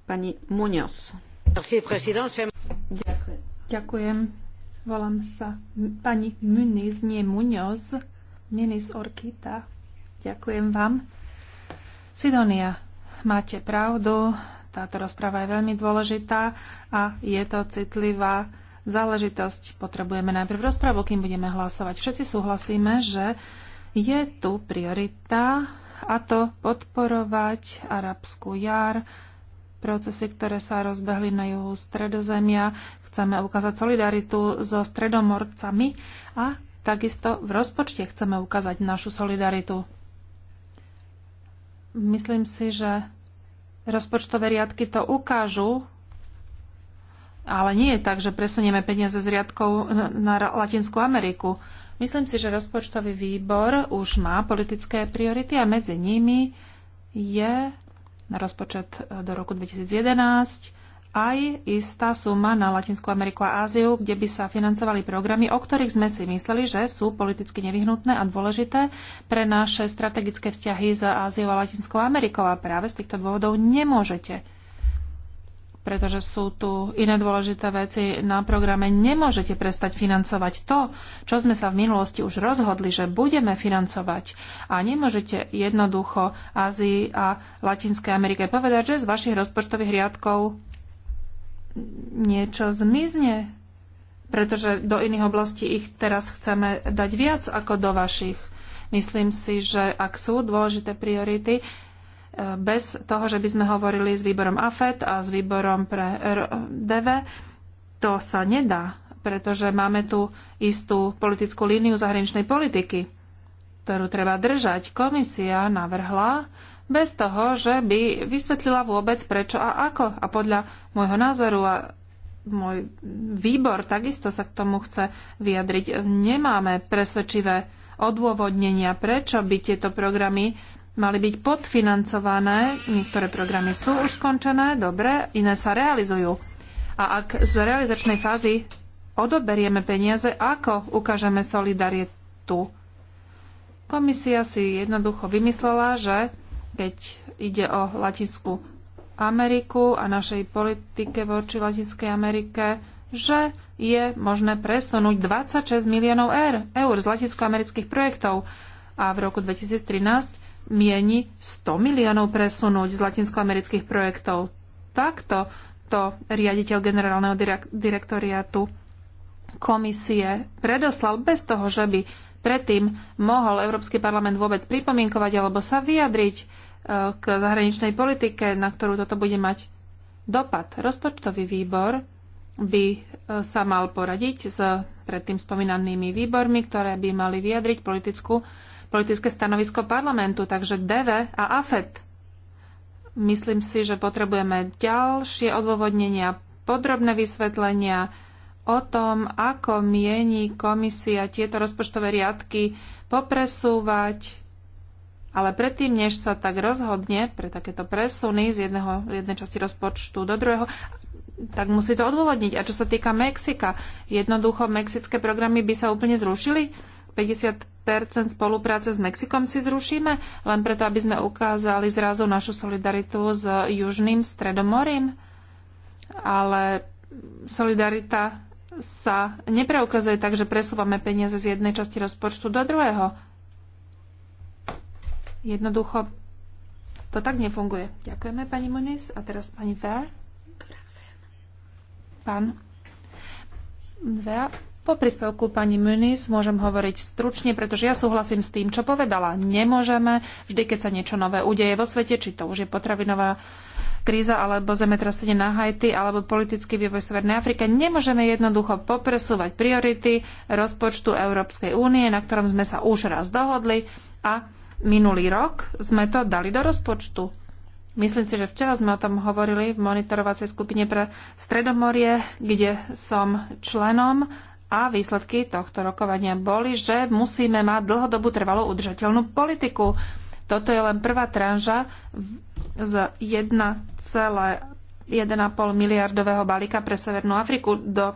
Pani Muñoz. Ďakujem. Ďakujem. Volám sa pani Muniz, nie Muñoz Minis Orkita, ďakujem vám. Sidonia, máte pravdu, táto rozpráva je veľmi dôležitá a je to citlivá záležitosť. Potrebujeme najprv rozprávu, kým budeme hlasovať. Všetci súhlasíme, že je tu priorita a to podporovať arabskú jar, procesy, ktoré sa rozbehli na juhu stredozemia. Chceme ukázať solidaritu so stredomorcami a Takisto v rozpočte chceme ukázať našu solidaritu. Myslím si, že rozpočtové riadky to ukážu, ale nie je tak, že presunieme peniaze z riadkov na Latinskú Ameriku. Myslím si, že rozpočtový výbor už má politické priority a medzi nimi je rozpočet do roku 2011, aj istá suma na Latinsku Ameriku a Áziu, kde by sa financovali programy, o ktorých sme si mysleli, že sú politicky nevyhnutné a dôležité pre naše strategické vzťahy s Áziou a Latinskou Amerikou. A práve z týchto dôvodov nemôžete pretože sú tu iné dôležité veci na programe. Nemôžete prestať financovať to, čo sme sa v minulosti už rozhodli, že budeme financovať. A nemôžete jednoducho Ázii a Latinskej Amerike povedať, že z vašich rozpočtových riadkov niečo zmizne, pretože do iných oblastí ich teraz chceme dať viac ako do vašich. Myslím si, že ak sú dôležité priority, e, bez toho, že by sme hovorili s výborom AFET a s výborom pre DV, to sa nedá, pretože máme tu istú politickú líniu zahraničnej politiky, ktorú treba držať. Komisia navrhla bez toho, že by vysvetlila vôbec prečo a ako. A podľa môjho názoru a môj výbor takisto sa k tomu chce vyjadriť. Nemáme presvedčivé odôvodnenia, prečo by tieto programy mali byť podfinancované. Niektoré programy sú už skončené, dobre, iné sa realizujú. A ak z realizačnej fázy odoberieme peniaze, ako ukážeme solidaritu? Komisia si jednoducho vymyslela, že keď ide o Latinskú Ameriku a našej politike voči Latinskej Amerike, že je možné presunúť 26 miliónov eur, eur z latinskoamerických projektov a v roku 2013 mieni 100 miliónov presunúť z latinskoamerických projektov. Takto to riaditeľ generálneho direktoriátu komisie predoslal bez toho, že by predtým mohol Európsky parlament vôbec pripomienkovať alebo sa vyjadriť k zahraničnej politike, na ktorú toto bude mať dopad. Rozpočtový výbor by e, sa mal poradiť s predtým spomínanými výbormi, ktoré by mali vyjadriť politickú, politické stanovisko parlamentu, takže DV a AFET. Myslím si, že potrebujeme ďalšie odôvodnenia, podrobné vysvetlenia o tom, ako mieni komisia tieto rozpočtové riadky popresúvať ale predtým, než sa tak rozhodne pre takéto presuny z jedného, jednej časti rozpočtu do druhého, tak musí to odôvodniť. A čo sa týka Mexika, jednoducho mexické programy by sa úplne zrušili? 50 spolupráce s Mexikom si zrušíme, len preto, aby sme ukázali zrazu našu solidaritu s Južným Stredomorím? Ale solidarita sa nepreukazuje tak, že presúvame peniaze z jednej časti rozpočtu do druhého Jednoducho to tak nefunguje. Ďakujeme, pani Moniz. A teraz pani Vea. Pán Vea. Po príspevku pani Muniz môžem hovoriť stručne, pretože ja súhlasím s tým, čo povedala. Nemôžeme, vždy keď sa niečo nové udeje vo svete, či to už je potravinová kríza alebo zemetrasenie na Haiti alebo politický vývoj v Severnej Afrike, nemôžeme jednoducho popresúvať priority rozpočtu Európskej únie, na ktorom sme sa už raz dohodli a Minulý rok sme to dali do rozpočtu. Myslím si, že včera sme o tom hovorili v monitorovacej skupine pre Stredomorie, kde som členom a výsledky tohto rokovania boli, že musíme mať dlhodobú trvalú udržateľnú politiku. Toto je len prvá tranža z 1,1,5 miliardového balíka pre Severnú Afriku do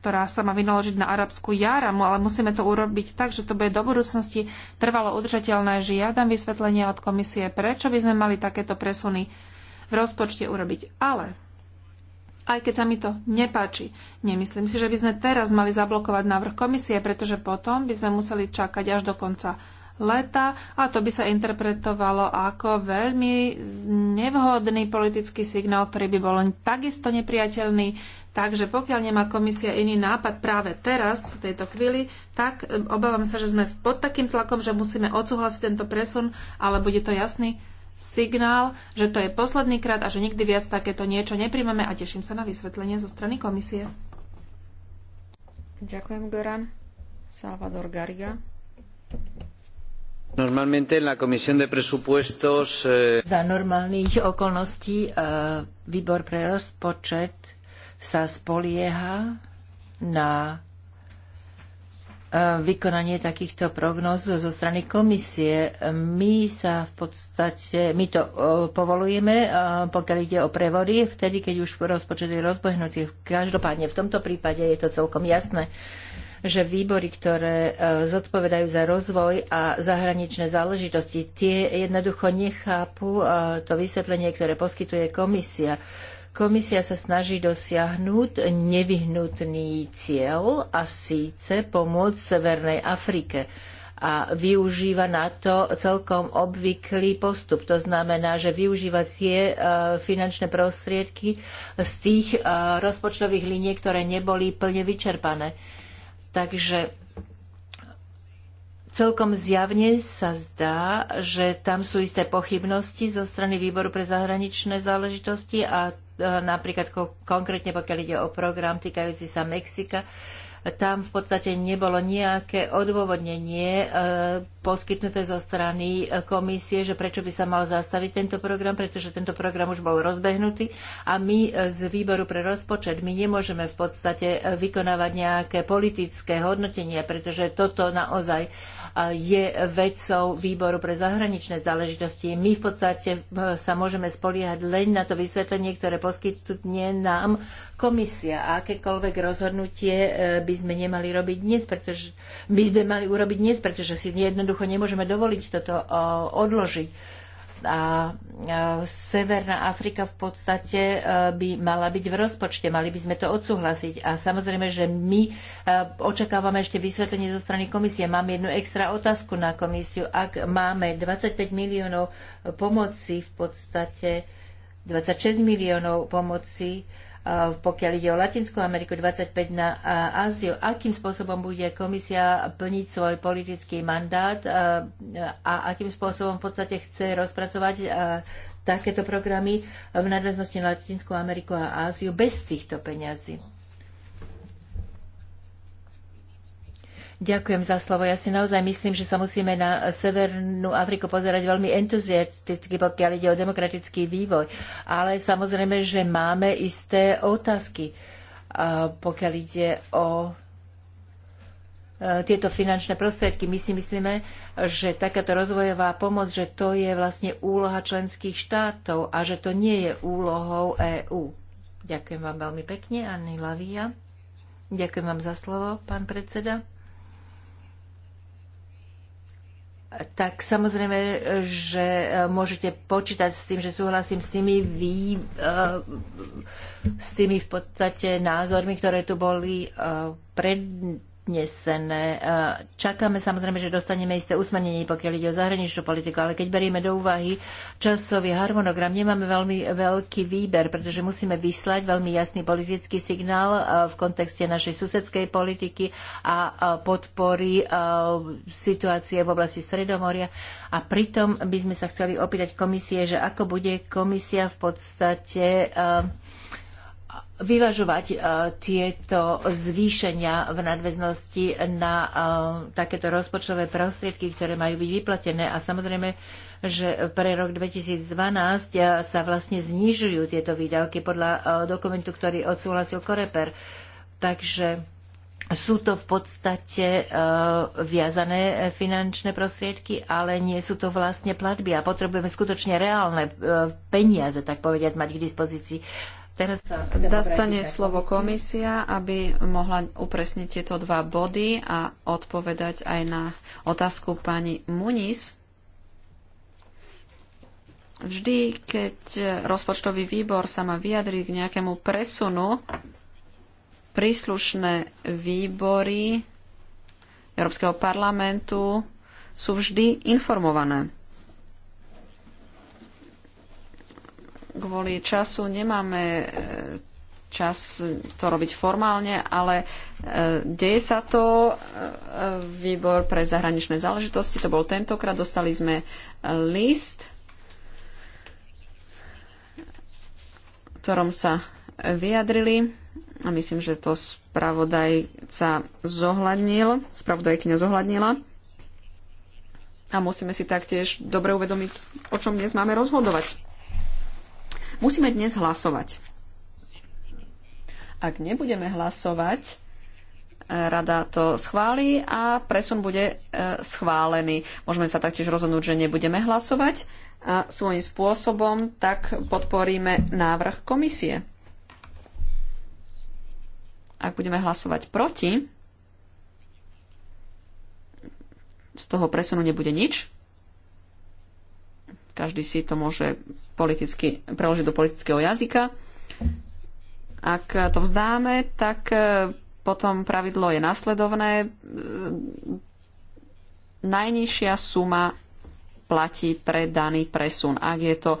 ktorá sa má vynaložiť na arabskú jaramu, ale musíme to urobiť tak, že to bude do budúcnosti trvalo udržateľné. Žiadam vysvetlenie od komisie, prečo by sme mali takéto presuny v rozpočte urobiť. Ale aj keď sa mi to nepáči, nemyslím si, že by sme teraz mali zablokovať návrh komisie, pretože potom by sme museli čakať až do konca leta a to by sa interpretovalo ako veľmi nevhodný politický signál, ktorý by bol takisto nepriateľný Takže pokiaľ nemá komisia iný nápad práve teraz, v tejto chvíli, tak e, obávam sa, že sme pod takým tlakom, že musíme odsúhlasiť tento presun, ale bude to jasný signál, že to je posledný krát a že nikdy viac takéto niečo nepríjmeme a teším sa na vysvetlenie zo strany komisie. Ďakujem, Goran. Salvador Gariga. Normalmente en la Comisión de Presupuestos... Eh... Za normálnych okolností eh, výbor pre rozpočet sa spolieha na e, vykonanie takýchto prognóz zo strany komisie. My sa v podstate, my to e, povolujeme, e, pokiaľ ide o prevody, vtedy, keď už rozpočet je rozbehnutý. Každopádne v tomto prípade je to celkom jasné, že výbory, ktoré zodpovedajú za rozvoj a zahraničné záležitosti, tie jednoducho nechápu to vysvetlenie, ktoré poskytuje komisia. Komisia sa snaží dosiahnuť nevyhnutný cieľ a síce pomôcť Severnej Afrike a využíva na to celkom obvyklý postup. To znamená, že využíva tie e, finančné prostriedky z tých e, rozpočtových liniek, ktoré neboli plne vyčerpané. Takže celkom zjavne sa zdá, že tam sú isté pochybnosti zo strany Výboru pre zahraničné záležitosti a napríklad konkrétne pokiaľ ide o program týkajúci sa Mexika, tam v podstate nebolo nejaké odôvodnenie e, poskytnuté zo strany e, komisie, že prečo by sa mal zastaviť tento program, pretože tento program už bol rozbehnutý a my e, z výboru pre rozpočet my nemôžeme v podstate vykonávať nejaké politické hodnotenie, pretože toto naozaj je vecou výboru pre zahraničné záležitosti. My v podstate sa môžeme spoliehať len na to vysvetlenie, ktoré poskytne nám komisia. A akékoľvek rozhodnutie by by sme nemali robiť dnes, pretože by sme mali urobiť dnes, pretože si jednoducho nemôžeme dovoliť toto odložiť a Severná Afrika v podstate e, by mala byť v rozpočte, mali by sme to odsúhlasiť. A samozrejme, že my e, očakávame ešte vysvetlenie zo strany komisie. Mám jednu extra otázku na komisiu. Ak máme 25 miliónov pomoci v podstate, 26 miliónov pomoci, Eh, pokiaľ ide o Latinskú Ameriku, 25 na eh, Áziu. Akým spôsobom bude komisia plniť svoj politický mandát eh, a akým spôsobom v podstate chce rozpracovať takéto programy v nadväznosti na Latinskú Ameriku a Áziu bez týchto peňazí? Ďakujem za slovo. Ja si naozaj myslím, že sa musíme na Severnú Afriku pozerať veľmi entuziasticky, pokiaľ ide o demokratický vývoj. Ale samozrejme, že máme isté otázky, pokiaľ ide o tieto finančné prostriedky. My si myslíme, že takáto rozvojová pomoc, že to je vlastne úloha členských štátov a že to nie je úlohou EÚ. Ďakujem vám veľmi pekne, Anny Lavia. Ďakujem vám za slovo, pán predseda. tak samozrejme, že e, môžete počítať s tým, že súhlasím s tými, vý, e, s tými v podstate názormi, ktoré tu boli e, pred, nadnesené. Čakáme samozrejme, že dostaneme isté usmernenie, pokiaľ ide o zahraničnú politiku, ale keď berieme do úvahy časový harmonogram, nemáme veľmi veľký výber, pretože musíme vyslať veľmi jasný politický signál v kontexte našej susedskej politiky a podpory situácie v oblasti Stredomoria. A pritom by sme sa chceli opýtať komisie, že ako bude komisia v podstate vyvažovať e, tieto zvýšenia v nadväznosti na e, takéto rozpočtové prostriedky, ktoré majú byť vyplatené. A samozrejme, že pre rok 2012 e, sa vlastne znižujú tieto výdavky podľa dokumentu, ktorý odsúhlasil Koreper. Takže sú to v podstate viazané finančné prostriedky, ale nie sú to vlastne platby a potrebujeme skutočne reálne peniaze, tak povediať, mať k dispozícii Teraz sa dostane slovo komisia, aby mohla upresniť tieto dva body a odpovedať aj na otázku pani Muniz. Vždy, keď rozpočtový výbor sa má vyjadriť k nejakému presunu, príslušné výbory Európskeho parlamentu sú vždy informované. kvôli času nemáme e, čas to robiť formálne, ale e, deje sa to. E, výbor pre zahraničné záležitosti, to bol tentokrát, dostali sme list, ktorom sa vyjadrili a myslím, že to spravodajca zohľadnil, spravodajkyňa zohľadnila. A musíme si taktiež dobre uvedomiť, o čom dnes máme rozhodovať. Musíme dnes hlasovať. Ak nebudeme hlasovať, rada to schváli a presun bude e, schválený. Môžeme sa taktiež rozhodnúť, že nebudeme hlasovať a svojím spôsobom tak podporíme návrh komisie. Ak budeme hlasovať proti, z toho presunu nebude nič. Každý si to môže politicky, preložiť do politického jazyka. Ak to vzdáme, tak e, potom pravidlo je nasledovné. E, najnižšia suma platí pre daný presun. Ak je to e,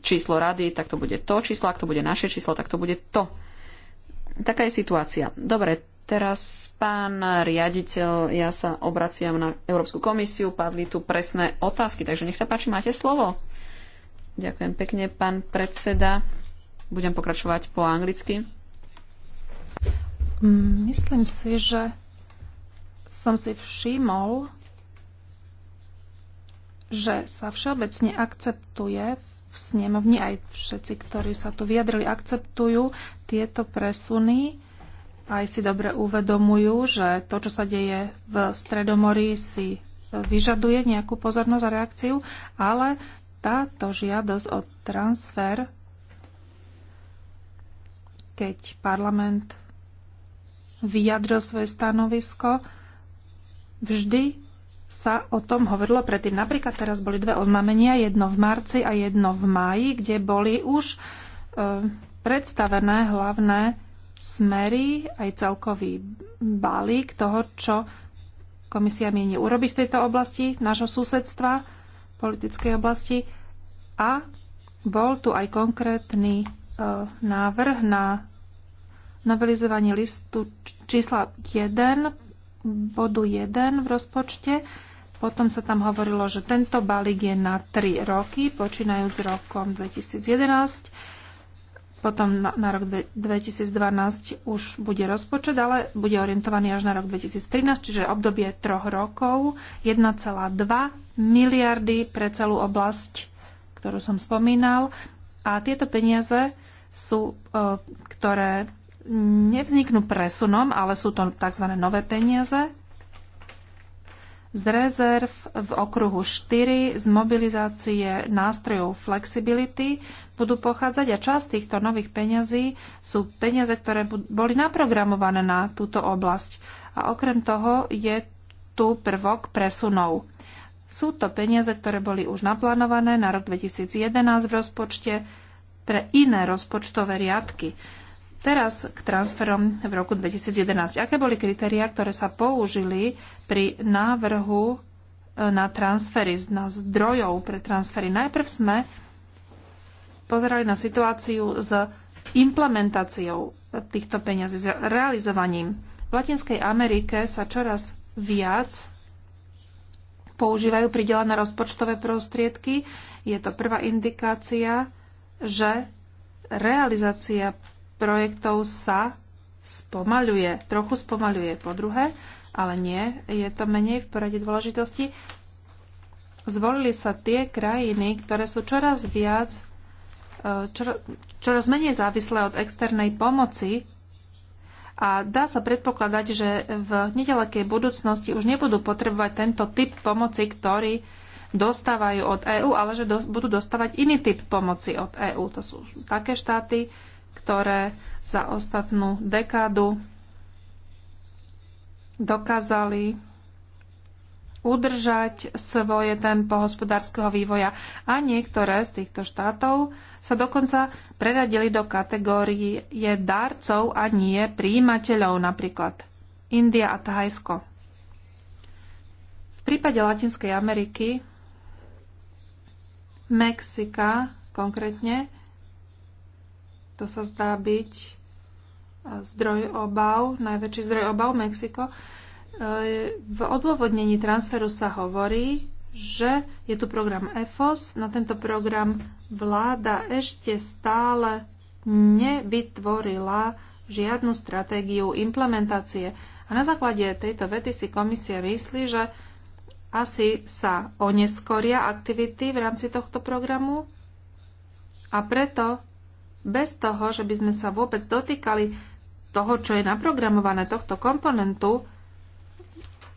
číslo rady, tak to bude to číslo, ak to bude naše číslo, tak to bude to. Taká je situácia. Dobre, Teraz, pán riaditeľ, ja sa obraciam na Európsku komisiu, padli tu presné otázky, takže nech sa páči, máte slovo. Ďakujem pekne, pán predseda. Budem pokračovať po anglicky. Myslím si, že som si všimol, že sa všeobecne akceptuje v snemovni, aj všetci, ktorí sa tu vyjadrili, akceptujú tieto presuny aj si dobre uvedomujú, že to, čo sa deje v Stredomorí, si vyžaduje nejakú pozornosť a reakciu, ale táto žiadosť o transfer, keď parlament vyjadril svoje stanovisko, vždy sa o tom hovorilo predtým. Napríklad teraz boli dve oznámenia, jedno v marci a jedno v máji, kde boli už e, predstavené hlavné smery, aj celkový balík toho, čo komisia mieni urobiť v tejto oblasti, nášho susedstva, politickej oblasti. A bol tu aj konkrétny e, návrh na novelizovanie listu čísla 1, bodu 1 v rozpočte. Potom sa tam hovorilo, že tento balík je na 3 roky, počínajúc rokom 2011 potom na, na rok 2012 už bude rozpočet, ale bude orientovaný až na rok 2013, čiže obdobie troch rokov 1,2 miliardy pre celú oblasť, ktorú som spomínal. A tieto peniaze sú, e, ktoré nevzniknú presunom, ale sú to tzv. nové peniaze z rezerv v okruhu 4 z mobilizácie nástrojov flexibility budú pochádzať a časť týchto nových peňazí sú peniaze, ktoré boli naprogramované na túto oblasť. A okrem toho je tu prvok presunov. Sú to peniaze, ktoré boli už naplánované na rok 2011 v rozpočte pre iné rozpočtové riadky. Teraz k transferom v roku 2011. Aké boli kritéria, ktoré sa použili pri návrhu e, na transfery, na zdrojov pre transfery? Najprv sme pozerali na situáciu s implementáciou týchto peňazí, s realizovaním. V Latinskej Amerike sa čoraz viac používajú pridelené rozpočtové prostriedky. Je to prvá indikácia, že realizácia projektov sa spomaľuje, trochu spomaľuje po druhé, ale nie, je to menej v porade dôležitosti. Zvolili sa tie krajiny, ktoré sú čoraz viac, e, čoraz, čoraz menej závislé od externej pomoci a dá sa predpokladať, že v nedalekej budúcnosti už nebudú potrebovať tento typ pomoci, ktorý dostávajú od EÚ, ale že dos- budú dostávať iný typ pomoci od EÚ. To sú také štáty, ktoré za ostatnú dekádu dokázali udržať svoje tempo hospodárskeho vývoja a niektoré z týchto štátov sa dokonca preradili do kategórie darcov a nie príjimateľov, napríklad India a Thajsko. V prípade Latinskej Ameriky, Mexika konkrétne, to sa zdá byť zdroj obav, najväčší zdroj obav Mexiko. E, v odôvodnení transferu sa hovorí, že je tu program EFOS. Na tento program vláda ešte stále nevytvorila žiadnu stratégiu implementácie. A na základe tejto vety si komisia myslí, že asi sa oneskoria aktivity v rámci tohto programu a preto bez toho, že by sme sa vôbec dotýkali toho, čo je naprogramované tohto komponentu,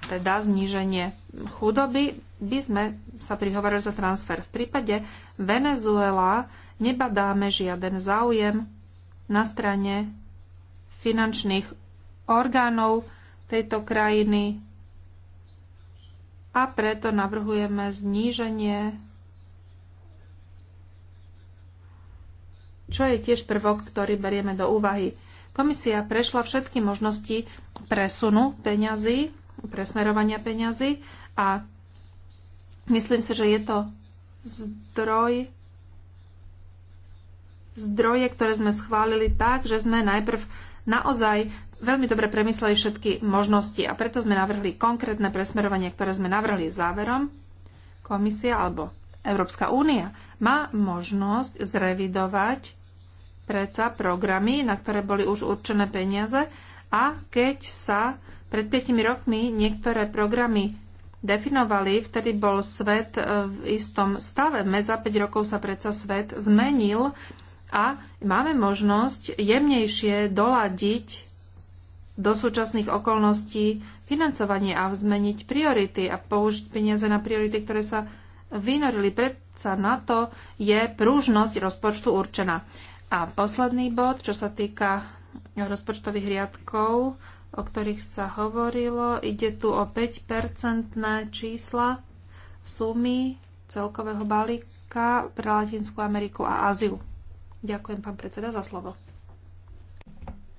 teda zníženie chudoby, by sme sa prihovorili za transfer. V prípade Venezuela nebadáme žiaden záujem na strane finančných orgánov tejto krajiny a preto navrhujeme zníženie čo je tiež prvok, ktorý berieme do úvahy. Komisia prešla všetky možnosti presunu peňazí, presmerovania peňazí a myslím si, že je to zdroj zdroje, ktoré sme schválili tak, že sme najprv naozaj veľmi dobre premysleli všetky možnosti a preto sme navrhli konkrétne presmerovanie, ktoré sme navrhli záverom. Komisia alebo Európska únia má možnosť zrevidovať predsa programy, na ktoré boli už určené peniaze a keď sa pred 5 rokmi niektoré programy definovali, vtedy bol svet e, v istom stave. Med za 5 rokov sa predsa svet zmenil a máme možnosť jemnejšie doladiť do súčasných okolností financovanie a zmeniť priority a použiť peniaze na priority, ktoré sa vynorili. Predsa na to je prúžnosť rozpočtu určená. A posledný bod, čo sa týka rozpočtových riadkov, o ktorých sa hovorilo, ide tu o 5-percentné čísla sumy celkového balíka pre Latinskú Ameriku a Áziu. Ďakujem, pán predseda, za slovo.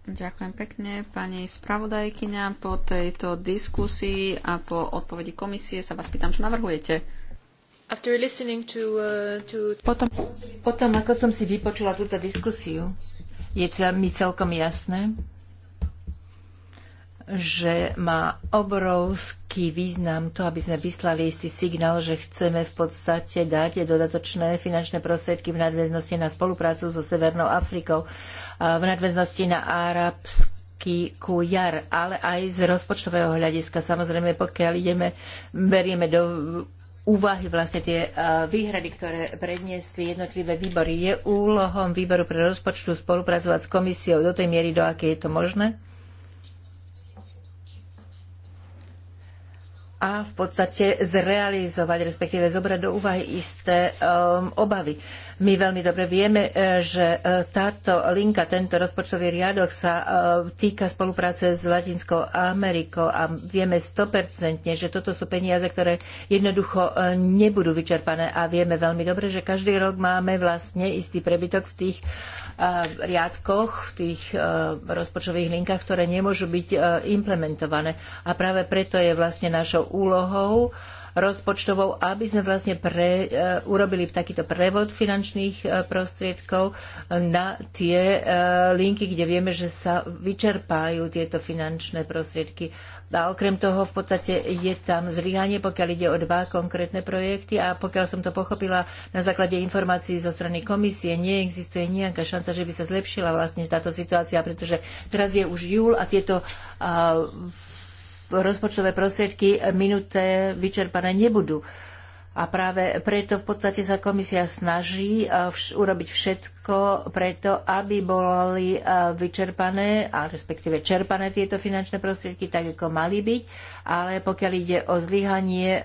Ďakujem pekne, pani spravodajkyňa. Po tejto diskusii a po odpovedi komisie sa vás pýtam, čo navrhujete. After listening to, uh, to... Potom, potom, ako som si vypočula túto diskusiu, je mi celkom jasné, že má obrovský význam to, aby sme vyslali istý signál, že chceme v podstate dať dodatočné finančné prostriedky v nadväznosti na spoluprácu so Severnou Afrikou, v nadväznosti na arabský jar, ale aj z rozpočtového hľadiska. Samozrejme, pokiaľ ideme, berieme do úvahy vlastne tie e, výhrady, ktoré predniesli jednotlivé výbory. Je úlohom výboru pre rozpočtu spolupracovať s komisiou do tej miery, do akej je to možné? a v podstate zrealizovať, respektíve zobrať do úvahy isté um, obavy. My veľmi dobre vieme, e, že e, táto linka, tento rozpočtový riadok sa e, týka spolupráce s Latinskou Amerikou a vieme 100%, že toto sú peniaze, ktoré jednoducho nebudú vyčerpané a vieme veľmi dobre, že každý rok máme vlastne istý prebytok v tých riadkoch, v tých rozpočtových linkách, ktoré nemôžu byť implementované. A práve preto je vlastne našou úlohou, rozpočtovou, aby sme vlastne pre, e, urobili takýto prevod finančných e, prostriedkov na tie e, linky, kde vieme, že sa vyčerpajú tieto finančné prostriedky. A okrem toho v podstate je tam zlyhanie, pokiaľ ide o dva konkrétne projekty a pokiaľ som to pochopila na základe informácií zo strany komisie, neexistuje nejaká šanca, že by sa zlepšila vlastne táto situácia, pretože teraz je už júl a tieto rozpočtové prostriedky minuté vyčerpané nebudú. A práve preto v podstate sa komisia snaží eh, vš urobiť všetko preto, aby boli eh, vyčerpané, a respektíve čerpané tieto finančné prostriedky tak, ako mali byť. Ale pokiaľ ide o zlyhanie eh,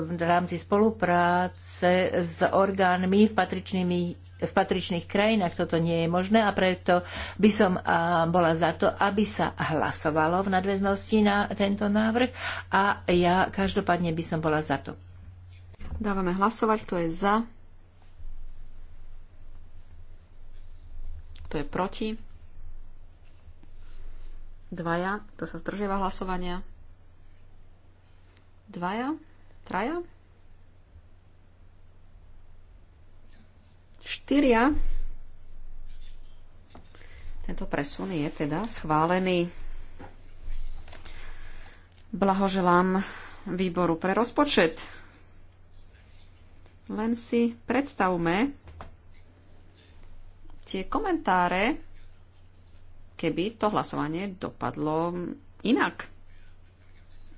v rámci spolupráce s orgánmi v patričnými v patričných krajinách toto nie je možné a preto by som bola za to, aby sa hlasovalo v nadväznosti na tento návrh a ja každopádne by som bola za to. Dávame hlasovať, kto je za, kto je proti, dvaja, kto sa zdržieva hlasovania, dvaja, traja. štyria. Tento presun je teda schválený. Blahoželám výboru pre rozpočet. Len si predstavme tie komentáre, keby to hlasovanie dopadlo inak.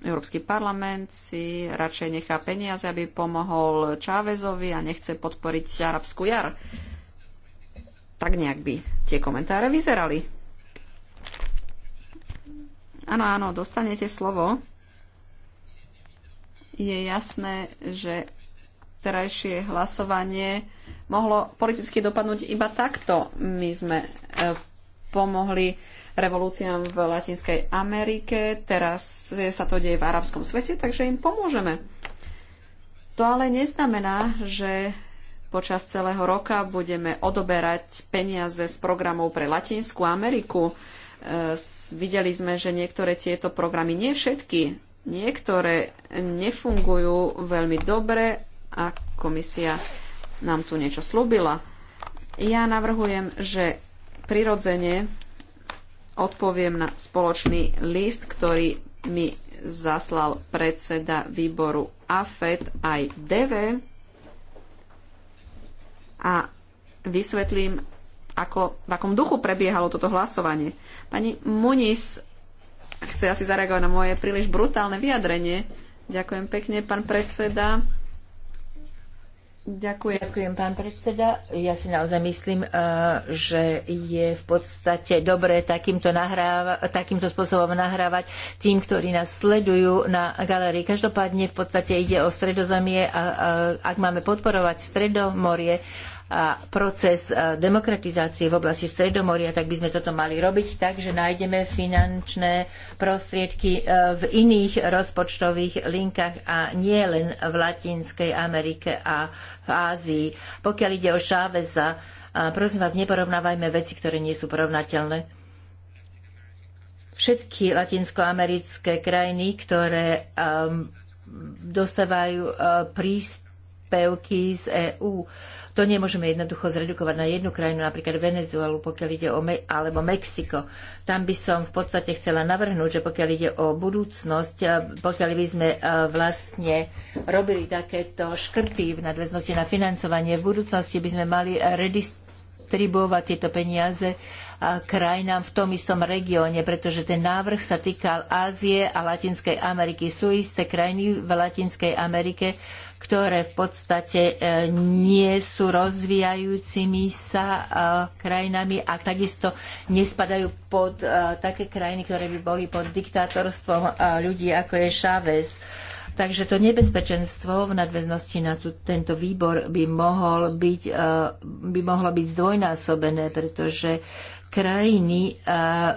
Európsky parlament si radšej nechá peniaze, aby pomohol Čávezovi a nechce podporiť arabskú jar. Tak nejak by tie komentáre vyzerali. Áno, áno, dostanete slovo. Je jasné, že terajšie hlasovanie mohlo politicky dopadnúť iba takto. My sme e, pomohli revolúciám v Latinskej Amerike. Teraz sa to deje v arabskom svete, takže im pomôžeme. To ale neznamená, že počas celého roka budeme odoberať peniaze z programov pre Latinskú Ameriku. E, videli sme, že niektoré tieto programy, nie všetky, niektoré nefungujú veľmi dobre a komisia nám tu niečo slúbila. Ja navrhujem, že prirodzene odpoviem na spoločný list, ktorý mi zaslal predseda výboru AFED aj DV a vysvetlím, ako, v akom duchu prebiehalo toto hlasovanie. Pani Munis chce asi zareagovať na moje príliš brutálne vyjadrenie. Ďakujem pekne, pán predseda. Ďakujem. Ďakujem, pán predseda. Ja si naozaj myslím, eh, že je v podstate dobré takýmto, nahráva, takýmto spôsobom nahrávať tým, ktorí nás sledujú na galerii. Každopádne v podstate ide o stredozemie a, a ak máme podporovať stredomorie a proces e, demokratizácie v oblasti Stredomoria, tak by sme toto mali robiť tak, že nájdeme finančné prostriedky e, v iných rozpočtových linkách a nie len v Latinskej Amerike a v Ázii. Pokiaľ ide o Šáveza, e, prosím vás, neporovnávajme veci, ktoré nie sú porovnateľné. Všetky latinskoamerické krajiny, ktoré dostávajú prístup príspevky z EÚ. To nemôžeme jednoducho zredukovať na jednu krajinu, napríklad Venezuelu, pokiaľ ide o Me- alebo Mexiko. Tam by som v podstate chcela navrhnúť, že pokiaľ ide o budúcnosť, eh, pokiaľ by sme eh, vlastne robili takéto škrty v nadväznosti na financovanie, v budúcnosti by sme mali redistribuovať tieto peniaze krajinám v tom istom regióne, pretože ten návrh sa týkal Ázie a Latinskej Ameriky. Sú isté krajiny v Latinskej Amerike, ktoré v podstate e, nie sú rozvíjajúcimi sa e, krajinami a takisto nespadajú pod e, také krajiny, ktoré by boli pod diktátorstvom ľudí, ako je Chávez. Takže to nebezpečenstvo v nadväznosti na tu, tento výbor by, mohol byť, by mohlo byť zdvojnásobené, pretože krajiny e,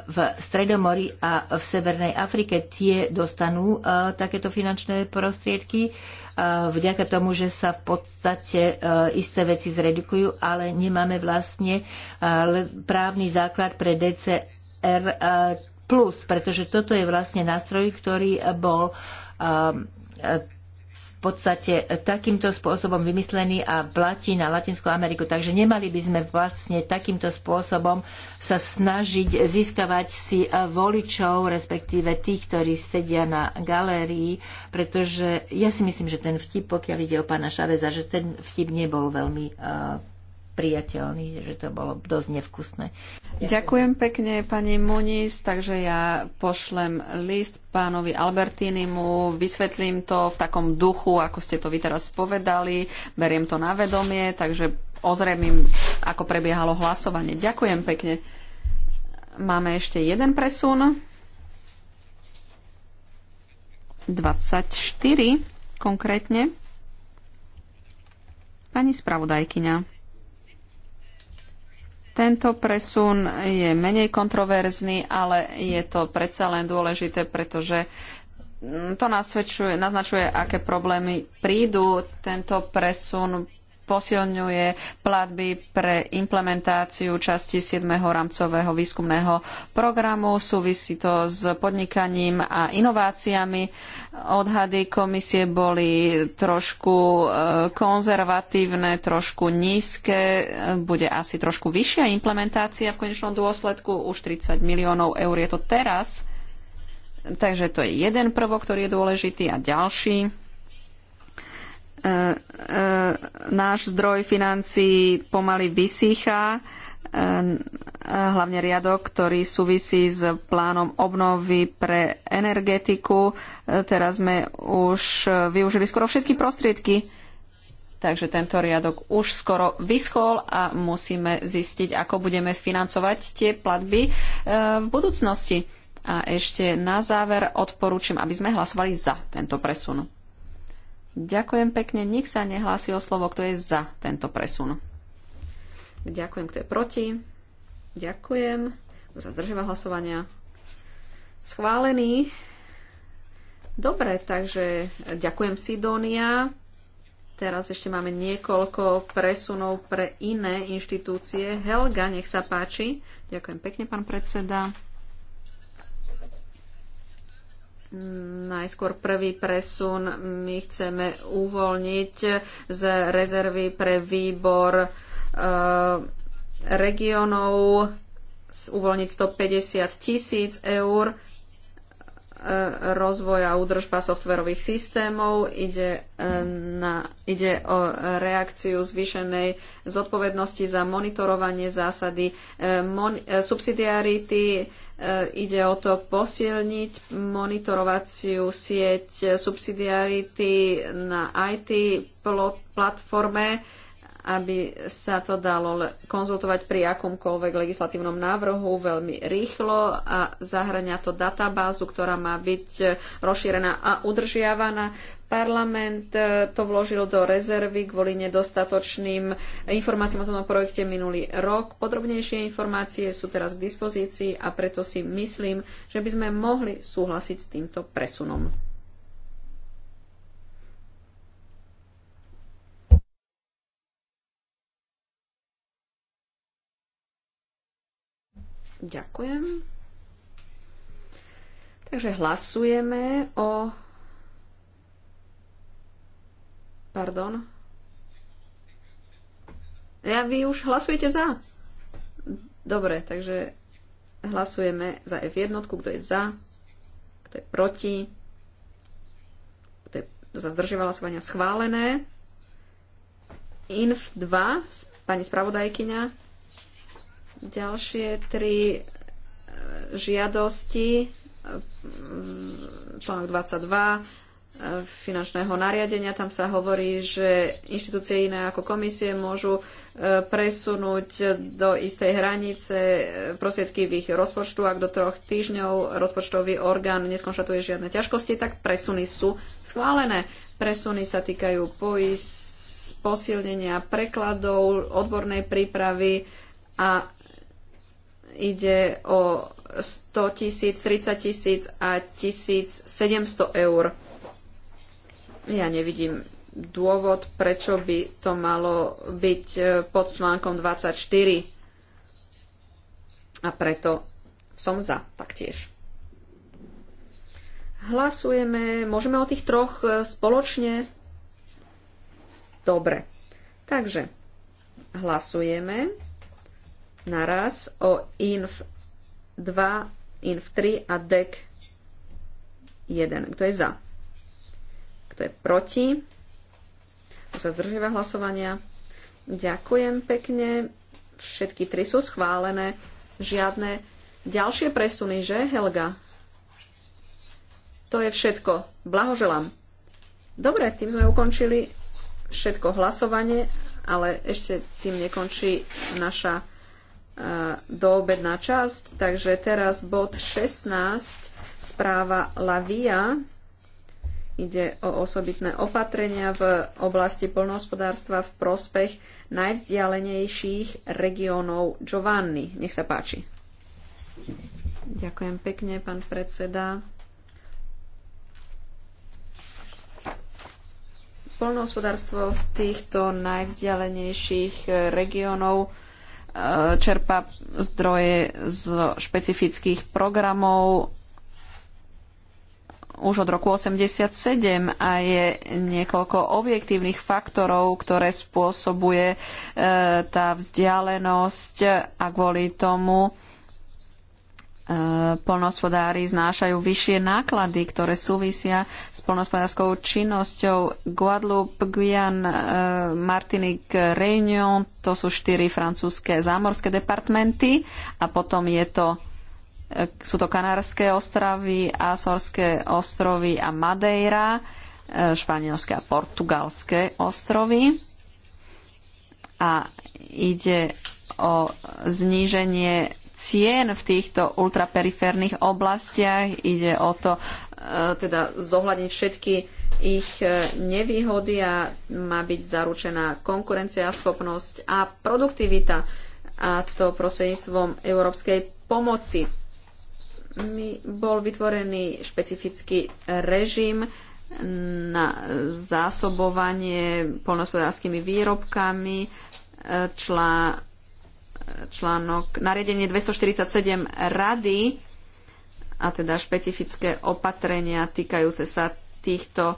v Stredomori a v Severnej Afrike, tie dostanú e, takéto finančné prostriedky e, vďaka tomu, že sa v podstate isté veci zredukujú, ale nemáme vlastne právny základ pre DCR plus, pretože toto je vlastne nástroj, ktorý bol podstate takýmto spôsobom vymyslený a platí na Latinskú Ameriku. Takže nemali by sme vlastne takýmto spôsobom sa snažiť získavať si voličov, respektíve tých, ktorí sedia na galérii, pretože ja si myslím, že ten vtip, pokiaľ ide o pána Šaveza, že ten vtip nebol veľmi uh, priateľný, že to bolo dosť nevkusné. Ďakujem. pekne, pani Muniz, takže ja pošlem list pánovi Albertinimu, vysvetlím to v takom duchu, ako ste to vy teraz povedali, beriem to na vedomie, takže ozremím, ako prebiehalo hlasovanie. Ďakujem pekne. Máme ešte jeden presun. 24 konkrétne. Pani spravodajkyňa. Tento presun je menej kontroverzný, ale je to predsa len dôležité, pretože mm, to naznačuje, aké problémy prídu. Tento presun posilňuje platby pre implementáciu časti 7. rámcového výskumného programu. Súvisí to s podnikaním a inováciami. Odhady komisie boli trošku e, konzervatívne, trošku nízke. Bude asi trošku vyššia implementácia v konečnom dôsledku. Už 30 miliónov eur je to teraz. Takže to je jeden prvok, ktorý je dôležitý a ďalší E, e, náš zdroj financií pomaly vysýcha, e, hlavne riadok, ktorý súvisí s plánom obnovy pre energetiku. Teraz sme už využili skoro všetky prostriedky, takže tento riadok už skoro vyschol a musíme zistiť, ako budeme financovať tie platby v budúcnosti. A ešte na záver odporúčam, aby sme hlasovali za tento presun. Ďakujem pekne. Nech sa nehlási o slovo, kto je za tento presun. Ďakujem, kto je proti. Ďakujem. Kto sa zdržíva hlasovania. Schválený. Dobre, takže ďakujem Sidonia. Teraz ešte máme niekoľko presunov pre iné inštitúcie. Helga, nech sa páči. Ďakujem pekne, pán predseda. Najskôr prvý presun my chceme uvoľniť z rezervy pre výbor e, regionov, uvoľniť 150 tisíc eur e, rozvoj a údržba softverových systémov, ide, e, na, ide o reakciu zvýšenej zodpovednosti za monitorovanie zásady mon, subsidiarity, E, ide o to posilniť monitorovaciu sieť subsidiarity na IT platforme aby sa to dalo konzultovať pri akomkoľvek legislatívnom návrhu veľmi rýchlo a zahrania to databázu, ktorá má byť e, rozšírená a udržiavaná. Parlament e, to vložil do rezervy kvôli nedostatočným informáciám o tomto projekte minulý rok. Podrobnejšie informácie sú teraz k dispozícii a preto si myslím, že by sme mohli súhlasiť s týmto presunom. Ďakujem. Takže hlasujeme o... Pardon. Ja, vy už hlasujete za. Dobre, takže hlasujeme za F1, kto je za, kto je proti, kto, je, za sa schválené. INF 2, pani spravodajkyňa, Ďalšie tri e, žiadosti, e, článok 22, e, finančného nariadenia. Tam sa hovorí, že inštitúcie iné ako komisie môžu presunúť do istej hranice prostriedky v ich rozpočtu. Ak do troch týždňov rozpočtový orgán neskonštatuje žiadne ťažkosti, tak presuny sú schválené. Presuny sa týkajú pois, posilnenia prekladov, odbornej prípravy a ide o 100 tisíc, 30 tisíc a 1700 eur. Ja nevidím dôvod, prečo by to malo byť e, pod článkom 24. A preto som za taktiež. Hlasujeme, môžeme o tých troch e, spoločne? Dobre. Takže hlasujeme naraz o INF 2, INF 3 a dek 1. Kto je za? Kto je proti? Kto sa zdržíva hlasovania? Ďakujem pekne. Všetky tri sú schválené. Žiadne ďalšie presuny, že, Helga? To je všetko. Blahoželám. Dobre, tým sme ukončili všetko hlasovanie, ale ešte tým nekončí naša doobedná časť. Takže teraz bod 16, správa Lavia. Ide o osobitné opatrenia v oblasti poľnohospodárstva v prospech najvzdialenejších regiónov Giovanni. Nech sa páči. Ďakujem pekne, pán predseda. Polnohospodárstvo v týchto najvzdialenejších regiónov E, čerpa zdroje z špecifických programov už od roku 87 a je niekoľko objektívnych faktorov, ktoré spôsobuje e, tá vzdialenosť a kvôli tomu Poľnohospodári znášajú vyššie náklady, ktoré súvisia s poľnohospodárskou činnosťou. Guadeloupe, Guyane, e, Martinique, Réunion, to sú štyri francúzske zámorské departmenty a potom je to e, sú to Kanárske ostrovy, Azorské ostrovy a Madeira, e, Španielské a Portugalské ostrovy. A ide o zníženie cien v týchto ultraperiférnych oblastiach. Ide o to e, teda zohľadniť všetky ich e, nevýhody a má byť zaručená konkurencia, schopnosť a produktivita a to prostredníctvom európskej pomoci. Mi bol vytvorený špecifický režim na zásobovanie polnospodárskymi výrobkami, e, člá, článok nariadenie 247 rady a teda špecifické opatrenia týkajúce sa týchto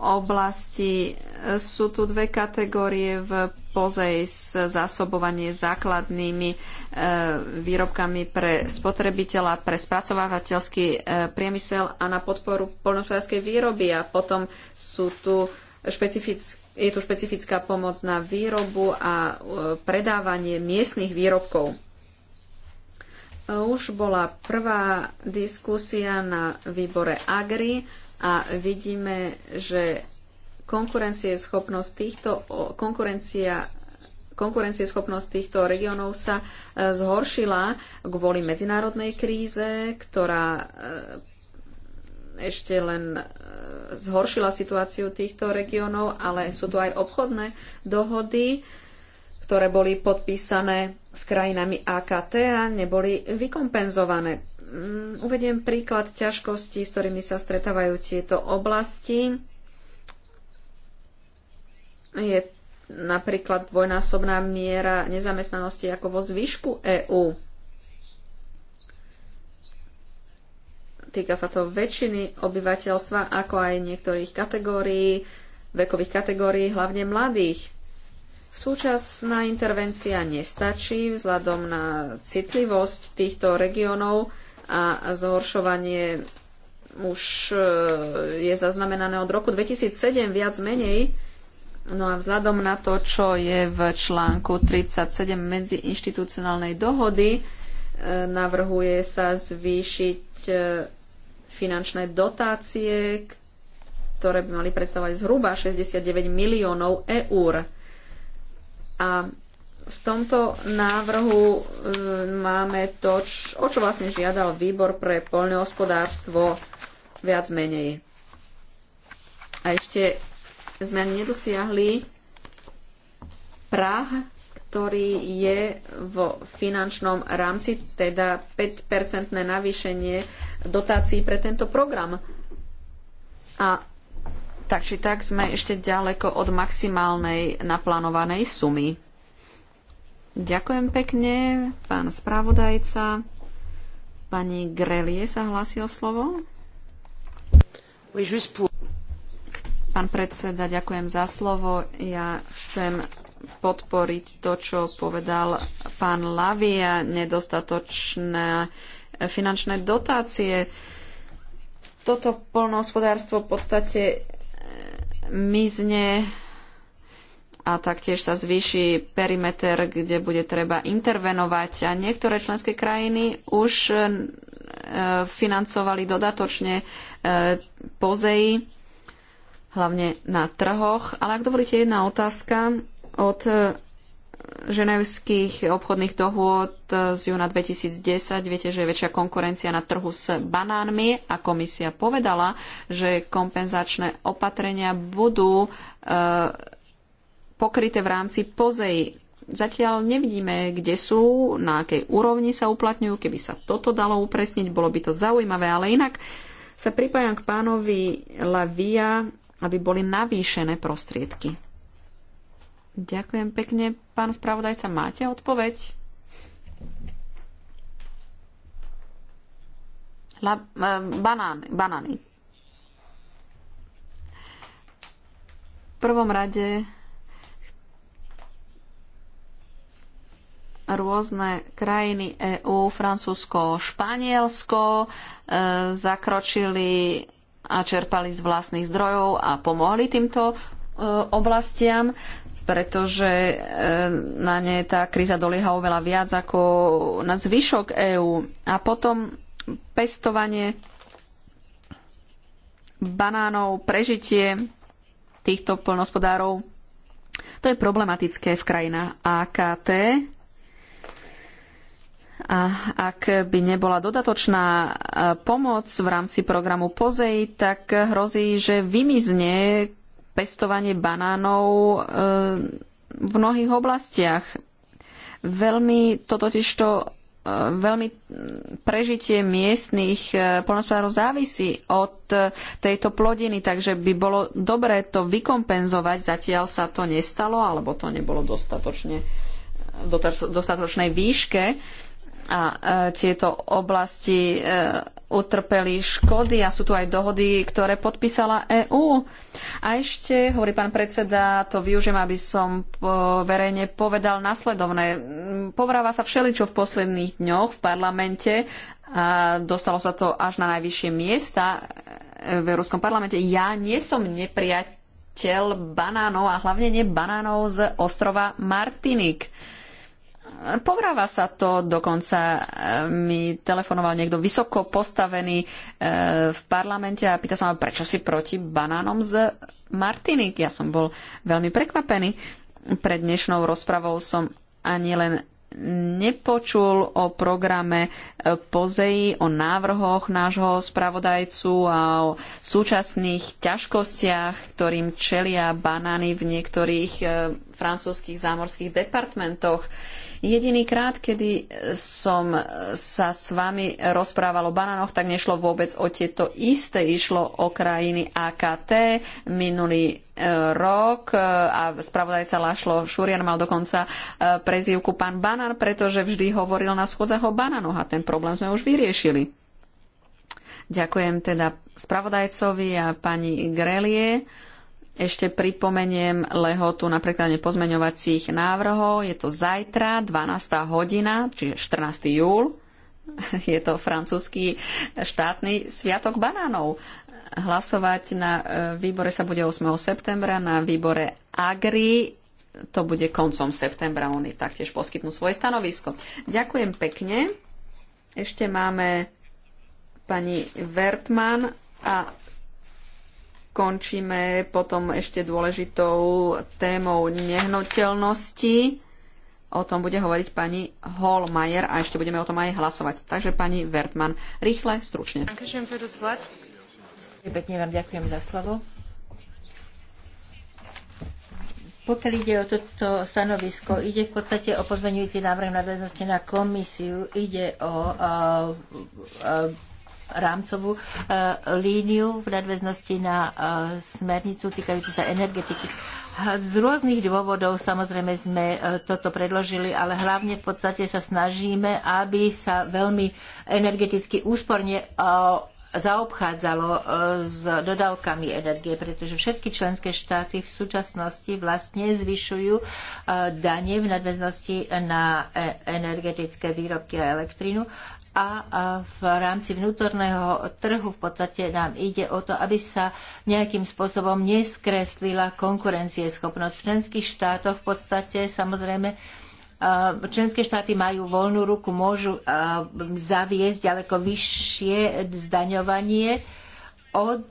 oblasti. Sú tu dve kategórie v pozej s zásobovanie základnými e, výrobkami pre spotrebiteľa, pre spracovávateľský e, priemysel a na podporu poľnohospodárskej výroby. A potom sú tu špecifické je tu špecifická pomoc na výrobu a e, predávanie miestnych výrobkov. E, už bola prvá diskusia na výbore Agri a vidíme, že schopnosť týchto, konkurencia schopnosť týchto regiónov sa e, zhoršila kvôli medzinárodnej kríze, ktorá ešte len e, zhoršila situáciu týchto regiónov, ale sú tu aj obchodné dohody, ktoré boli podpísané s krajinami AKT a neboli vykompenzované. Mm, uvediem príklad ťažkostí, s ktorými sa stretávajú tieto oblasti. Je napríklad dvojnásobná miera nezamestnanosti ako vo zvyšku EÚ Týka sa to väčšiny obyvateľstva, ako aj niektorých kategórií, vekových kategórií, hlavne mladých. Súčasná intervencia nestačí vzhľadom na citlivosť týchto regiónov a zhoršovanie už e, je zaznamenané od roku 2007 viac menej. No a vzhľadom na to, čo je v článku 37 medziinštitucionálnej dohody, e, navrhuje sa zvýšiť e, finančné dotácie, ktoré by mali predstavovať zhruba 69 miliónov eur. A v tomto návrhu e, máme to, o čo vlastne žiadal výbor pre poľnohospodárstvo viac menej. A ešte sme ani nedosiahli Prah ktorý je v finančnom rámci, teda 5-percentné navýšenie dotácií pre tento program. A tak či tak sme ešte ďaleko od maximálnej naplánovanej sumy. Ďakujem pekne, pán spravodajca. Pani Grelie sa hlási o slovo. Pán predseda, ďakujem za slovo. Ja chcem podporiť to, čo povedal pán Lavia, nedostatočné finančné dotácie. Toto polnohospodárstvo v podstate e, mizne a taktiež sa zvýši perimeter, kde bude treba intervenovať. A niektoré členské krajiny už e, financovali dodatočne e, pozei, hlavne na trhoch. Ale ak dovolíte, jedna otázka. Od e, ženevských obchodných dohôd z júna 2010 viete, že je väčšia konkurencia na trhu s banánmi a komisia povedala, že kompenzačné opatrenia budú e, pokryté v rámci pozej. Zatiaľ nevidíme, kde sú, na akej úrovni sa uplatňujú. Keby sa toto dalo upresniť, bolo by to zaujímavé, ale inak sa pripájam k pánovi Lavia, aby boli navýšené prostriedky. Ďakujem pekne. Pán spravodajca, máte odpoveď? La, e, banán, banány. V prvom rade rôzne krajiny EÚ, Francúzsko, Španielsko e, zakročili a čerpali z vlastných zdrojov a pomohli týmto e, oblastiam pretože e, na ne tá kríza dolieha oveľa viac ako na zvyšok EÚ. A potom pestovanie banánov, prežitie týchto plnospodárov, to je problematické v krajinách AKT. A ak by nebola dodatočná e, pomoc v rámci programu POZEJ, tak hrozí, že vymizne pestovanie banánov e, v mnohých oblastiach. Veľmi to totižto e, veľmi prežitie miestnych e, polnospodárov závisí od tejto plodiny, takže by bolo dobré to vykompenzovať. Zatiaľ sa to nestalo, alebo to nebolo dostatočne, dostatočnej výške a e, tieto oblasti e, utrpeli škody a sú tu aj dohody, ktoré podpísala EÚ. A ešte, hovorí pán predseda, to využijem, aby som e, verejne povedal nasledovné. Povráva sa všeličo v posledných dňoch v parlamente a dostalo sa to až na najvyššie miesta v Európskom parlamente. Ja nie som nepriateľ banánov a hlavne nie banánov z ostrova Martinik povráva sa to, dokonca e, mi telefonoval niekto vysoko postavený e, v parlamente a pýta sa ma, prečo si proti banánom z Martinik. Ja som bol veľmi prekvapený. Pred dnešnou rozpravou som ani len nepočul o programe e, Pozeji, o návrhoch nášho spravodajcu a o súčasných ťažkostiach, ktorým čelia banány v niektorých francúzskych zámorských departmentoch. Jediný krát, kedy som sa s vami rozprával o banánoch, tak nešlo vôbec o tieto isté. Išlo o krajiny AKT minulý e, rok e, a spravodajca Lašlo Šurian mal dokonca e, prezývku pán banán, pretože vždy hovoril na schodzach o banánoch a ten problém sme už vyriešili. Ďakujem teda spravodajcovi a pani Grelie. Ešte pripomeniem lehotu na prekladanie pozmeňovacích návrhov. Je to zajtra, 12. hodina, čiže 14. júl. [LAUGHS] Je to francúzsky štátny sviatok banánov. Hlasovať na e, výbore sa bude 8. septembra, na výbore Agri to bude koncom septembra. Oni taktiež poskytnú svoje stanovisko. Ďakujem pekne. Ešte máme pani Vertman a končíme potom ešte dôležitou témou nehnuteľnosti. O tom bude hovoriť pani Holmajer a ešte budeme o tom aj hlasovať. Takže pani Vertman, rýchle, stručne. Pekne vám ďakujem za slovo. Pokiaľ ide o toto stanovisko, ide v podstate o pozmeňujúci návrh na na komisiu, ide o, o, o rámcovú eh, líniu v nadväznosti na eh, smernicu týkajúcu sa energetiky. Z rôznych dôvodov samozrejme sme eh, toto predložili, ale hlavne v podstate sa snažíme, aby sa veľmi energeticky úsporne zaobchádzalo s dodávkami energie, pretože všetky členské štáty v súčasnosti vlastne zvyšujú dane v nadväznosti na energetické výrobky a elektrínu a v rámci vnútorného trhu v podstate nám ide o to, aby sa nejakým spôsobom neskreslila konkurencieschopnosť. V členských štátoch v podstate samozrejme členské štáty majú voľnú ruku, môžu zaviesť ďaleko vyššie zdaňovanie od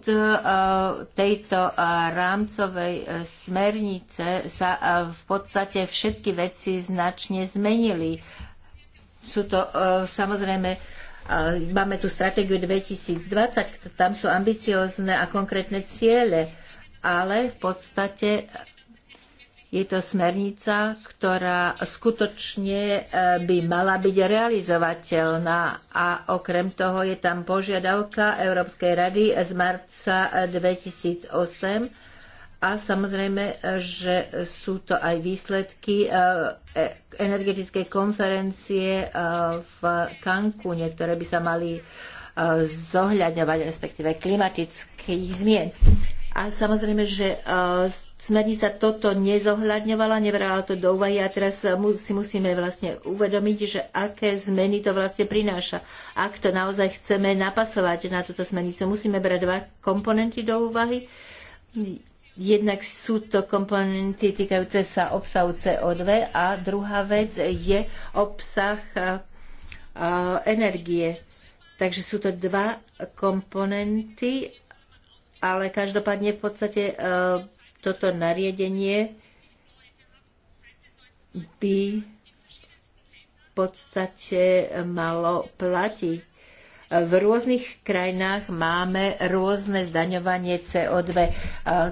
tejto rámcovej smernice sa v podstate všetky veci značne zmenili sú to e, samozrejme, e, máme tu stratégiu 2020, tam sú ambiciozne a konkrétne ciele, ale v podstate je to smernica, ktorá skutočne e, by mala byť realizovateľná a okrem toho je tam požiadavka Európskej rady z marca 2008 a samozrejme, že sú to aj výsledky e, e, energetickej konferencie e, v Cancúne, ktoré by sa mali zohľadňovať, respektíve klimatických zmien. A samozrejme, že smernica toto nezohľadňovala, nebrala to do úvahy a teraz si musíme vlastne uvedomiť, že aké zmeny to vlastne prináša. Ak to naozaj chceme napasovať na túto smernicu, musíme brať dva komponenty do úvahy Jednak sú to komponenty týkajúce sa obsahu CO2 a druhá vec je obsah e, e, energie. Takže sú to dva komponenty, ale každopádne v podstate e, toto nariadenie by v podstate malo platiť v rôznych krajinách máme rôzne zdaňovanie CO2. E,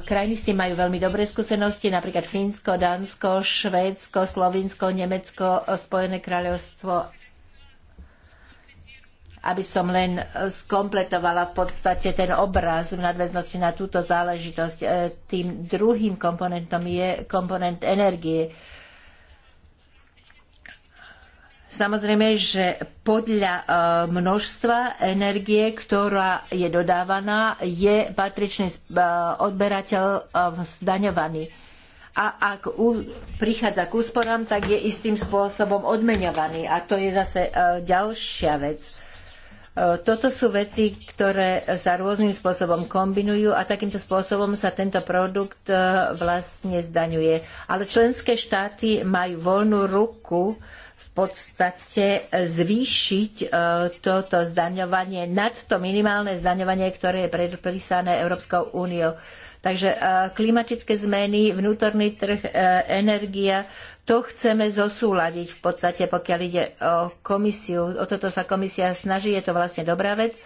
krajiny s tým majú veľmi dobré skúsenosti, napríklad Fínsko, Dánsko, Švédsko, Slovinsko, Nemecko, Spojené kráľovstvo aby som len e, skompletovala v podstate ten obraz v nadväznosti na túto záležitosť. E, tým druhým komponentom je komponent energie. Samozrejme, že podľa e, množstva energie, ktorá je dodávaná, je patričný e, odberateľ e, zdaňovaný. A ak prichádza k úsporám, tak je istým spôsobom odmeňovaný. A to je zase ďalšia vec. Toto sú veci, ktoré sa rôznym spôsobom kombinujú a takýmto spôsobom sa tento produkt vlastne zdaňuje. Ale členské štáty majú voľnú ruku podstate zvýšiť e, toto zdaňovanie nad to minimálne zdaňovanie, ktoré je predpísané Európskou úniou. Takže e, klimatické zmeny, vnútorný trh, e, energia, to chceme zosúladiť v podstate, pokiaľ ide o komisiu. O toto sa komisia snaží, je to vlastne dobrá vec,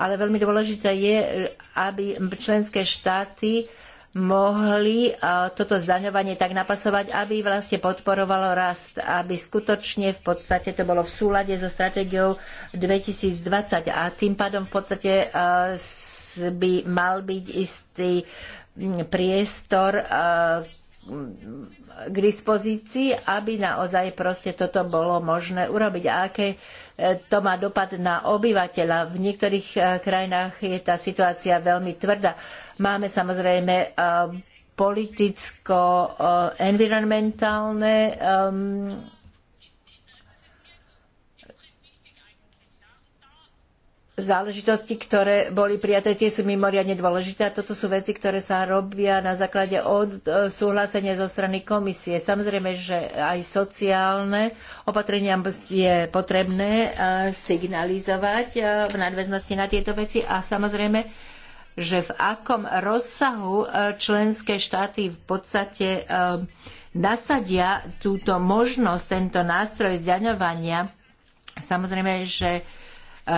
ale veľmi dôležité je, aby členské štáty mohli e, toto zdaňovanie tak napasovať, aby vlastne podporovalo rast, aby skutočne v podstate to bolo v súlade so stratégiou 2020 a tým pádom v podstate e, by mal byť istý priestor e, k dispozícii, aby naozaj proste toto bolo možné urobiť. A aké to má dopad na obyvateľa. V niektorých e, krajinách je tá situácia veľmi tvrdá. Máme samozrejme e, politicko-environmentálne e, um, záležitosti, ktoré boli prijaté, tie sú mimoriadne dôležité a toto sú veci, ktoré sa robia na základe od e, súhlasenia zo strany komisie. Samozrejme, že aj sociálne opatrenia je potrebné e, signalizovať e, v nadväznosti na tieto veci a samozrejme, že v akom rozsahu členské štáty v podstate nasadia túto možnosť, tento nástroj zdaňovania, samozrejme, že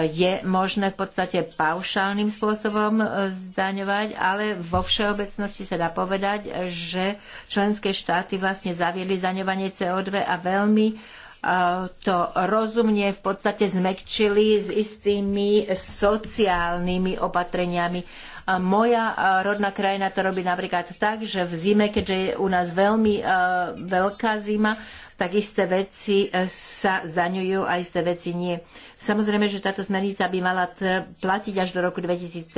je možné v podstate paušálnym spôsobom e, zdaňovať, ale vo všeobecnosti sa dá povedať, že členské štáty vlastne zaviedli zdaňovanie CO2 a veľmi e, to rozumne v podstate zmekčili s istými sociálnymi opatreniami. Moja e, rodná krajina to robí napríklad tak, že v zime, keďže je u nás veľmi veľká zima, tak isté veci e, sa zdaňujú a isté veci nie. Samozrejme, že táto smernica by mala platiť až do roku 2013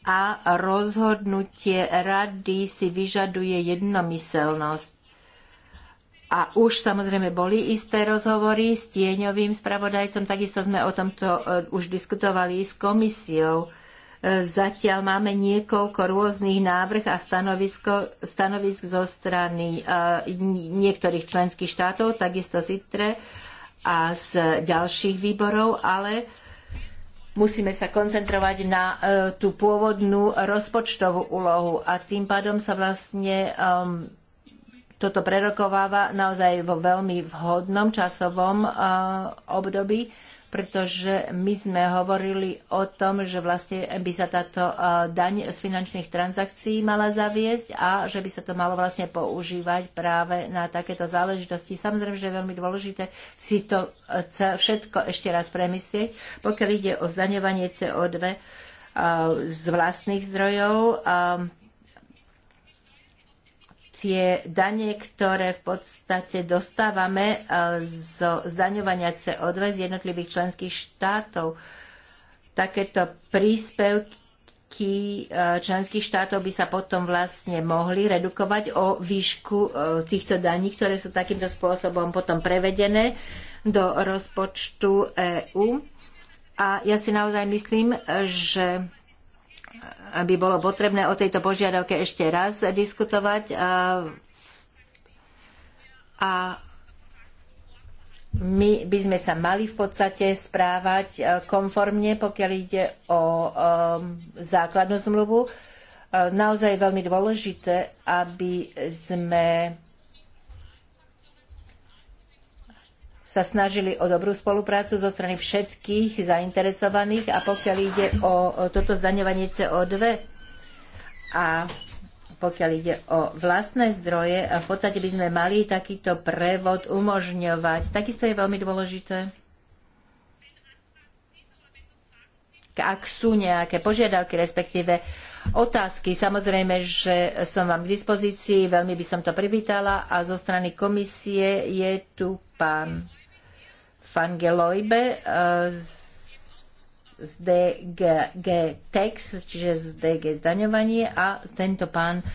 a rozhodnutie rady si vyžaduje jednomyselnosť. A už samozrejme boli isté rozhovory s tieňovým spravodajcom, takisto sme o tomto e, už diskutovali s komisiou. Zatiaľ máme niekoľko rôznych návrh a stanovisko, stanovisk zo strany e, niektorých členských štátov, takisto z ITRE a z ďalších výborov, ale musíme sa koncentrovať na e, tú pôvodnú rozpočtovú úlohu a tým pádom sa vlastne um, toto prerokováva naozaj vo veľmi vhodnom časovom e, období, pretože my sme hovorili o tom, že vlastne by sa táto e, daň z finančných transakcií mala zaviesť a že by sa to malo vlastne používať práve na takéto záležitosti. Samozrejme, že je veľmi dôležité si to e, všetko ešte raz premyslieť, pokiaľ ide o zdaňovanie CO2 e, z vlastných zdrojov tie dane, ktoré v podstate dostávame e, z zdaňovania CO2 z jednotlivých členských štátov. Takéto príspevky e, členských štátov by sa potom vlastne mohli redukovať o výšku e, týchto daní, ktoré sú takýmto spôsobom potom prevedené do rozpočtu EÚ. A ja si naozaj myslím, že aby bolo potrebné o tejto požiadavke ešte raz diskutovať. A, a my by sme sa mali v podstate správať e, konformne, pokiaľ ide o e, základnú zmluvu. E, naozaj je veľmi dôležité, aby sme sa snažili o dobrú spoluprácu zo strany všetkých zainteresovaných a pokiaľ ide o toto zdaňovanie CO2 a pokiaľ ide o vlastné zdroje, v podstate by sme mali takýto prevod umožňovať. Takisto je veľmi dôležité, ak sú nejaké požiadavky, respektíve otázky. Samozrejme, že som vám k dispozícii, veľmi by som to privítala a zo strany komisie je tu pán Eh, z DG Tex, čiže z DG zdaňovanie a tento pán eh,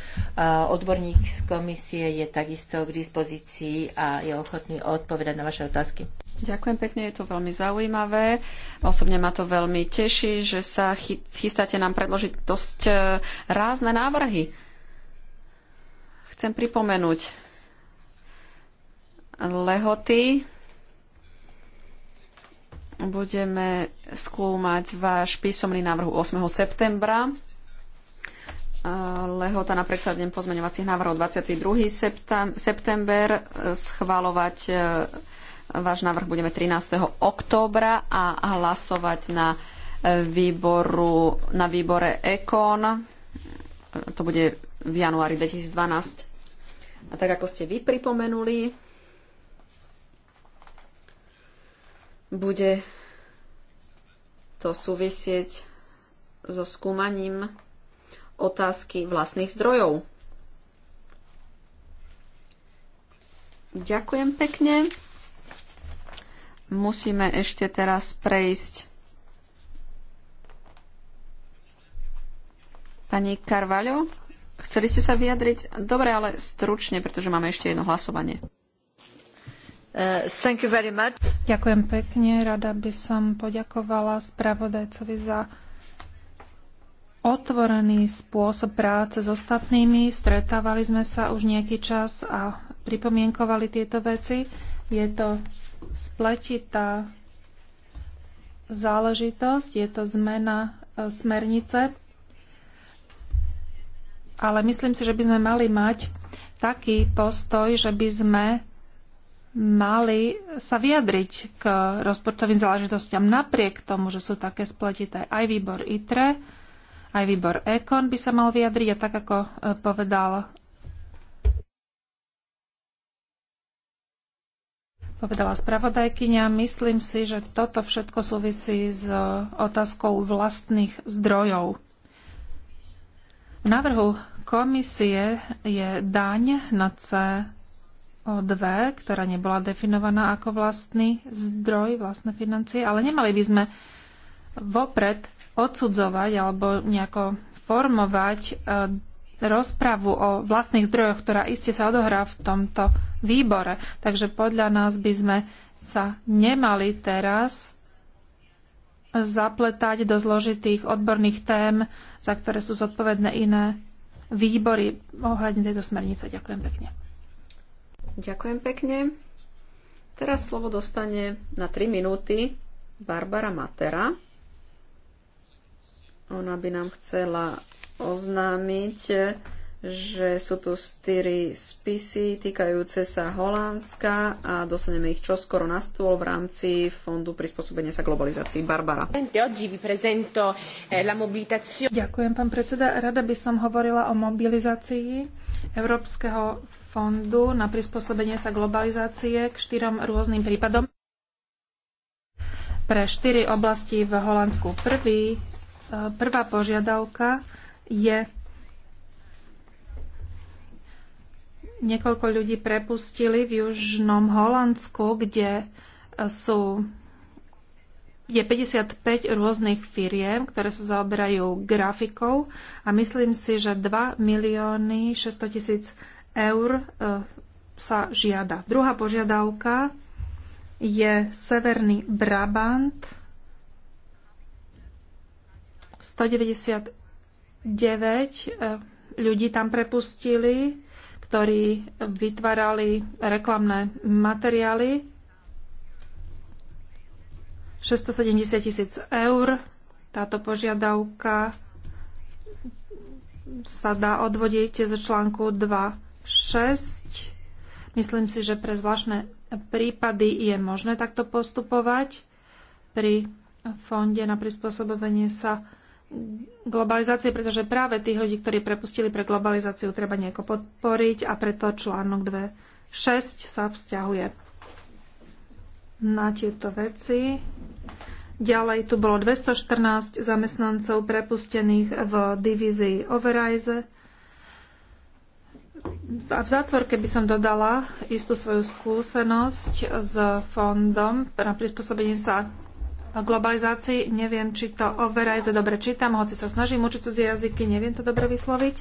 odborník z komisie je takisto k dispozícii a je ochotný odpovedať na vaše otázky. Ďakujem pekne, je to veľmi zaujímavé. Osobne ma to veľmi teší, že sa chystáte nám predložiť dosť eh, rázne návrhy. Chcem pripomenúť lehoty Budeme skúmať váš písomný návrh 8. septembra. Lehota na prekladne pozmeňovacích návrhov 22. september. Schvalovať e, váš návrh budeme 13. októbra a hlasovať na, výboru, na výbore EKON. To bude v januári 2012. A tak ako ste vy pripomenuli, Bude to súvisieť so skúmaním otázky vlastných zdrojov. Ďakujem pekne. Musíme ešte teraz prejsť Pani Carvalho, chceli ste sa vyjadriť? Dobre, ale stručne, pretože máme ešte jedno hlasovanie. Uh, Ďakujem pekne. Rada by som poďakovala spravodajcovi za otvorený spôsob práce s ostatnými. Stretávali sme sa už nejaký čas a pripomienkovali tieto veci. Je to spletitá záležitosť, je to zmena eh, smernice, ale myslím si, že by sme mali mať taký postoj, že by sme mali sa vyjadriť k rozpočtovým záležitostiam napriek tomu, že sú také spletité. Aj výbor ITRE, aj výbor EKON by sa mal vyjadriť a tak, ako e, povedal povedala spravodajkyňa. Myslím si, že toto všetko súvisí s e, otázkou vlastných zdrojov. V návrhu komisie je daň na C o 2 ktorá nebola definovaná ako vlastný zdroj, vlastné financie, ale nemali by sme vopred odsudzovať alebo nejako formovať e, rozpravu o vlastných zdrojoch, ktorá iste sa odohrá v tomto výbore. Takže podľa nás by sme sa nemali teraz zapletať do zložitých odborných tém, za ktoré sú zodpovedné iné výbory ohľadne tejto smernice. Ďakujem pekne. Ďakujem pekne. Teraz slovo dostane na 3 minúty Barbara Matera. Ona by nám chcela oznámiť že sú tu štyri spisy týkajúce sa Holandska a dostaneme ich čoskoro na stôl v rámci Fondu prispôsobenia sa globalizácii. Barbara. Eh, Ďakujem, pán predseda. Rada by som hovorila o mobilizácii Európskeho fondu na prispôsobenie sa globalizácie k štyrom rôznym prípadom pre štyri oblasti v Holandsku. Prvý, eh, prvá požiadavka je Niekoľko ľudí prepustili v južnom Holandsku, kde eh, sú je 55 rôznych firiem, ktoré sa zaoberajú grafikou a myslím si, že 2 milióny 600 tisíc eur eh, sa žiada. Druhá požiadavka je Severný Brabant 199 eh, ľudí tam prepustili ktorí vytvárali reklamné materiály. 670 tisíc eur. Táto požiadavka sa dá odvodiť z článku 2.6. Myslím si, že pre zvláštne prípady je možné takto postupovať pri fonde na prispôsobovanie sa globalizácie, pretože práve tých ľudí, ktorí prepustili pre globalizáciu, treba nejako podporiť a preto článok 2.6 sa vzťahuje na tieto veci. Ďalej tu bolo 214 zamestnancov prepustených v divízii Overise. A v zátvorke by som dodala istú svoju skúsenosť s fondom na prispôsobenie sa globalizácii. Neviem, či to overaj za dobre čítam, hoci sa snažím učiť cudzie jazyky, neviem to dobre vysloviť.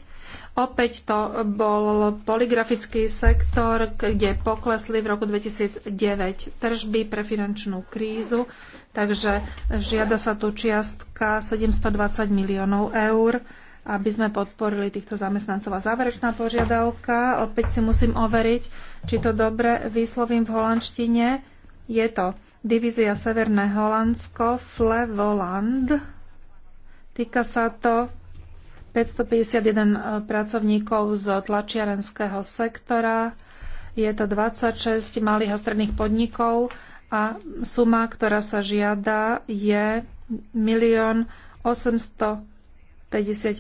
Opäť to bol poligrafický sektor, kde poklesli v roku 2009 tržby pre finančnú krízu, takže žiada sa tu čiastka 720 miliónov eur aby sme podporili týchto zamestnancov. A záverečná požiadavka, opäť si musím overiť, či to dobre vyslovím v holandštine, je to Divízia Severné Holandsko, Flevoland. Týka sa to 551 e, pracovníkov z tlačiarenského sektora. Je to 26 malých a stredných podnikov a suma, ktorá sa žiada, je 1 850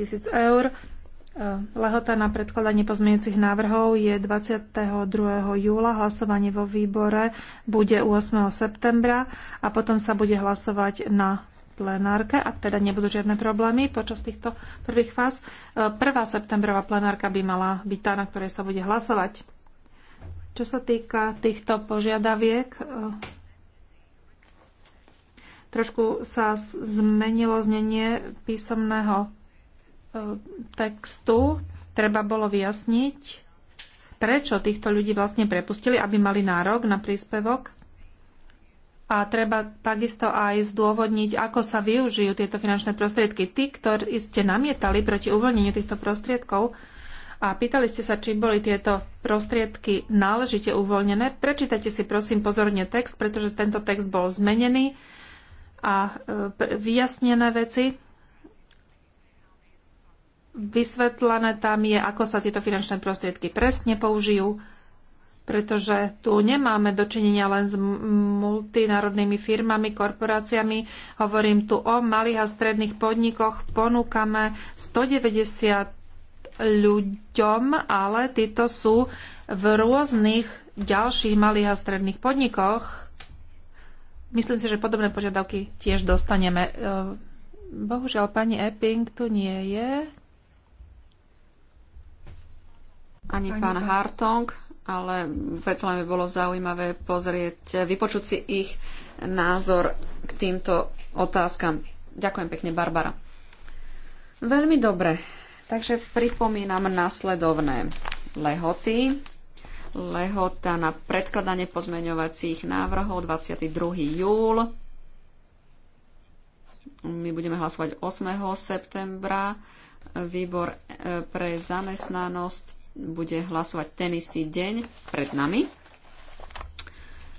000 eur E, lehota na predkladanie pozmeňujúcich návrhov je 22. júla. Hlasovanie vo výbore bude 8. septembra a potom sa bude hlasovať na plenárke, a teda nebudú žiadne problémy počas týchto prvých fáz. 1. E, septembrová plenárka by mala byť tá, na ktorej sa bude hlasovať. Čo sa týka týchto požiadaviek, e, trošku sa zmenilo znenie písomného textu treba bolo vyjasniť, prečo týchto ľudí vlastne prepustili, aby mali nárok na príspevok. A treba takisto aj zdôvodniť, ako sa využijú tieto finančné prostriedky. Tí, ktorí ste namietali proti uvoľneniu týchto prostriedkov a pýtali ste sa, či boli tieto prostriedky náležite uvoľnené, prečítajte si prosím pozorne text, pretože tento text bol zmenený a e, vyjasnené veci Vysvetlené tam je, ako sa tieto finančné prostriedky presne použijú, pretože tu nemáme dočinenia len s multinárodnými firmami, korporáciami. Hovorím tu o malých a stredných podnikoch. Ponúkame 190 ľuďom, ale títo sú v rôznych ďalších malých a stredných podnikoch. Myslím si, že podobné požiadavky tiež dostaneme. Ehm, bohužiaľ, pani Epping tu nie je ani pán Hartong, ale predsa len by bolo zaujímavé pozrieť, eh, vypočuť si ich názor k týmto otázkam. Ďakujem pekne, Barbara. Veľmi dobre. Takže pripomínam nasledovné lehoty. Lehota na predkladanie pozmeňovacích návrhov 22. júl. My budeme hlasovať 8. septembra. Výbor eh, pre zamestnanosť bude hlasovať ten istý deň pred nami.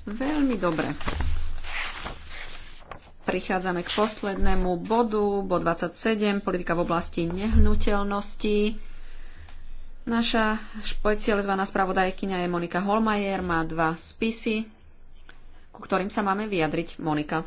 Veľmi dobre. Prichádzame k poslednému bodu, bod 27, politika v oblasti nehnuteľnosti. Naša špecializovaná spravodajkyňa je Monika Holmajer, má dva spisy, ku ktorým sa máme vyjadriť. Monika.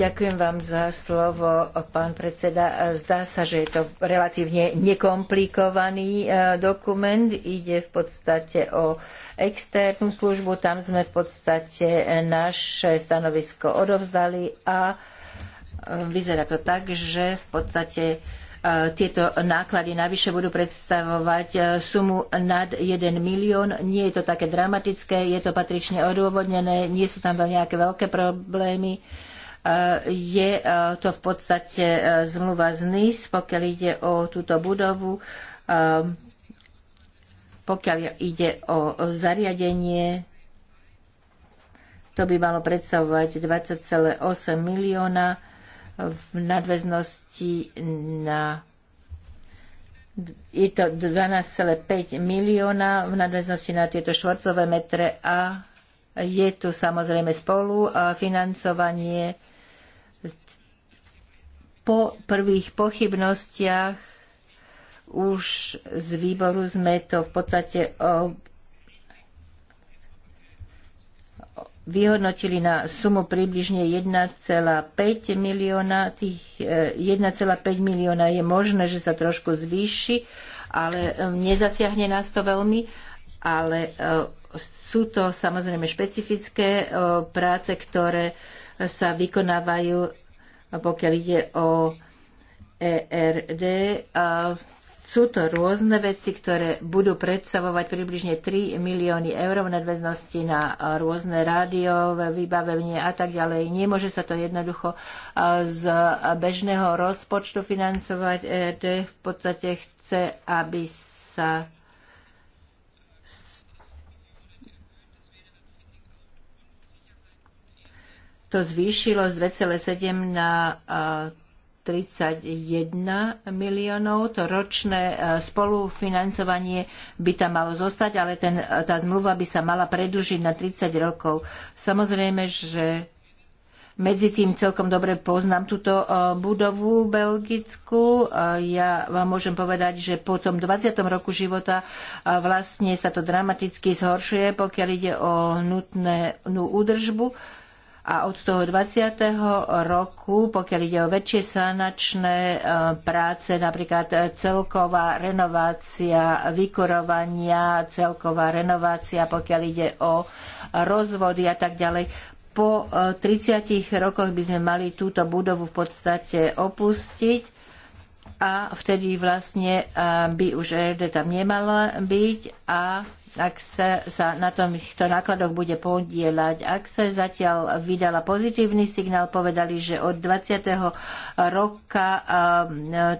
Ďakujem vám za slovo, pán predseda. Zdá sa, že je to relatívne nekomplikovaný e, dokument. Ide v podstate o externú službu. Tam sme v podstate naše stanovisko odovzdali a e, vyzerá to tak, že v podstate E, tieto náklady navyše budú predstavovať e, sumu nad 1 milión. Nie je to také dramatické, je to patrične odôvodnené, nie sú tam nejaké veľké problémy. E, je to v podstate zmluva z NIS, pokiaľ ide o túto budovu, pokiaľ ide o zariadenie, to by malo predstavovať 20,8 milióna v nadväznosti na je to 12,5 milióna v nadväznosti na tieto švorcové metre a je tu samozrejme spolu financovanie po prvých pochybnostiach už z výboru sme to v podstate vyhodnotili na sumu približne 1,5 milióna. Tých 1,5 e, milióna je možné, že sa trošku zvýši, ale e, nezasiahne nás to veľmi, ale e, sú to samozrejme špecifické práce, ktoré sa vykonávajú, pokiaľ ide o ERD. A sú to rôzne veci, ktoré budú predstavovať približne 3 milióny eur v nadväznosti na e, rôzne rádiové vybavenie a tak ďalej. Nemôže sa to jednoducho e, z bežného rozpočtu financovať. ERD v podstate chce, aby sa to zvýšilo z 2,7 na e, 31 miliónov. To ročné e, spolufinancovanie by tam malo zostať, ale ten, tá zmluva by sa mala predlžiť na 30 rokov. Samozrejme, že medzi tým celkom dobre poznám túto e, budovu belgickú. E, ja vám môžem povedať, že po tom 20. roku života vlastne sa to dramaticky zhoršuje, pokiaľ ide o nutnú údržbu a od toho 20. roku, pokiaľ ide o väčšie sanačné e, práce, napríklad e, celková renovácia vykurovania, celková renovácia, pokiaľ ide o rozvody a tak ďalej, po 30 e, rokoch by sme mali túto budovu v podstate opustiť a vtedy vlastne by už RD tam nemala byť a ak sa, sa na týchto nákladoch bude podielať. Ak sa zatiaľ vydala pozitívny signál, povedali, že od 20. roka eh,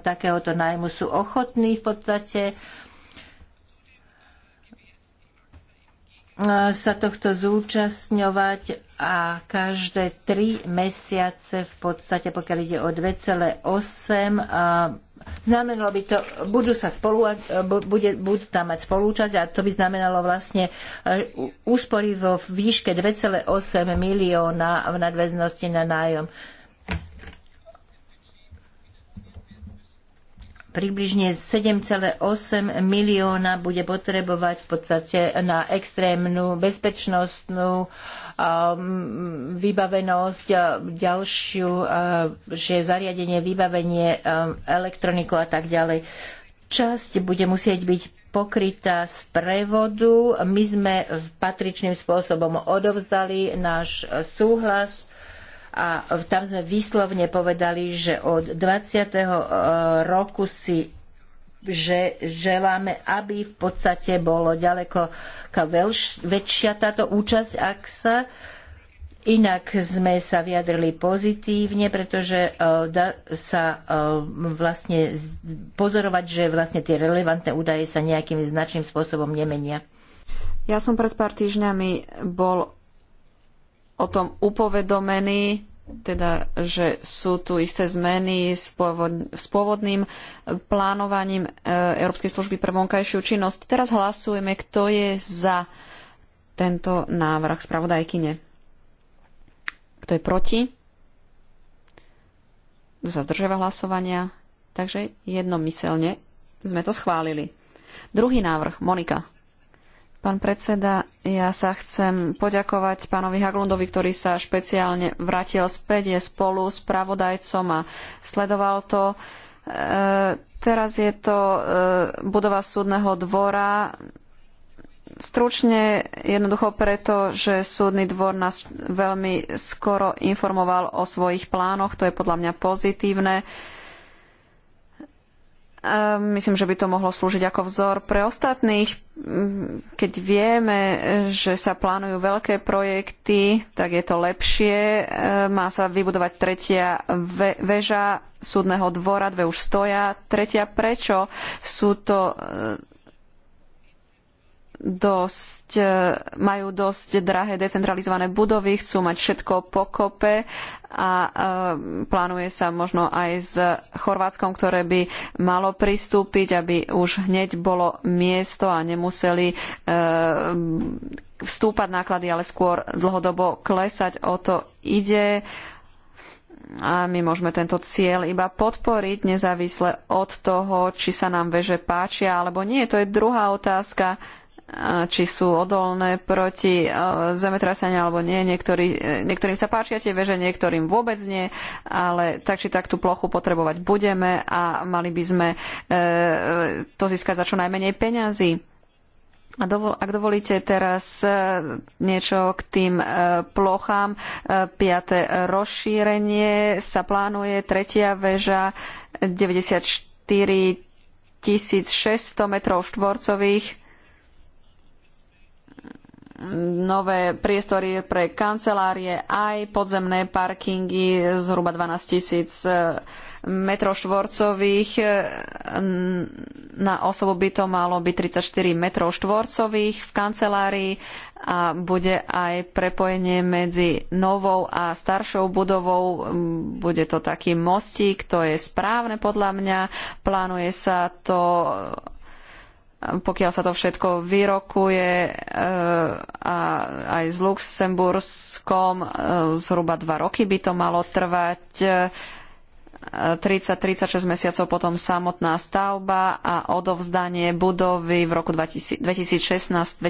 takéhoto nájmu sú ochotní v podstate eh, sa tohto zúčastňovať a každé tri mesiace v podstate, pokiaľ ide o 2,8 Znamenalo by to, budú, sa spolu, eh, bude, budú tam mať spolúčasť a to by znamenalo vlastne eh, úspory vo výške 2,8 milióna v nadväznosti na nájom. približne 7,8 milióna bude potrebovať v podstate na extrémnu bezpečnostnú um, vybavenosť, ďalšiu uh, že zariadenie, vybavenie, um, elektroniku a tak ďalej. Časť bude musieť byť pokrytá z prevodu. My sme patričným spôsobom odovzdali náš súhlas a tam sme výslovne povedali, že od 20. E, roku si že želáme, aby v podstate bolo ďaleko väčšia táto účasť, ak sa Inak sme sa vyjadrili pozitívne, pretože e, dá sa e, vlastne pozorovať, že vlastne tie relevantné údaje sa nejakým značným spôsobom nemenia. Ja som pred pár týždňami bol o tom upovedomený teda, že sú tu isté zmeny s, pôvod, s pôvodným plánovaním e, Európskej služby pre vonkajšiu činnosť. Teraz hlasujeme, kto je za tento návrh spravodajkyne. Kto je proti? Kto sa zdržiava hlasovania? Takže jednomyselne sme to schválili. Druhý návrh, Monika. Pán predseda, ja sa chcem poďakovať pánovi Haglundovi, ktorý sa špeciálne vrátil späť, je spolu s pravodajcom a sledoval to. E, teraz je to e, budova súdneho dvora. Stručne, jednoducho preto, že súdny dvor nás veľmi skoro informoval o svojich plánoch, to je podľa mňa pozitívne. E, Myslím, že by to mohlo slúžiť ako vzor pre ostatných. Keď vieme, že sa plánujú veľké projekty, tak je to lepšie. E, má sa vybudovať tretia väža súdneho dvora, dve už stoja. Tretia prečo? Sú to e, dosť, e, majú dosť drahé decentralizované budovy, chcú mať všetko pokope a e, plánuje sa možno aj s Chorvátskom, ktoré by malo pristúpiť, aby už hneď bolo miesto a nemuseli e, vstúpať náklady, ale skôr dlhodobo klesať. O to ide a my môžeme tento cieľ iba podporiť nezávisle od toho, či sa nám veže páčia alebo nie. To je druhá otázka či sú odolné proti e, zemetrasenia alebo nie. Niektorý, e, niektorým sa páčia tie veže, niektorým vôbec nie, ale tak či tak tú plochu potrebovať budeme a mali by sme e, to získať za čo najmenej peňazí. A dovol, ak dovolíte teraz niečo k tým plochám, piaté rozšírenie sa plánuje, tretia väža 94 600 metrov štvorcových nové priestory pre kancelárie, aj podzemné parkingy zhruba 12 tisíc e, metro štvorcových. E, na osobu by to malo byť 34 metrov štvorcových v kancelárii a bude aj prepojenie medzi novou a staršou budovou. Bude to taký mostík, to je správne podľa mňa. Plánuje sa to pokiaľ sa to všetko vyrokuje e, a aj s Luxemburskom e, zhruba dva roky by to malo trvať. 30-36 e, mesiacov potom samotná stavba a odovzdanie budovy v roku 2016-2017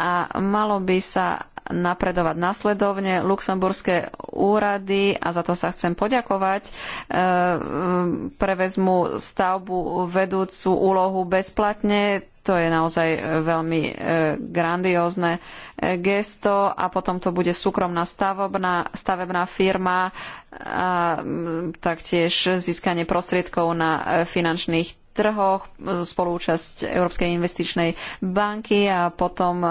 a malo by sa napredovať následovne Luxemburské úrady, a za to sa chcem poďakovať, e, prevezmu stavbu vedúcu úlohu bezplatne. To je naozaj e, veľmi e, grandiózne gesto a potom to bude súkromná stavobná, stavebná firma a taktiež získanie prostriedkov na finančných trhoch, spolúčasť Európskej investičnej banky a potom e,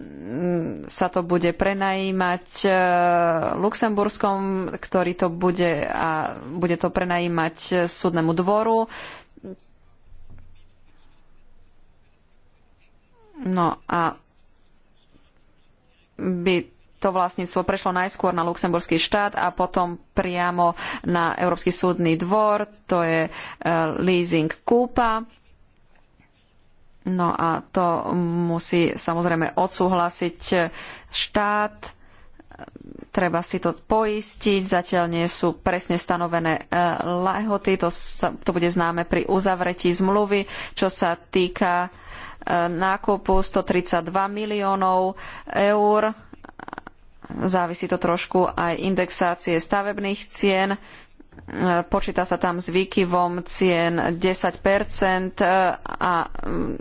mm, sa to bude prenajímať e, Luxemburskom, ktorý to bude a bude to prenajímať súdnemu dvoru. No a by to vlastníctvo prešlo najskôr na luxemburský štát a potom priamo na Európsky súdny dvor, to je e, leasing kúpa. No a to musí samozrejme odsúhlasiť štát, treba si to poistiť, zatiaľ nie sú presne stanovené e, lehoty, to, sa, to bude známe pri uzavretí zmluvy, čo sa týka e, nákupu 132 miliónov eur závisí to trošku aj indexácie stavebných cien. E, počíta sa tam s výkyvom cien 10 e, a mm,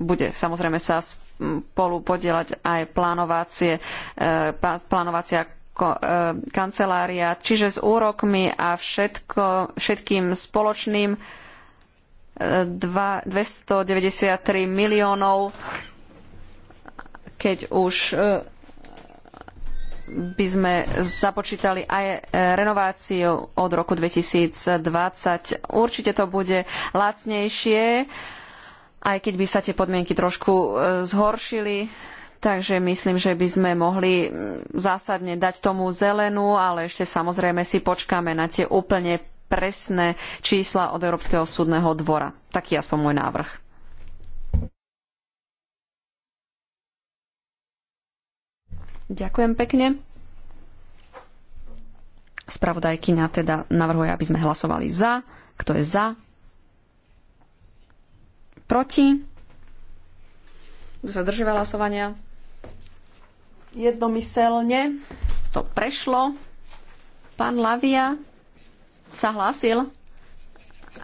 bude samozrejme sa spolu podielať aj plánovacie, e, plánovacia kancelária, čiže s úrokmi a všetko, všetkým spoločným 293 miliónov, keď už by sme započítali aj e, renováciu od roku 2020. Určite to bude lacnejšie, aj keď by sa tie podmienky trošku e, zhoršili. Takže myslím, že by sme mohli zásadne dať tomu zelenú, ale ešte samozrejme si počkáme na tie úplne presné čísla od Európskeho súdneho dvora. Taký aspoň môj návrh. Ďakujem pekne. Spravodajkyňa teda navrhuje, aby sme hlasovali za. Kto je za? Proti? Kto sa drží hlasovania? Jednomyselne. To prešlo. Pán Lavia sa hlásil,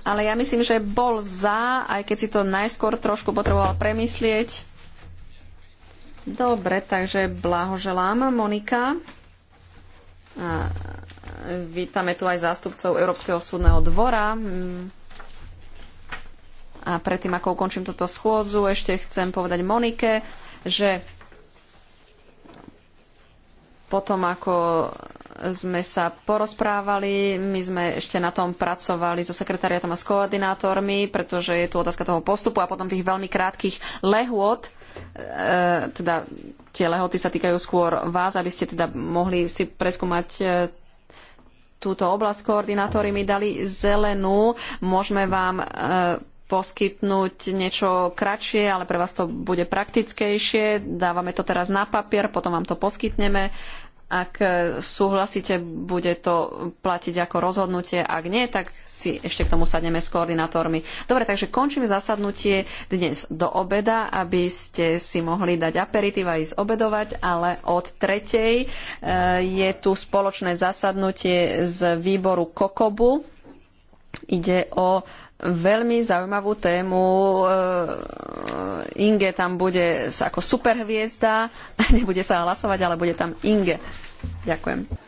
ale ja myslím, že bol za, aj keď si to najskôr trošku potreboval premyslieť Dobre, takže blahoželám, Monika. A vítame tu aj zástupcov Európskeho súdneho dvora. A predtým, ako ukončím túto schôdzu, ešte chcem povedať Monike, že potom, ako sme sa porozprávali, my sme ešte na tom pracovali so sekretariatom a s koordinátormi, pretože je tu otázka toho postupu a potom tých veľmi krátkých lehôd E, teda tie lehoty sa týkajú skôr vás, aby ste teda mohli si preskúmať e, túto oblasť. Koordinátori mi dali zelenú. Môžeme vám e, poskytnúť niečo kratšie, ale pre vás to bude praktickejšie. Dávame to teraz na papier, potom vám to poskytneme ak e, súhlasíte, bude to platiť ako rozhodnutie. Ak nie, tak si ešte k tomu sadneme s koordinátormi. Dobre, takže končím zasadnutie dnes do obeda, aby ste si mohli dať aperitív a ísť obedovať, ale od tretej e, je tu spoločné zasadnutie z výboru Kokobu. Ide o veľmi zaujímavú tému. E, Inge tam bude ako superhviezda, [LAUGHS] nebude sa hlasovať, ale bude tam Inge. Ďakujem.